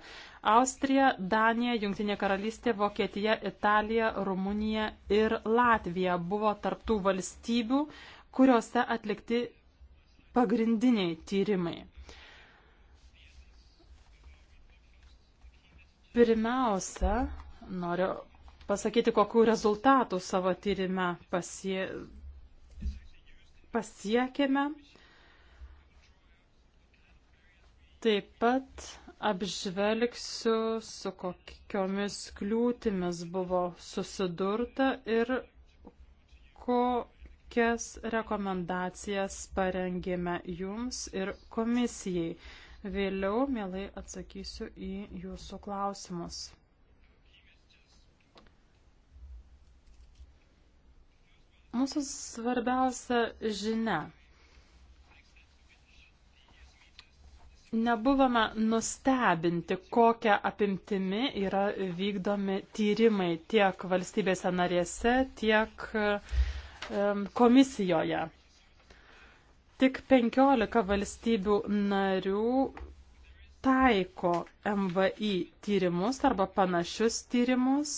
Austrija, Danija, Junktinė karalystė, Vokietija, Italija, Rumunija ir Latvija buvo tarptų valstybių, kuriuose atlikti pagrindiniai tyrimai. Pirmiausia, noriu pasakyti, kokiu rezultatų savo tyrime pasie... pasiekėme. Taip pat apžvelgsiu, su kokiomis kliūtimis buvo susidurta ir ko kokias rekomendacijas parengėme jums ir komisijai. Vėliau mielai atsakysiu į jūsų klausimus. Mūsų svarbiausia žinia. Nebuvome nustebinti, kokią apimtimi yra vykdomi tyrimai tiek valstybėse narėse, tiek uh, komisijoje. Tik 15 valstybių narių taiko MVI tyrimus arba panašius tyrimus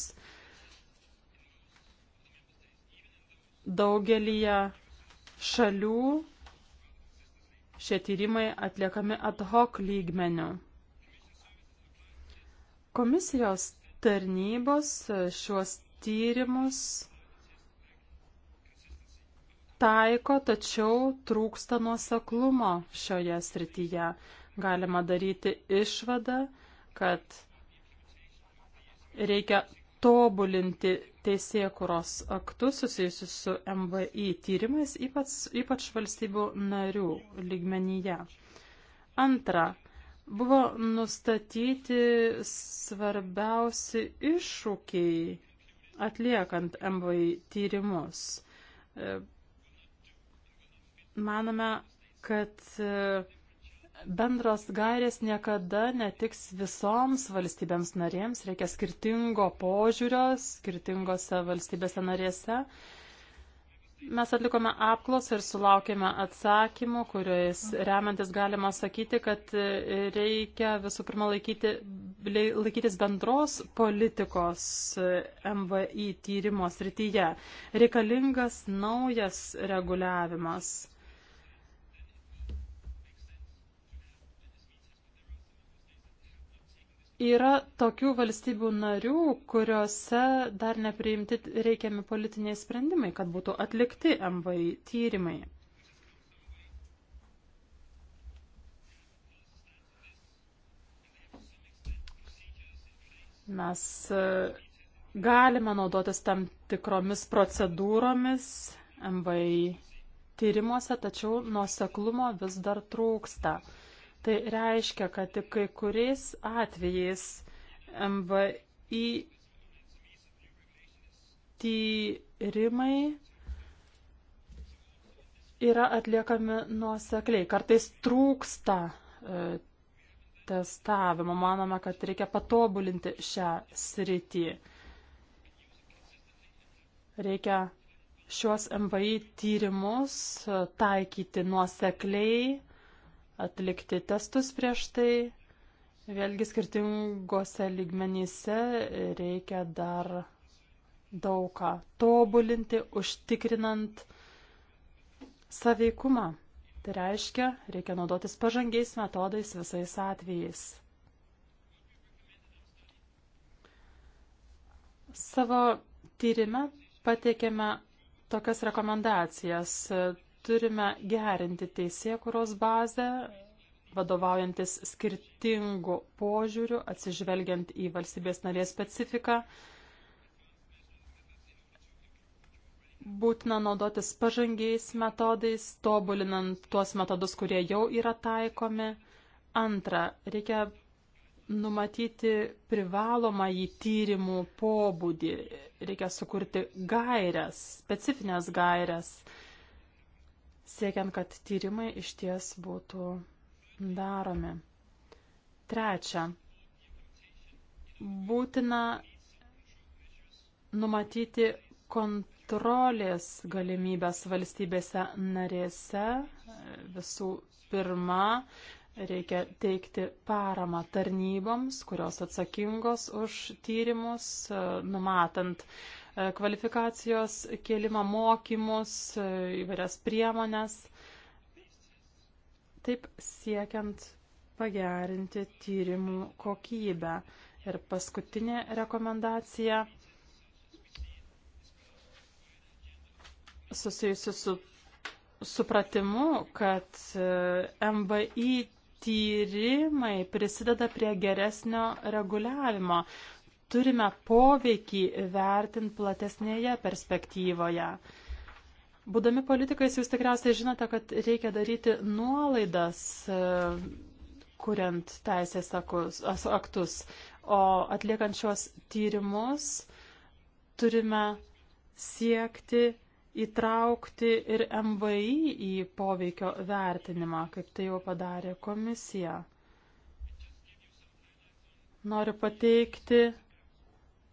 daugelyje šalių šie tyrimai atliekami ad hoc lygmeniu. Komisijos tarnybos šiuos tyrimus taiko, tačiau trūksta nuoseklumo šioje srityje. Galima daryti išvadą, kad reikia tobulinti teisėkuros aktus susijusius su MVI tyrimais, ypač, ypač valstybių narių lygmenyje. Antra, buvo nustatyti svarbiausi iššūkiai atliekant MVI tyrimus manome, kad e, bendros gairės niekada netiks visoms valstybėms narėms, reikia skirtingo požiūrio skirtingose valstybėse narėse. Mes atlikome apklausą ir sulaukėme atsakymų, kuriais remiantis galima sakyti, kad e, reikia visų pirma laikyti, laikytis bendros politikos e, MVI tyrimo srityje. Reikalingas naujas reguliavimas. Yra tokių valstybių narių, kuriuose dar nepriimti reikiami politiniai sprendimai, kad būtų atlikti MVI tyrimai. Mes e, galime naudotis tam tikromis procedūromis MVI tyrimuose, tačiau nuoseklumo vis dar trūksta. Tai reiškia, kad tik kai kuriais atvejais MVI tyrimai yra atliekami nuosekliai. Kartais trūksta e, testavimo. Manome, kad reikia patobulinti šią sritį. Reikia šios MVI tyrimus taikyti nuosekliai atlikti testus prieš tai. Vėlgi skirtingose lygmenyse reikia dar daug ką tobulinti, užtikrinant saveikumą. Tai reiškia, reikia naudotis pažangiais metodais visais atvejais. Savo tyrime pateikėme tokias rekomendacijas turime gerinti teisėkuros bazę, vadovaujantis skirtingų požiūrių, atsižvelgiant į valstybės narės specifiką. Būtina naudotis pažangiais metodais, tobulinant tuos metodus, kurie jau yra taikomi. Antra, reikia numatyti privalomą į tyrimų pobūdį. Reikia sukurti gairias, specifines gairias siekiant, kad tyrimai iš ties būtų daromi. Trečia, būtina numatyti kontrolės galimybės valstybėse narėse. Visų pirma, reikia teikti paramą tarnyboms, kurios atsakingos už tyrimus, numatant uh, E, kvalifikacijos kėlimą, mokymus, e, įvairias priemonės, taip siekiant pagerinti tyrimų kokybę. Ir paskutinė rekomendacija susijusi su supratimu, kad e, MVI tyrimai prisideda prie geresnio reguliavimo turime poveikį vertinti platesnėje perspektyvoje. Būdami politikais, jūs tikriausiai žinote, kad reikia daryti nuolaidas, e, kuriant teisės akus, aktus, o atliekant šios tyrimus turime siekti įtraukti ir MVI į poveikio vertinimą, kaip tai jau padarė komisija. Noriu pateikti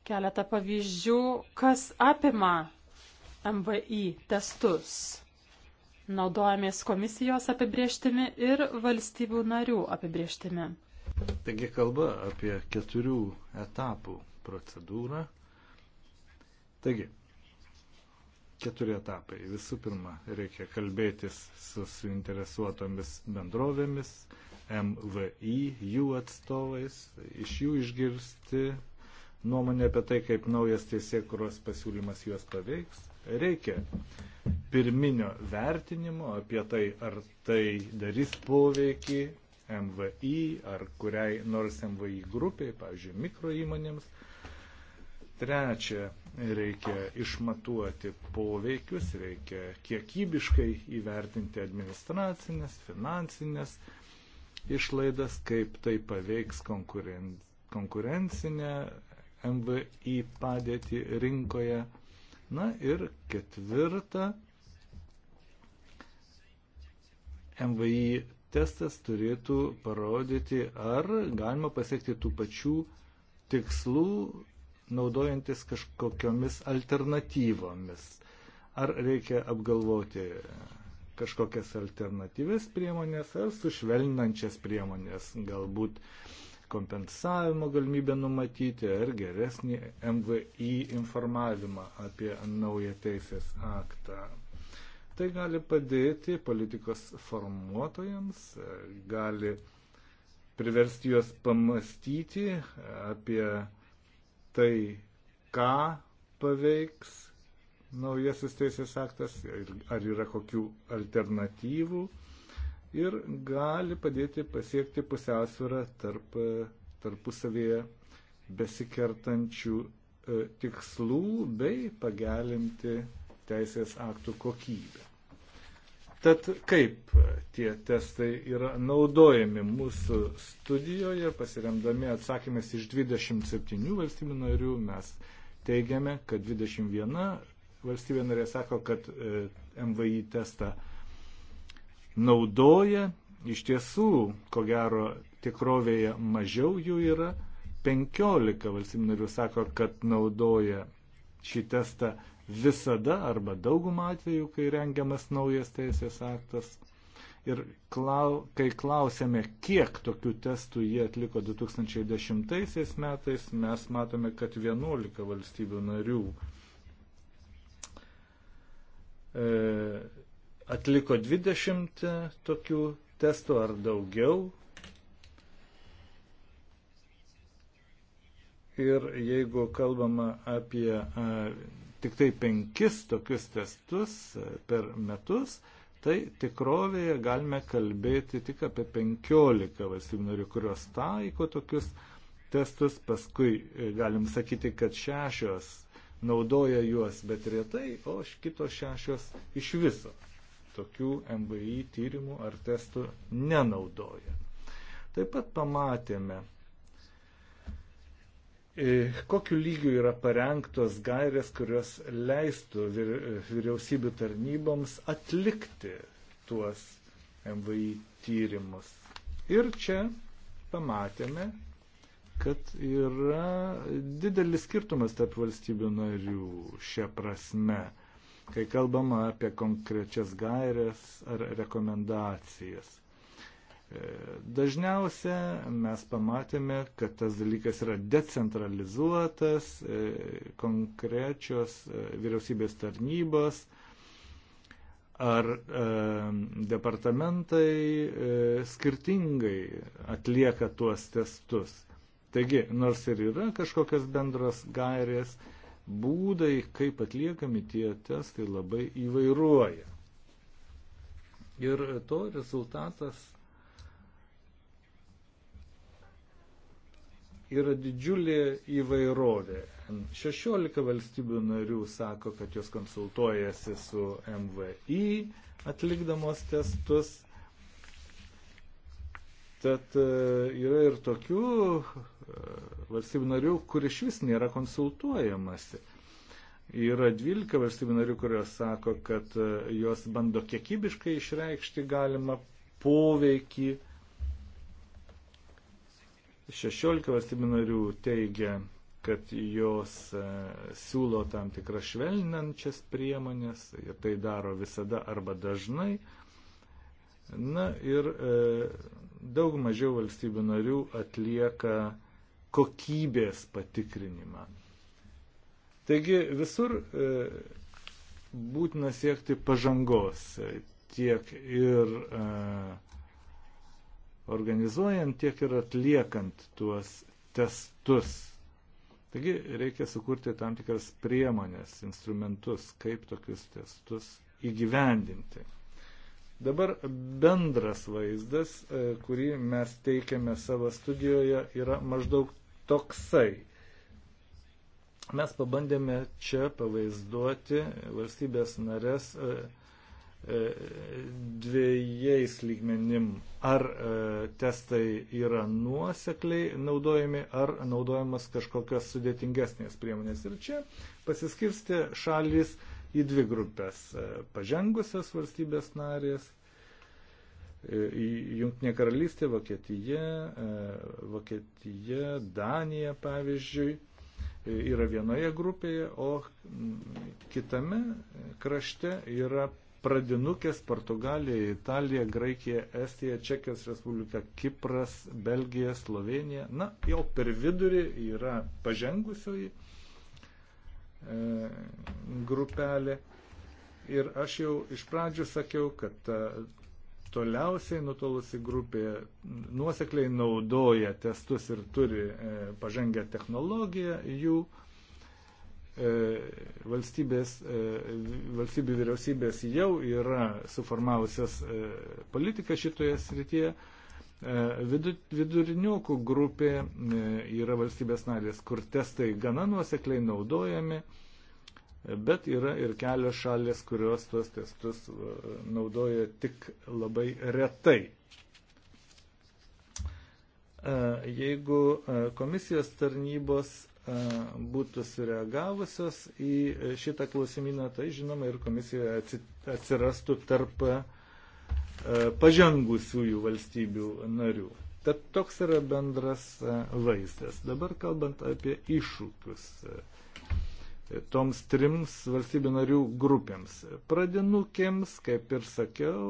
keletą pavyzdžių, kas apima MVI testus. Naudojamės komisijos apibrieštimi ir valstybių narių apibrieštimi. Taigi kalba apie keturių etapų procedūrą. Taigi, keturi etapai. Visų pirma, reikia kalbėtis su suinteresuotomis bendrovėmis, MVI, jų atstovais, iš jų išgirsti nuomonę apie tai, kaip naujas teisėkuros pasiūlymas juos paveiks. Reikia pirminio vertinimo apie tai, ar tai darys poveikį MVI ar kuriai nors MVI grupiai, pavyzdžiui, mikro įmonėms. Trečia, reikia išmatuoti poveikius, reikia kiekybiškai įvertinti administracinės, finansinės išlaidas, kaip tai paveiks konkurencinę MVI padėtį rinkoje. Na ir ketvirta, MVI testas turėtų parodyti, ar galima pasiekti tų pačių tikslų, naudojantis kažkokiomis alternatyvomis. Ar reikia apgalvoti kažkokias alternatyves priemonės ar sušvelninančias priemonės, galbūt uh, kompensavimo galimybę numatyti ar geresnį MVI informavimą apie naują teisės aktą. Tai gali padėti politikos formuotojams, gali priversti juos pamastyti apie tai, ką paveiks naujasis teisės aktas, ar yra kokių alternatyvų ir gali padėti pasiekti pusiausvyrą tarp e, tarpusavėje besikertančių e, tikslų bei pagelinti teisės aktų kokybę. Tad kaip tie testai yra naudojami mūsų studijoje, pasiremdami atsakymės iš 27 valstybių narių, mes teigiame, kad 21 valstybė narė sako, kad e, MVI testą naudoja. Iš tiesų, ko gero, tikrovėje mažiau jų yra. 15 valstybių narių sako, kad naudoja šį testą visada arba daugumą atvejų, kai rengiamas naujas teisės aktas. Ir klau, kai klausėme, kiek tokių testų jie atliko 2010 metais, mes matome, kad 11 valstybių narių e, atliko 20 tokių testų ar daugiau. Ir jeigu kalbama apie a, tik tai penkis tokius testus per metus, tai tikrovėje galime kalbėti tik apie penkiolika valstybių narių, kurios taiko tokius testus, paskui e, galim sakyti, kad šešios naudoja juos, bet retai, o kitos šešios iš viso tokių MVI tyrimų ar testų nenaudoja. Taip pat pamatėme, e, kokiu lygiu yra parengtos gairės, kurios leistų vyriausybių tarnyboms atlikti tuos MVI tyrimus. Ir čia pamatėme, kad yra didelis skirtumas tarp valstybių narių šią prasme kai kalbama apie konkrečias gairias ar rekomendacijas. E, dažniausia mes pamatėme, kad tas dalykas yra decentralizuotas, e, konkrečios e, vyriausybės tarnybos ar departamentai skirtingai atlieka tuos testus. Taigi, nors ir yra kažkokios bendros gairės, būdai, kaip atliekami tie testai, labai įvairuoja. Ir to rezultatas yra didžiulė įvairovė. 16 valstybių narių sako, kad jos konsultuojasi su MVI atlikdamos testus. Tad e, yra ir tokių e, valstybių narių, kur iš vis nėra konsultuojamasi. Yra 12 valstybių narių, kurios sako, kad e, jos bando kiekybiškai išreikšti galimą poveikį. 16 valstybių narių teigia, kad jos siūlo tam tikras švelninančias priemonės ir tai daro visada arba dažnai. Na ir e, daug mažiau valstybių narių atlieka kokybės patikrinimą. Taigi visur e, būtina siekti pažangos tiek ir e, organizuojant, tiek ir atliekant tuos testus. Taigi reikia sukurti tam tikras priemonės, instrumentus, kaip tokius testus įgyvendinti. Dabar bendras vaizdas, e, kurį mes teikiame savo studijoje, yra maždaug toksai. Mes pabandėme čia pavaizduoti valstybės narės e, e, dviejais lygmenim, ar testai yra nuosekliai naudojami, ar naudojamas kažkokios sudėtingesnės priemonės. Ir čia pasiskirsti šalis į dvi grupės e, - pažengusias valstybės narės, e, Junktinė karalystė, Vokietija, e, Vokietija, Danija pavyzdžiui yra vienoje grupėje, o mm, kitame krašte yra pradinukės Portugalija, Italija, Graikija, Estija, Čekijos Respublika, Kipras, Belgija, Slovenija. Na, jau per vidurį yra pažengusioji E, grupelė. Ir aš jau iš pradžių sakiau, kad toliausiai nutolusi grupė nuosekliai naudoja testus ir turi e, pažangę technologiją jų e, valstybės, valstybių vyriausybės jau yra suformavusios politiką šitoje srityje, E, viduriniokų grupė e, yra valstybės narės, kur testai gana nuosekliai naudojami, e, bet yra ir kelios šalės, kurios tuos testus naudoja tik labai retai. Jeigu komisijos tarnybos būtų sureagavusios į šitą klausimyną, tai žinoma ir komisijoje atsirastų tarp uh, E, pažengusiųjų valstybių narių. Tad toks yra bendras e, vaizdas. Dabar kalbant apie iššūkius e, toms trims valstybių narių grupėms. Pradinukėms, kaip ir sakiau,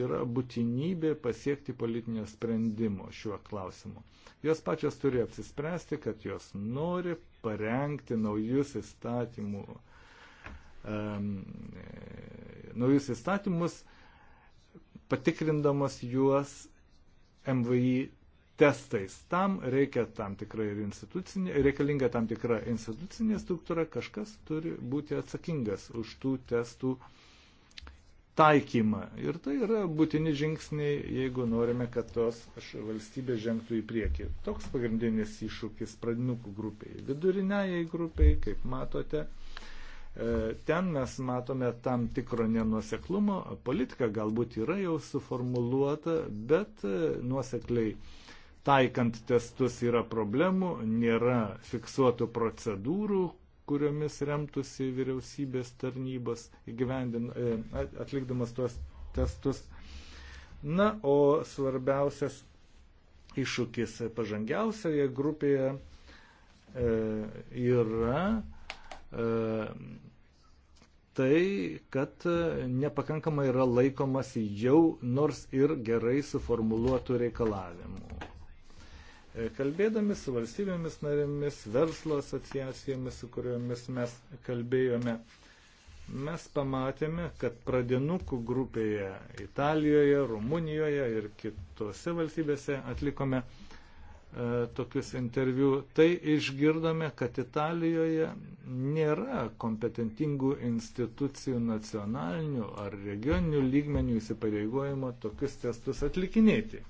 yra būtinybė pasiekti politinio sprendimo šiuo klausimu. Jos pačios turi apsispręsti, kad jos nori parengti naujus įstatymų, um, naujus įstatymus, patikrindamas juos MVI testais. Tam reikia tam tikra ir institucinė, reikalinga tam tikra institucinė struktūra, kažkas turi būti atsakingas už tų testų taikymą. Ir tai yra būtini žingsniai, jeigu norime, kad tos valstybės žengtų į priekį. Toks pagrindinis iššūkis pradinukų grupiai. Viduriniai grupiai, kaip matote, E, ten mes matome tam tikro nenuoseklumo, politika galbūt yra jau suformuluota, bet e, nuosekliai taikant testus yra problemų, nėra fiksuotų procedūrų, kuriomis remtųsi vyriausybės tarnybos e, atlikdamas tuos testus. Na, o svarbiausias iššūkis pažangiausioje grupėje e, yra E, tai, kad e, nepakankamai yra laikomasi jau nors ir gerai suformuluotų reikalavimų. E, kalbėdami su valstybėmis narėmis, verslo asociacijomis, su kuriomis mes kalbėjome, mes pamatėme, kad pradinukų grupėje Italijoje, Rumunijoje ir kitose valstybėse atlikome uh, E, tokius interviu, tai išgirdome, kad Italijoje nėra kompetentingų institucijų nacionalinių ar regioninių lygmenių įsipareigojimo tokius testus atlikinėti.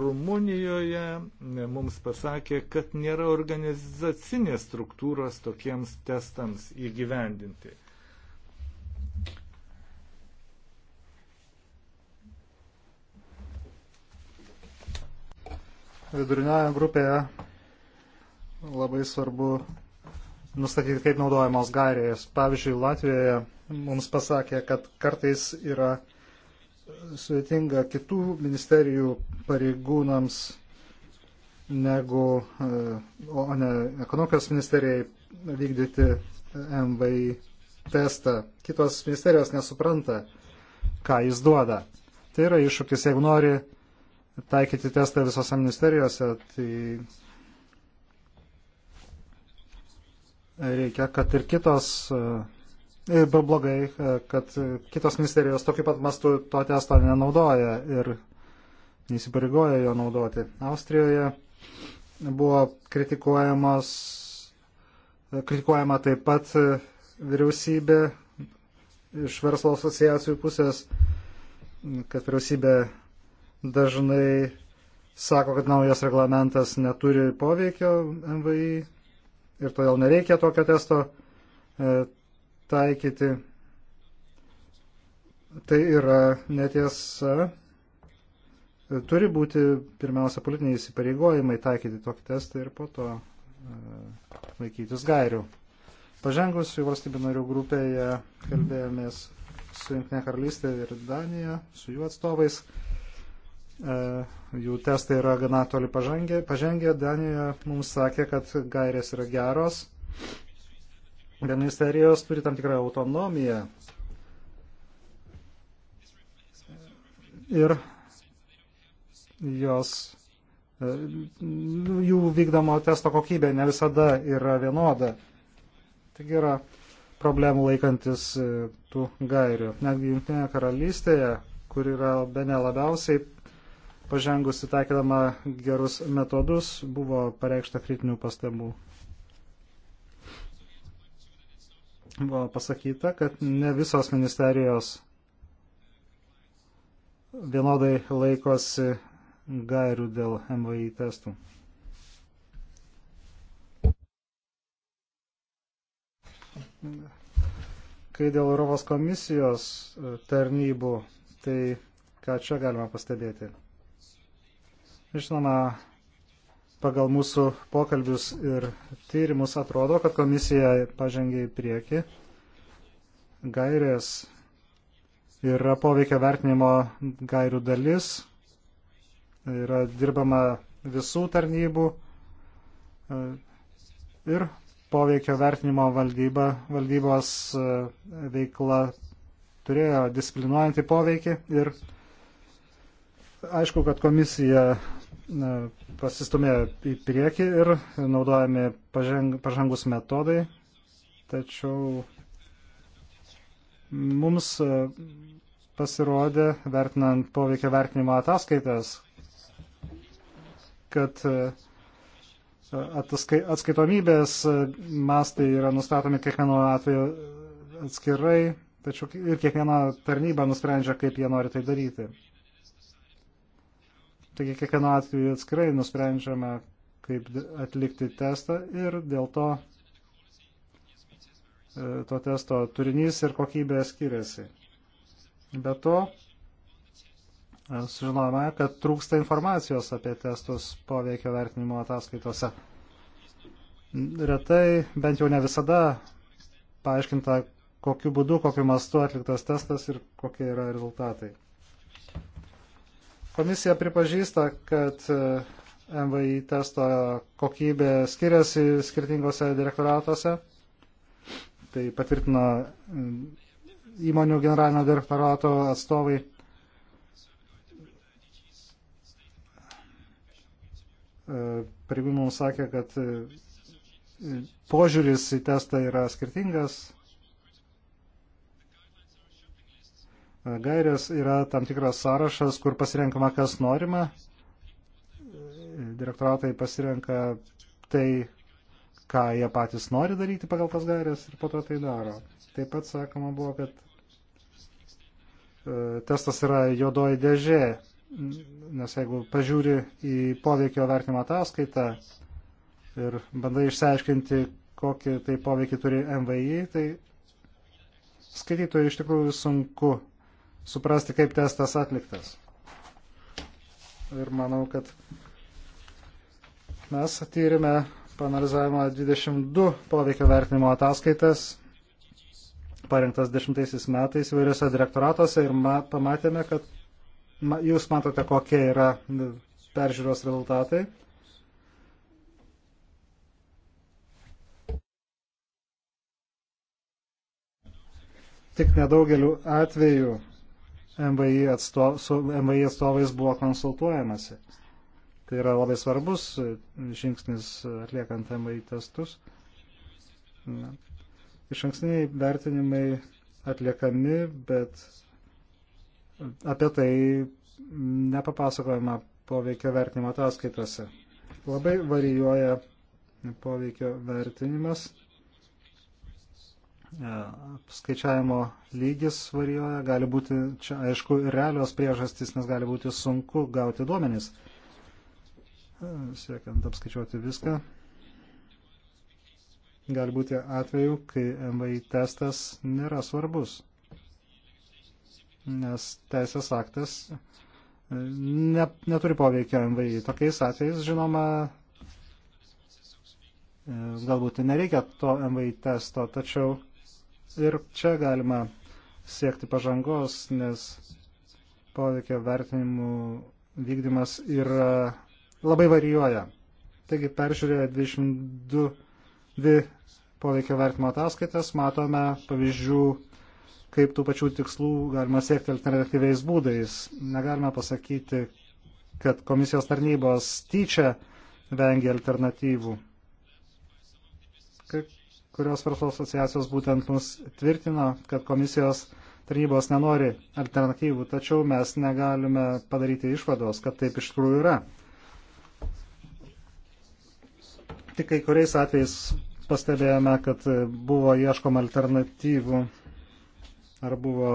Rumunijoje e, mums pasakė, kad nėra organizacinės struktūros tokiems testams įgyvendinti. vidurinioje grupėje labai svarbu nustatyti, kaip naudojamos gairės. Pavyzdžiui, Latvijoje mums pasakė, kad kartais yra sudėtinga kitų ministerijų pareigūnams negu, e, o ne ekonomikos ministerijai vykdyti e, MVI testą. Kitos ministerijos nesupranta, ką jis duoda. Tai yra iššūkis, jeigu nori taikyti testą visose ministerijose, tai reikia, kad ir kitos, e, ir blogai, e, kad kitos ministerijos tokiu pat mastu to testo nenaudoja ir neįsipareigoja jo naudoti. Austrijoje buvo kritikuojamos, e, kritikuojama taip pat vyriausybė iš verslo asociacijų pusės, kad vyriausybė dažnai sako, kad naujas reglamentas neturi poveikio MVI ir todėl nereikia tokio testo e, taikyti. Tai yra netiesa. E, turi būti pirmiausia politiniai įsipareigojimai taikyti tokį testą ir po to e, laikytis gairių. Pažengusių valstybių narių grupėje kalbėjomės su Junktinė karalystė ir Danija, su jų atstovais. E, jų testai yra gana toli pažengę. pažengę. Danijoje mums sakė, kad gairės yra geros. Ministerijos turi tam tikrą autonomiją. Ir jos, e, jų vykdomo testo kokybė ne visada yra vienoda. Taigi yra problemų laikantis e, tų gairių. Netgi Junktinėje karalystėje, kur yra be ne labiausiai pažengusi taikydama gerus metodus, buvo pareikšta kritinių pastabų. Buvo pasakyta, kad ne visos ministerijos vienodai laikosi gairių dėl MVI testų. Kai dėl Europos komisijos tarnybų, tai ką čia galima pastebėti? Žinoma, pagal mūsų pokalbius ir tyrimus atrodo, kad komisija pažengė į priekį. Gairės yra poveikio vertinimo gairių dalis. Yra dirbama visų tarnybų ir poveikio vertinimo valdyba, valdybos e, veikla turėjo disciplinuojantį poveikį ir aišku, kad komisija pasistumėjo į priekį ir naudojami paženg, pažangus metodai, tačiau mums e, pasirodė, vertinant poveikio vertinimo ataskaitas, kad e, ataskai, atskaitomybės e, mastai yra nustatomi kiekvienu atveju atskirai, tačiau ir kiekviena tarnyba nusprendžia, kaip jie nori tai daryti. Taigi kiekvieno atveju atskirai nusprendžiame, kaip atlikti testą ir dėl to e, to testo turinys ir kokybė skiriasi. Be to, e, sužinojame, kad trūksta informacijos apie testus poveikio vertinimo ataskaitose. Retai, bent jau ne visada, paaiškinta, kokiu būdu, kokiu mastu atliktas testas ir kokie yra rezultatai. Komisija pripažįsta, kad e, MVI testo kokybė skiriasi skirtingose direktoratuose. Tai patvirtino e, įmonių generalinio direktorato atstovai. E, pareigūnai mums sakė, kad požiūris į testą yra skirtingas gairės yra tam tikras sąrašas, kur pasirenkama, kas norima. Direktoratai pasirenka tai, ką jie patys nori daryti pagal tas gairės ir po to tai daro. Taip pat sakoma buvo, kad e, testas yra juodoji dėžė, nes jeigu pažiūri į poveikio vertinimo ataskaitą ir bandai išsiaiškinti, kokį tai poveikį turi MVI, tai skaitytojai iš tikrųjų sunku suprasti, kaip testas atliktas. Ir manau, kad mes tyrime panalizavimą 22 poveikio vertinimo ataskaitas, parengtas 10 metais įvairiose direktoratuose ir ma pamatėme, kad ma jūs matote, kokie yra peržiūros rezultatai. Tik nedaugeliu atveju MVI atstov, su MVI atstovais buvo konsultuojamasi. Tai yra labai svarbus e, žingsnis atliekant MVI testus. Na. Iš ankstiniai vertinimai atliekami, bet apie tai nepapasakojama poveikio vertinimo ataskaitose. Labai varijuoja poveikio vertinimas E, skaičiavimo lygis varijuoja, gali būti čia aišku realios priežastys, nes gali būti sunku gauti duomenys, e, siekiant apskaičiuoti viską. Gali būti atveju, kai MVI testas nėra svarbus, nes teisės aktas e, ne, neturi poveikio MVI. Tokiais atvejais, žinoma, galbūt nereikia to MVI testo, tačiau Ir čia galima siekti pažangos, nes poveikio vertinimų vykdymas yra labai varijuoja. Taigi peržiūrėję 22 dvi poveikio vertimo ataskaitas matome pavyzdžių, kaip tų pačių tikslų galima siekti alternatyviais būdais. Negalime pasakyti, kad komisijos tarnybos tyčia vengia alternatyvų. Kai kurios verslo asociacijos būtent mus tvirtino, kad komisijos tarnybos nenori alternatyvų, tačiau mes negalime padaryti išvados, kad taip iš tikrųjų yra. Tik kai kuriais atvejais pastebėjome, kad buvo ieškoma alternatyvų ar buvo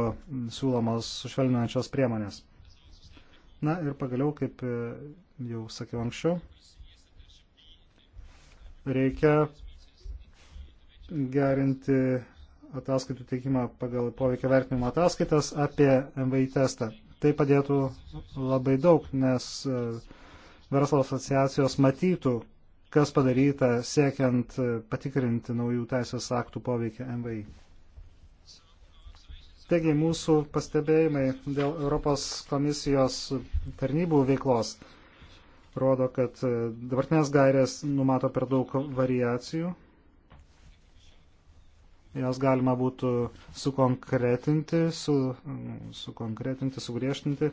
siūlomos sušvelninančios priemonės. Na ir pagaliau, kaip jau sakiau anksčiau, reikia gerinti ataskaitų teikimą pagal poveikio vertinimo ataskaitas apie MVI testą. Tai padėtų labai daug, nes e, verslo asociacijos matytų, kas padaryta siekiant e, patikrinti naujų teisės aktų poveikį MVI. Taigi mūsų pastebėjimai dėl Europos komisijos tarnybų veiklos rodo, kad e, dabartinės gairės numato per daug variacijų jas galima būtų sukonkretinti, su, sukonkretinti, sugriežtinti.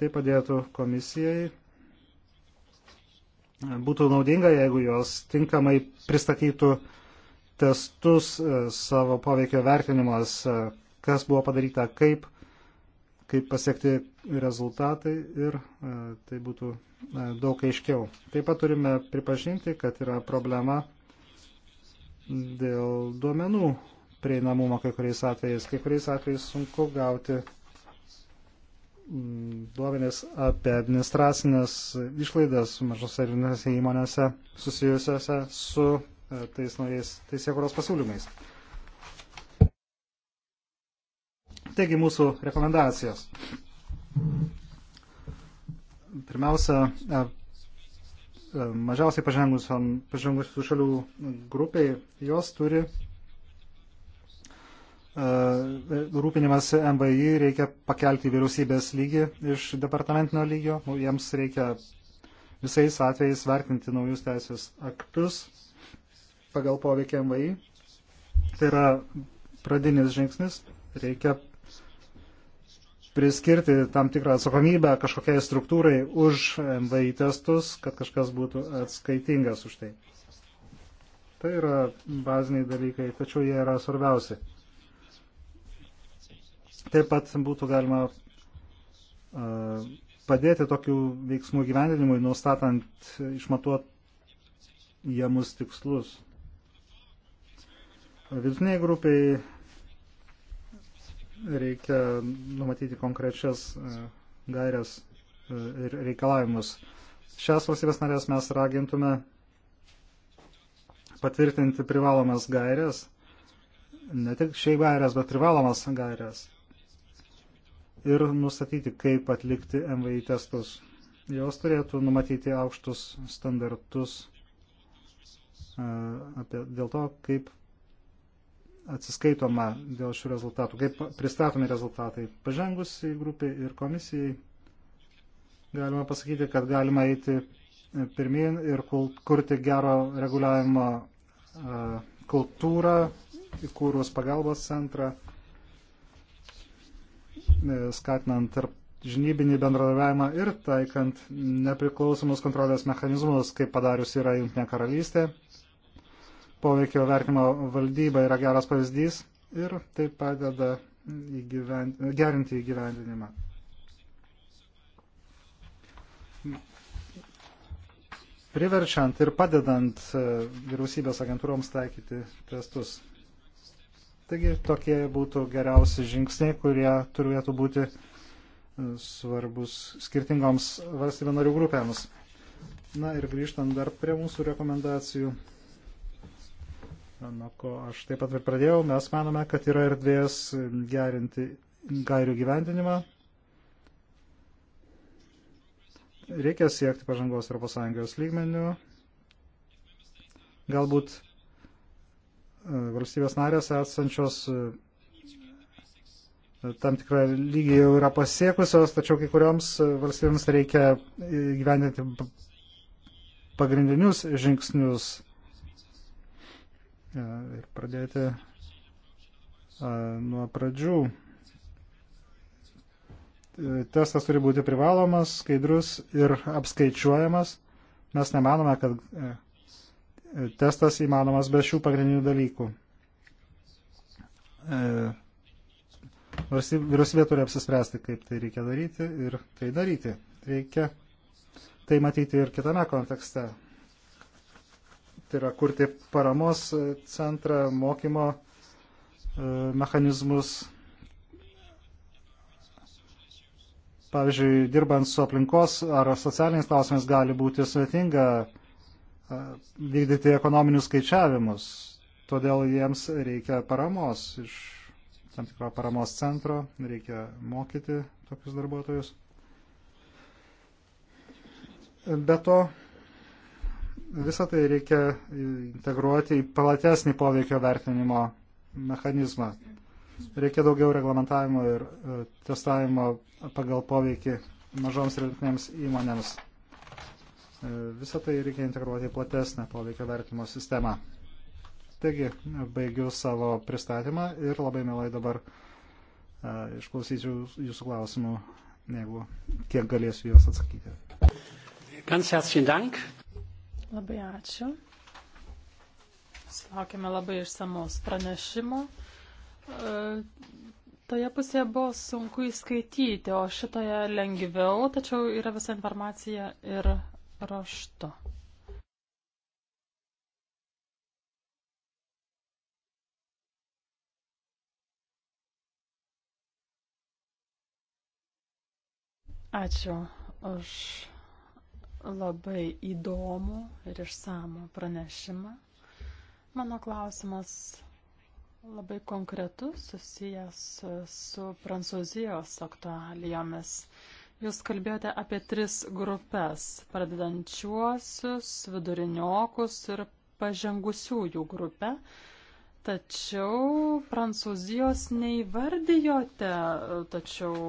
Tai padėtų komisijai. Būtų naudinga, jeigu jos tinkamai pristatytų testus e, savo poveikio vertinimas, e, kas buvo padaryta, kaip, kaip pasiekti rezultatai ir e, tai būtų daug aiškiau. Taip pat turime pripažinti, kad yra problema dėl duomenų prieinamumo kai kuriais atvejais. Kai kuriais atvejais sunku gauti mm, duomenys apie administracinės išlaidas mažose ir vidinėse įmonėse susijusiuose su e, tais naujais teisėkuros pasiūlymais. Taigi mūsų rekomendacijos. Pirmiausia, E, mažiausiai pažengusių šalių grupiai, jos turi e, rūpinimas MVI reikia pakelti vyriausybės lygį iš departamentinio lygio, jiems reikia visais atvejais vertinti naujus teisės aktus pagal poveikį MVI. Tai yra pradinis žingsnis, reikia priskirti tam tikrą atsakomybę kažkokiai struktūrai už MVI testus, kad kažkas būtų atskaitingas už tai. Tai yra baziniai dalykai, tačiau jie yra svarbiausi. Taip pat būtų galima uh, padėti tokių veiksmų gyvendinimui, nustatant išmatuot jiemus tikslus. Vidutiniai grupiai reikia numatyti konkrečias e, gairias e, ir reikalavimus. Šias valstybės narės mes ragintume patvirtinti privalomas gairias, ne tik šiaip gairias, bet privalomas gairias ir nustatyti, kaip atlikti MVI testus. Jos turėtų numatyti aukštus standartus e, apie, dėl to, kaip atsiskaitoma dėl šių rezultatų, kaip pristatomi rezultatai pažengusiai grupiai ir komisijai. Galima pasakyti, kad galima eiti e, pirmin ir kurti gero reguliavimo e, kultūrą, įkūrus pagalbos centrą, e, skatinant tarp žinybinį bendradarbiavimą ir taikant nepriklausomus kontrolės mechanizmus, kaip padarius yra Junktinė karalystė, poveikio vertinimo valdyba yra geras pavyzdys ir tai padeda įgyvend... gerinti įgyvendinimą. Priverčiant ir padedant e, vyriausybės agentūroms taikyti testus. Taigi tokie būtų geriausi žingsniai, kurie turėtų būti e, svarbus skirtingoms valstybė narių grupėms. Na ir grįžtant dar prie mūsų rekomendacijų nuo ko aš taip pat ir pradėjau, mes manome, kad yra erdvės gerinti gairių gyvendinimą. Reikia siekti pažangos ES lygmenių. Galbūt e, valstybės narės esančios e, tam tikrą lygį jau yra pasiekusios, tačiau kai kurioms valstybėms reikia gyvendinti pagrindinius žingsnius ir pradėti nuo pradžių. E, testas turi būti privalomas, skaidrus ir apskaičiuojamas. Mes nemanome, kad e, e, testas įmanomas be šių pagrindinių dalykų. Vyriausybė turi apsispręsti, kaip tai reikia daryti ir tai daryti. Reikia tai matyti ir kitame kontekste tai yra kurti paramos centrą, mokymo e, mechanizmus. Pavyzdžiui, dirbant su aplinkos ar socialiniais klausimais gali būti sudėtinga e, vykdyti ekonominius skaičiavimus. Todėl jiems reikia paramos iš tam tikro paramos centro, reikia mokyti tokius darbuotojus. Be to, Visą tai reikia integruoti į platesnį poveikio vertinimo mechanizmą. Reikia daugiau reglamentavimo ir e, testavimo pagal poveikį mažoms ir vidutinėms įmonėms. E, visą tai reikia integruoti į platesnę poveikio vertimo sistemą. Taigi, baigiu savo pristatymą ir labai mielai dabar uh, e, išklausysiu jūsų klausimų, jeigu kiek galėsiu juos atsakyti. Ganz herzlichen Dank. Labai ačiū. Sulaukėme labai išsamaus pranešimo. E, toje pusėje buvo sunku įskaityti, o šitoje lengviau, tačiau yra visa informacija ir raštu. Ačiū už labai įdomų ir išsamų pranešimą. Mano klausimas labai konkretus susijęs su, su Prancūzijos aktualijomis. Jūs kalbėjote apie tris grupės - pradedančiuosius, viduriniokus ir pažengusiųjų grupę. Tačiau Prancūzijos neįvardijote, tačiau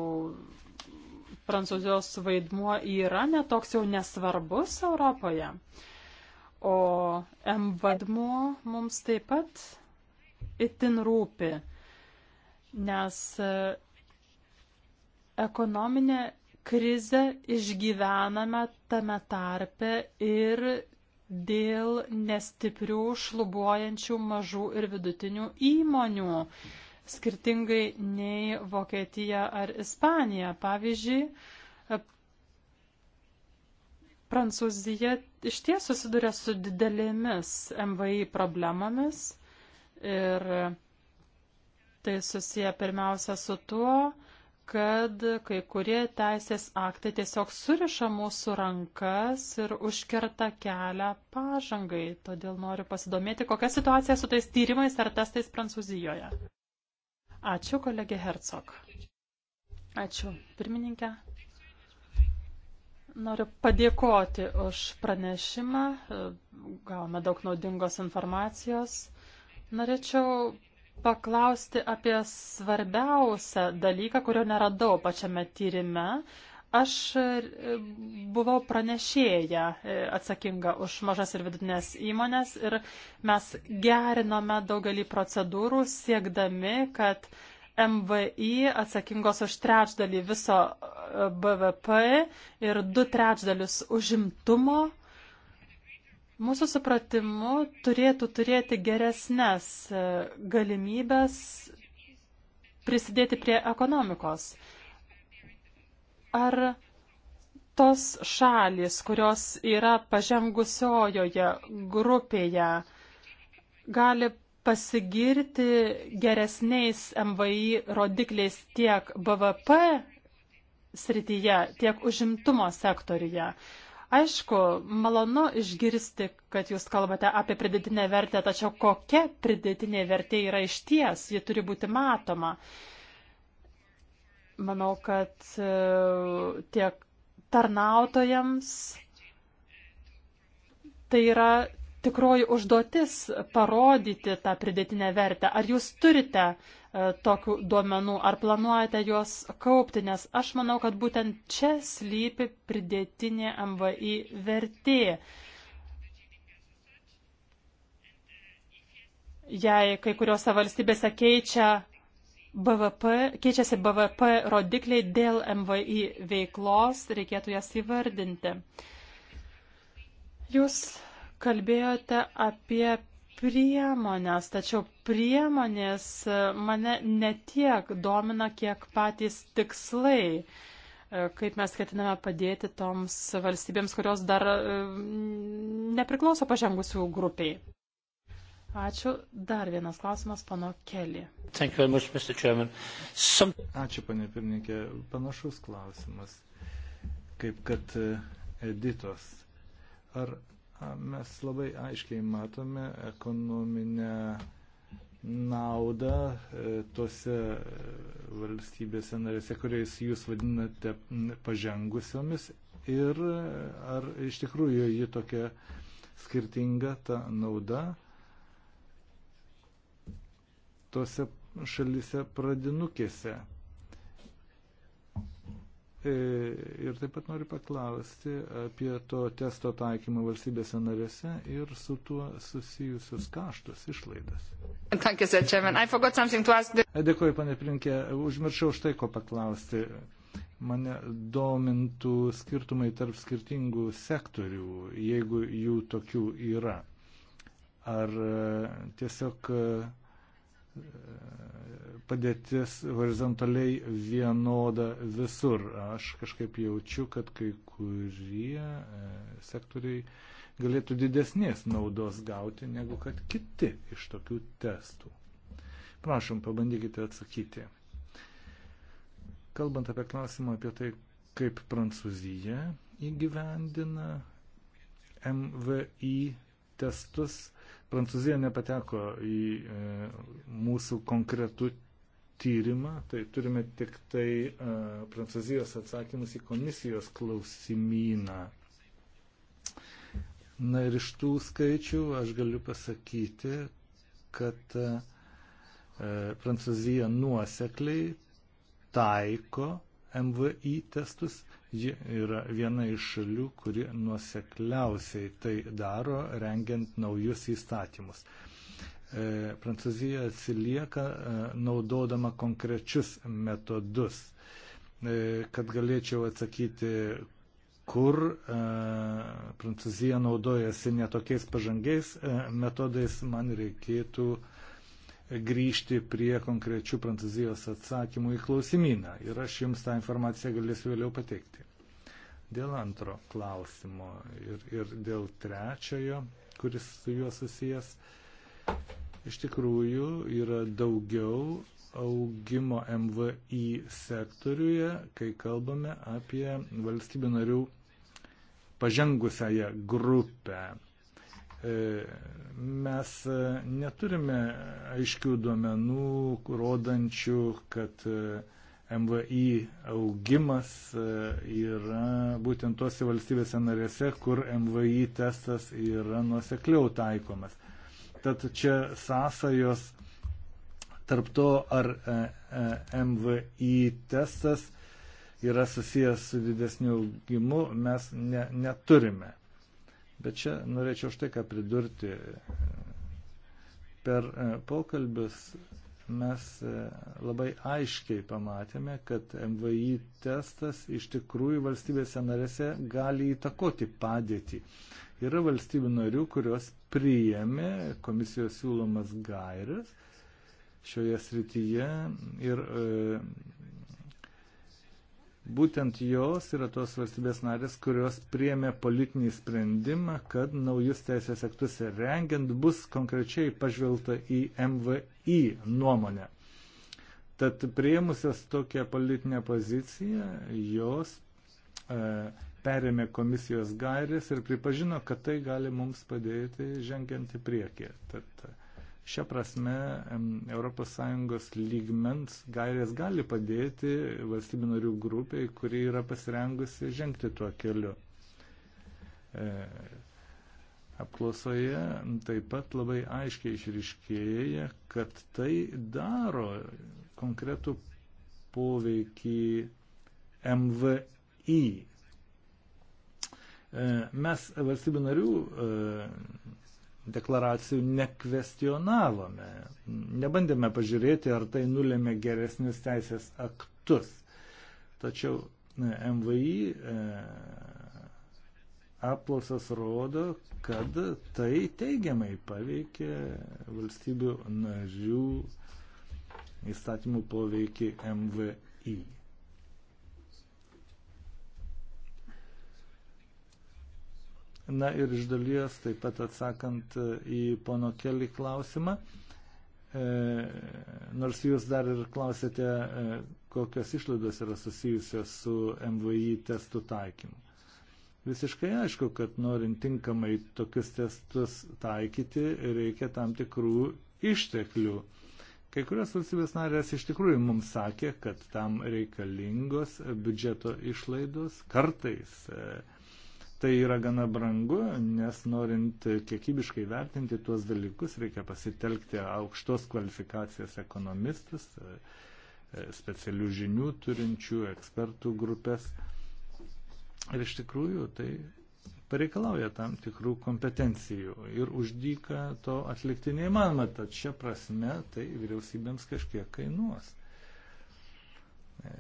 Prancūzijos vaidmuo yra netoks jau nesvarbus Europoje. O M vaidmuo mums taip pat itin rūpi, nes e, ekonominė krizę išgyvename tame tarpe ir dėl nestiprių šlubuojančių mažų ir vidutinių įmonių skirtingai nei Vokietija ar Ispanija. Pavyzdžiui, Prancūzija iš ties susiduria su didelėmis MVI problemomis ir tai susiję pirmiausia su tuo, kad kai kurie teisės aktai tiesiog suriša mūsų rankas ir užkerta kelią pažangai. Todėl noriu pasidomėti, kokia situacija su tais tyrimais ar testais Prancūzijoje. Ačiū, kolegė Hercog. Ačiū, pirmininkė. Noriu padėkoti už pranešimą. Gavome daug naudingos informacijos. Norėčiau paklausti apie svarbiausią dalyką, kurio neradau pačiame tyrime. Aš e, buvau pranešėja e, atsakinga už mažas ir vidutinės įmonės ir mes gerinome daugelį procedūrų siekdami, kad MVI atsakingos už trečdalį viso e, BVP ir du trečdalius užimtumo mūsų supratimu turėtų turėti geresnės galimybės prisidėti prie ekonomikos ar tos šalis, kurios yra pažengusiojoje grupėje, gali pasigirti geresniais MVI rodikliais tiek BVP srityje, tiek užimtumo sektoriuje. Aišku, malonu išgirsti, kad jūs kalbate apie pridėtinę vertę, tačiau kokia pridėtinė vertė yra iš ties, ji turi būti matoma. Uh, Manau, kad e, tiek tarnautojams tai yra tikroji užduotis parodyti tą pridėtinę vertę. Ar jūs turite e, tokių duomenų, ar planuojate juos kaupti, nes aš manau, kad būtent čia slypi pridėtinė MVI vertė. Jei kai kuriuose valstybėse keičia BVP, keičiasi BVP rodikliai dėl MVI veiklos, reikėtų jas įvardinti. Jūs kalbėjote apie priemonės, tačiau priemonės mane netiek domina, kiek patys tikslai, kaip mes ketiname padėti toms valstybėms, kurios dar mm, nepriklauso pažengusių grupiai. Ačiū. Dar vienas klausimas, pano Keli. Some... Ačiū, panė pirmininkė. Panašus klausimas, kaip kad e, Editos. Ar mes labai aiškiai matome ekonominę naudą e, tose e, valstybėse narėse, kuriais jūs vadinate pažengusiomis ir ar iš tikrųjų ji tokia skirtinga ta nauda? tose šalise pradinukėse. E, ir taip pat noriu paklausti apie to testo taikymą valstybėse narėse ir su tuo susijusius kaštus, išlaidas. E, dėkuoju, panė Prinkė, užmiršau štai ko paklausti. Mane domintų skirtumai tarp skirtingų sektorių, jeigu jų tokių yra. Ar e, tiesiog padėtis horizontaliai vienoda visur. Aš kažkaip jaučiu, kad kai kurie e, sektoriai galėtų didesnės naudos gauti negu kad kiti iš tokių testų. Prašom, pabandykite atsakyti. Kalbant apie klausimą apie tai, kaip Prancūzija įgyvendina MVI testus, Prancūzija nepateko į e, mūsų konkretų tyrimą, tai turime tik tai e, Prancūzijos atsakymus į komisijos klausimyną. Na ir iš tų skaičių aš galiu pasakyti, kad e, Prancūzija nuosekliai taiko MVI testus. Ji yra viena iš šalių, kuri nuosekliausiai tai daro, rengiant naujus įstatymus. E, Prancūzija atsilieka e, naudodama konkrečius metodus. E, kad galėčiau atsakyti, kur e, Prancūzija naudojasi netokiais pažangiais e, metodais, man reikėtų e, grįžti prie konkrečių Prancūzijos atsakymų į klausimyną ir aš jums tą informaciją galėsiu vėliau pateikti. Dėl antro klausimo ir, ir dėl trečiojo, kuris su juo susijęs, iš tikrųjų yra daugiau augimo MVI sektoriuje, kai kalbame apie valstybių narių pažengusiąją grupę E, mes e, neturime aiškių duomenų, rodančių, kad e, MVI augimas yra būtent tose valstybėse narėse, kur MVI testas yra nuosekliau taikomas. Tad čia sąsajos tarp to, ar MVI testas yra susijęs su didesniu augimu, mes ne, neturime. Bet čia norėčiau štai ką pridurti. Per e, pokalbius mes e, labai aiškiai pamatėme, kad MVI testas iš tikrųjų valstybėse narėse gali įtakoti padėtį. Yra valstybių narių, kurios priėmė komisijos siūlomas gairias šioje srityje ir e, Būtent jos yra tos valstybės narės, kurios priemė politinį sprendimą, kad naujus teisės aktus rengiant bus konkrečiai pažvelgta į MVI nuomonę. Tad prieimusios tokią politinę poziciją, jos e, perėmė komisijos gairės ir pripažino, kad tai gali mums padėti žengiant į priekį. Tad, e, Šia prasme ES lygmens gairės gali padėti valstybių narių grupiai, kuri yra pasirengusi žengti tuo keliu. E, apklausoje taip pat labai aiškiai išriškėja, kad tai daro konkretų poveikį MVI. E, mes valstybių narių e, deklaracijų nekvestionavome. Nebandėme pažiūrėti, ar tai nulėmė geresnius teisės aktus. Tačiau e, MVI e, apklausas rodo, kad tai teigiamai paveikė valstybių narių įstatymų poveikį MVI. Na ir iš dalies taip pat atsakant e, į pono Kelį klausimą, e, nors jūs dar ir klausėte, e, kokios išlaidos yra susijusios su MVI testų taikymu. Visiškai aišku, kad norint tinkamai tokius testus taikyti, reikia tam tikrų išteklių. Kai kurios valstybės narės iš tikrųjų mums sakė, kad tam reikalingos biudžeto išlaidos kartais. E, tai yra gana brangu, nes norint kiekybiškai vertinti tuos dalykus, reikia pasitelkti aukštos kvalifikacijos ekonomistus, e, specialių žinių turinčių ekspertų grupės. Ir iš tikrųjų tai pareikalauja tam tikrų kompetencijų ir uždyka to atlikti neįmanoma, tad šia prasme tai vyriausybėms kažkiek kainuos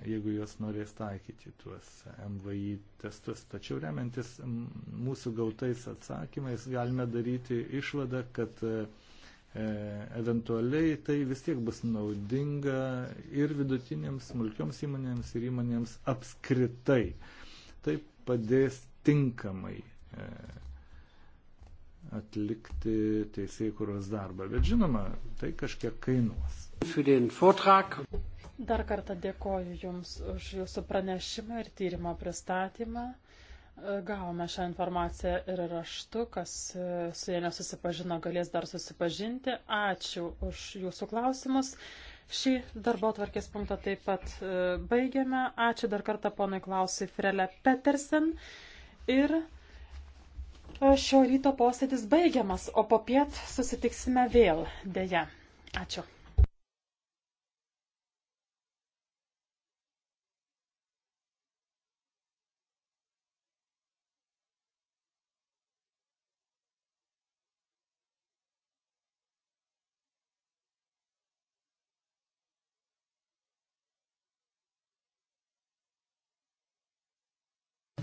jeigu jos norės taikyti tuos MVI testus. Tačiau remiantis mūsų gautais atsakymais galime daryti išvadą, kad e, e, eventualiai tai vis tiek bus naudinga ir vidutinėms smulkioms įmonėms ir įmonėms apskritai. Tai padės tinkamai e, atlikti teisėjų kuros darbą. Bet žinoma, tai kažkiek kainuos. Für den Vortrag. Dar kartą dėkoju Jums už Jūsų pranešimą ir tyrimo pristatymą. E, gavome šią informaciją ir raštu, kas e, su jie nesusipažino, galės dar susipažinti. Ačiū už Jūsų klausimus. Šį darbo tvarkės punktą taip pat e, baigiame. Ačiū dar kartą ponui Klausui Frele Petersen. Ir šio ryto posėdis baigiamas, o po piet susitiksime vėl. Deja. Ačiū.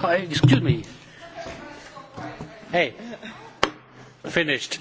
Oh, excuse me. Hey, finished.